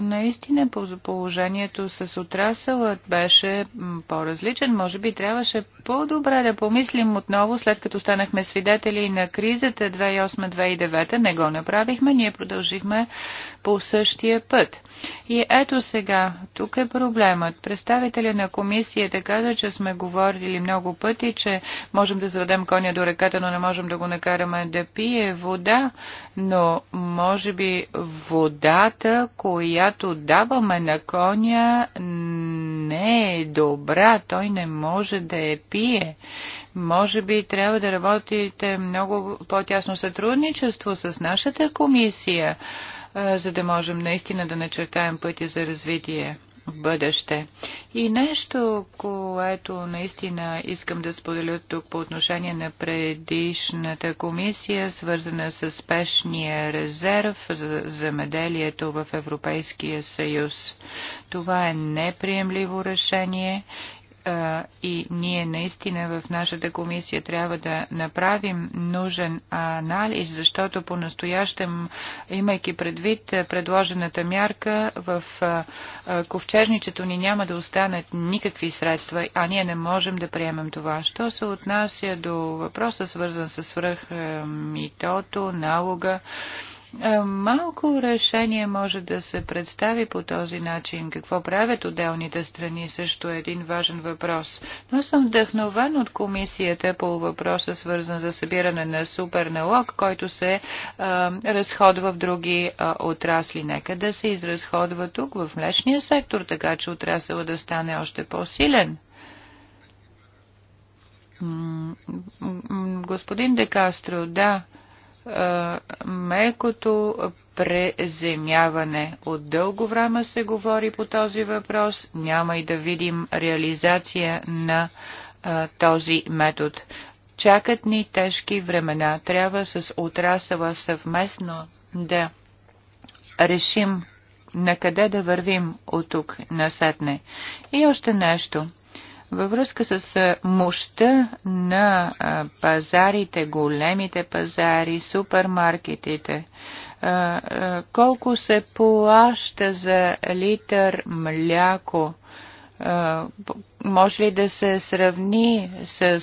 наистина положението с отрасълът беше по-различен. Може би трябваше по-добре да помислим отново, след като станахме свидетели на кризата 2008-2009. Не го направихме, ние продължихме по същия път. И ето сега, тук е проблемът. Представителя на комисията каза, че сме говорили много пъти, че можем да заведем коня до реката, но не можем да го накараме да пие вода, но може би водата, която даваме на коня, не е добра, той не може да я пие. Може би трябва да работите много по-тясно сътрудничество с нашата комисия за да можем наистина да начертаем пътя за развитие в бъдеще. И нещо, което наистина искам да споделя тук по отношение на предишната комисия, свързана с спешния резерв за замеделието в Европейския съюз. Това е неприемливо решение и ние наистина в нашата комисия трябва да направим нужен анализ, защото по-настоящем, имайки предвид предложената мярка, в ковчежничето ни няма да останат никакви средства, а ние не можем да приемем това. Що се отнася до въпроса, свързан с свръх митото, налога, е, малко решение може да се представи по този начин. Какво правят отделните страни също е един важен въпрос. Но съм вдъхновен от комисията по въпроса, свързан за събиране на суперналог, който се а, е, разходва в други а, е, отрасли. Нека да се изразходва тук, в млечния сектор, така че отрасъла да стане още по-силен. Господин Декастро, да е, мекото преземяване. От дълго време се говори по този въпрос. Няма и да видим реализация на а, е, този метод. Чакат ни тежки времена. Трябва с отрасъла съвместно да решим на къде да вървим от тук насетне. И още нещо – във връзка с мощта на пазарите, големите пазари, супермаркетите, колко се плаща за литър мляко? може ли да се сравни с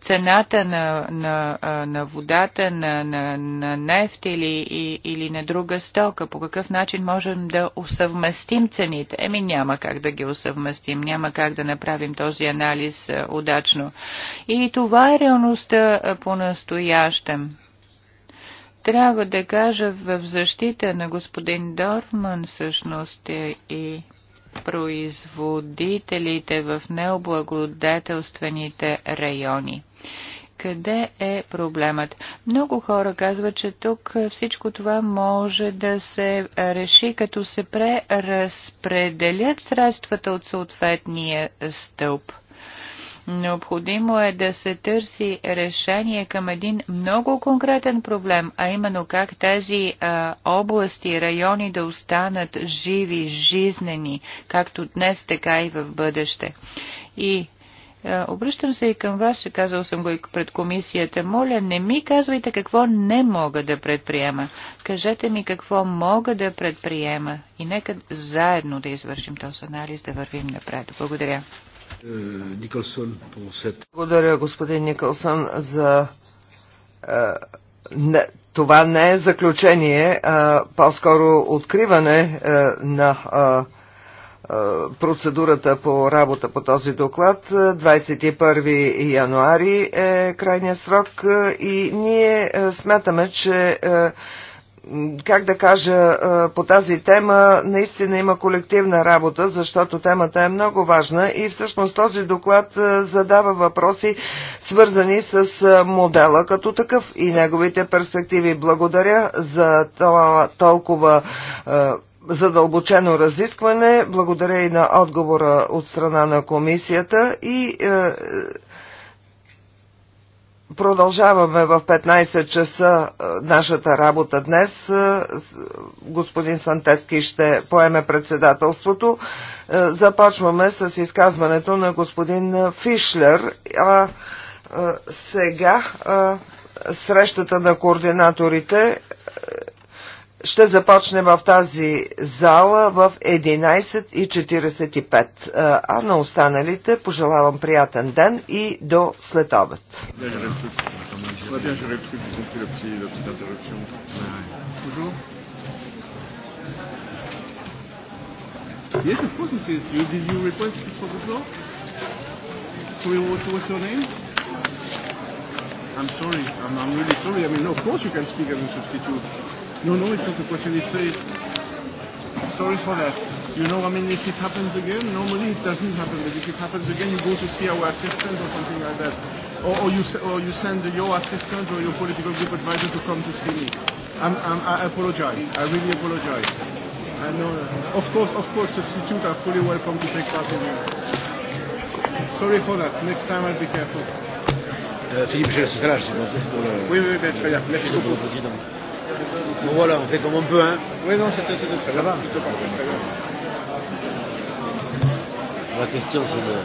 цената на, на, на водата, на, на, на нефт или, и, или на друга стока? По какъв начин можем да усъвместим цените? Еми няма как да ги усъвместим, няма как да направим този анализ удачно. И това е реалността по-настоящем. Трябва да кажа в защита на господин Дорман, всъщност е, и производителите в необлагодетелствените райони. Къде е проблемът? Много хора казват, че тук всичко това може да се реши, като се преразпределят средствата от съответния стълб – Необходимо е да се търси решение към един много конкретен проблем, а именно как тези а, области, райони да останат живи, жизнени, както днес, така и в бъдеще. И Обръщам се и към вас, казал съм го и пред комисията. Моля, не ми казвайте какво не мога да предприема. Кажете ми какво мога да предприема. И нека заедно да извършим този анализ, да вървим напред. Благодаря. Е, Николсон, Благодаря, господин Николсон, за е, не, това не е заключение, по-скоро откриване е, на процедурата по работа по този доклад. 21 януари е крайния срок и ние смятаме, че как да кажа, по тази тема наистина има колективна работа, защото темата е много важна и всъщност този доклад задава въпроси, свързани с модела като такъв и неговите перспективи. Благодаря за това толкова задълбочено разискване. Благодаря и на отговора от страна на комисията и Продължаваме в 15 часа е, нашата работа днес. Е, господин Сантески ще поеме председателството. Е, започваме с изказването на господин Фишлер. А, сега срещата на координаторите ще започне в тази зала в 11.45, а на останалите пожелавам приятен ден и до след обед. Yes, of course it is. You, did you request for the floor? So what's, what's your name? I'm sorry. I'm, I'm really sorry. I mean, of course you can speak as a substitute. No, no, it's not a question. It's a, sorry for that. You know, I mean, if it happens again, normally it doesn't happen. But if it happens again, you go to see our assistant or something like that, or, or you or you send your assistant or your political group advisor to come to see me. I'm, I'm, I apologize. I really apologize. I know. Of course, of course, substitute are fully welcome to take part in it. Sorry for that. Next time I'll be careful. Philippe, je laisse là, je Oui, oui, très bien. Merci beaucoup. Donc voilà, on fait comme on peut, hein. Oui, non, c'était très bien. La question, c'est de...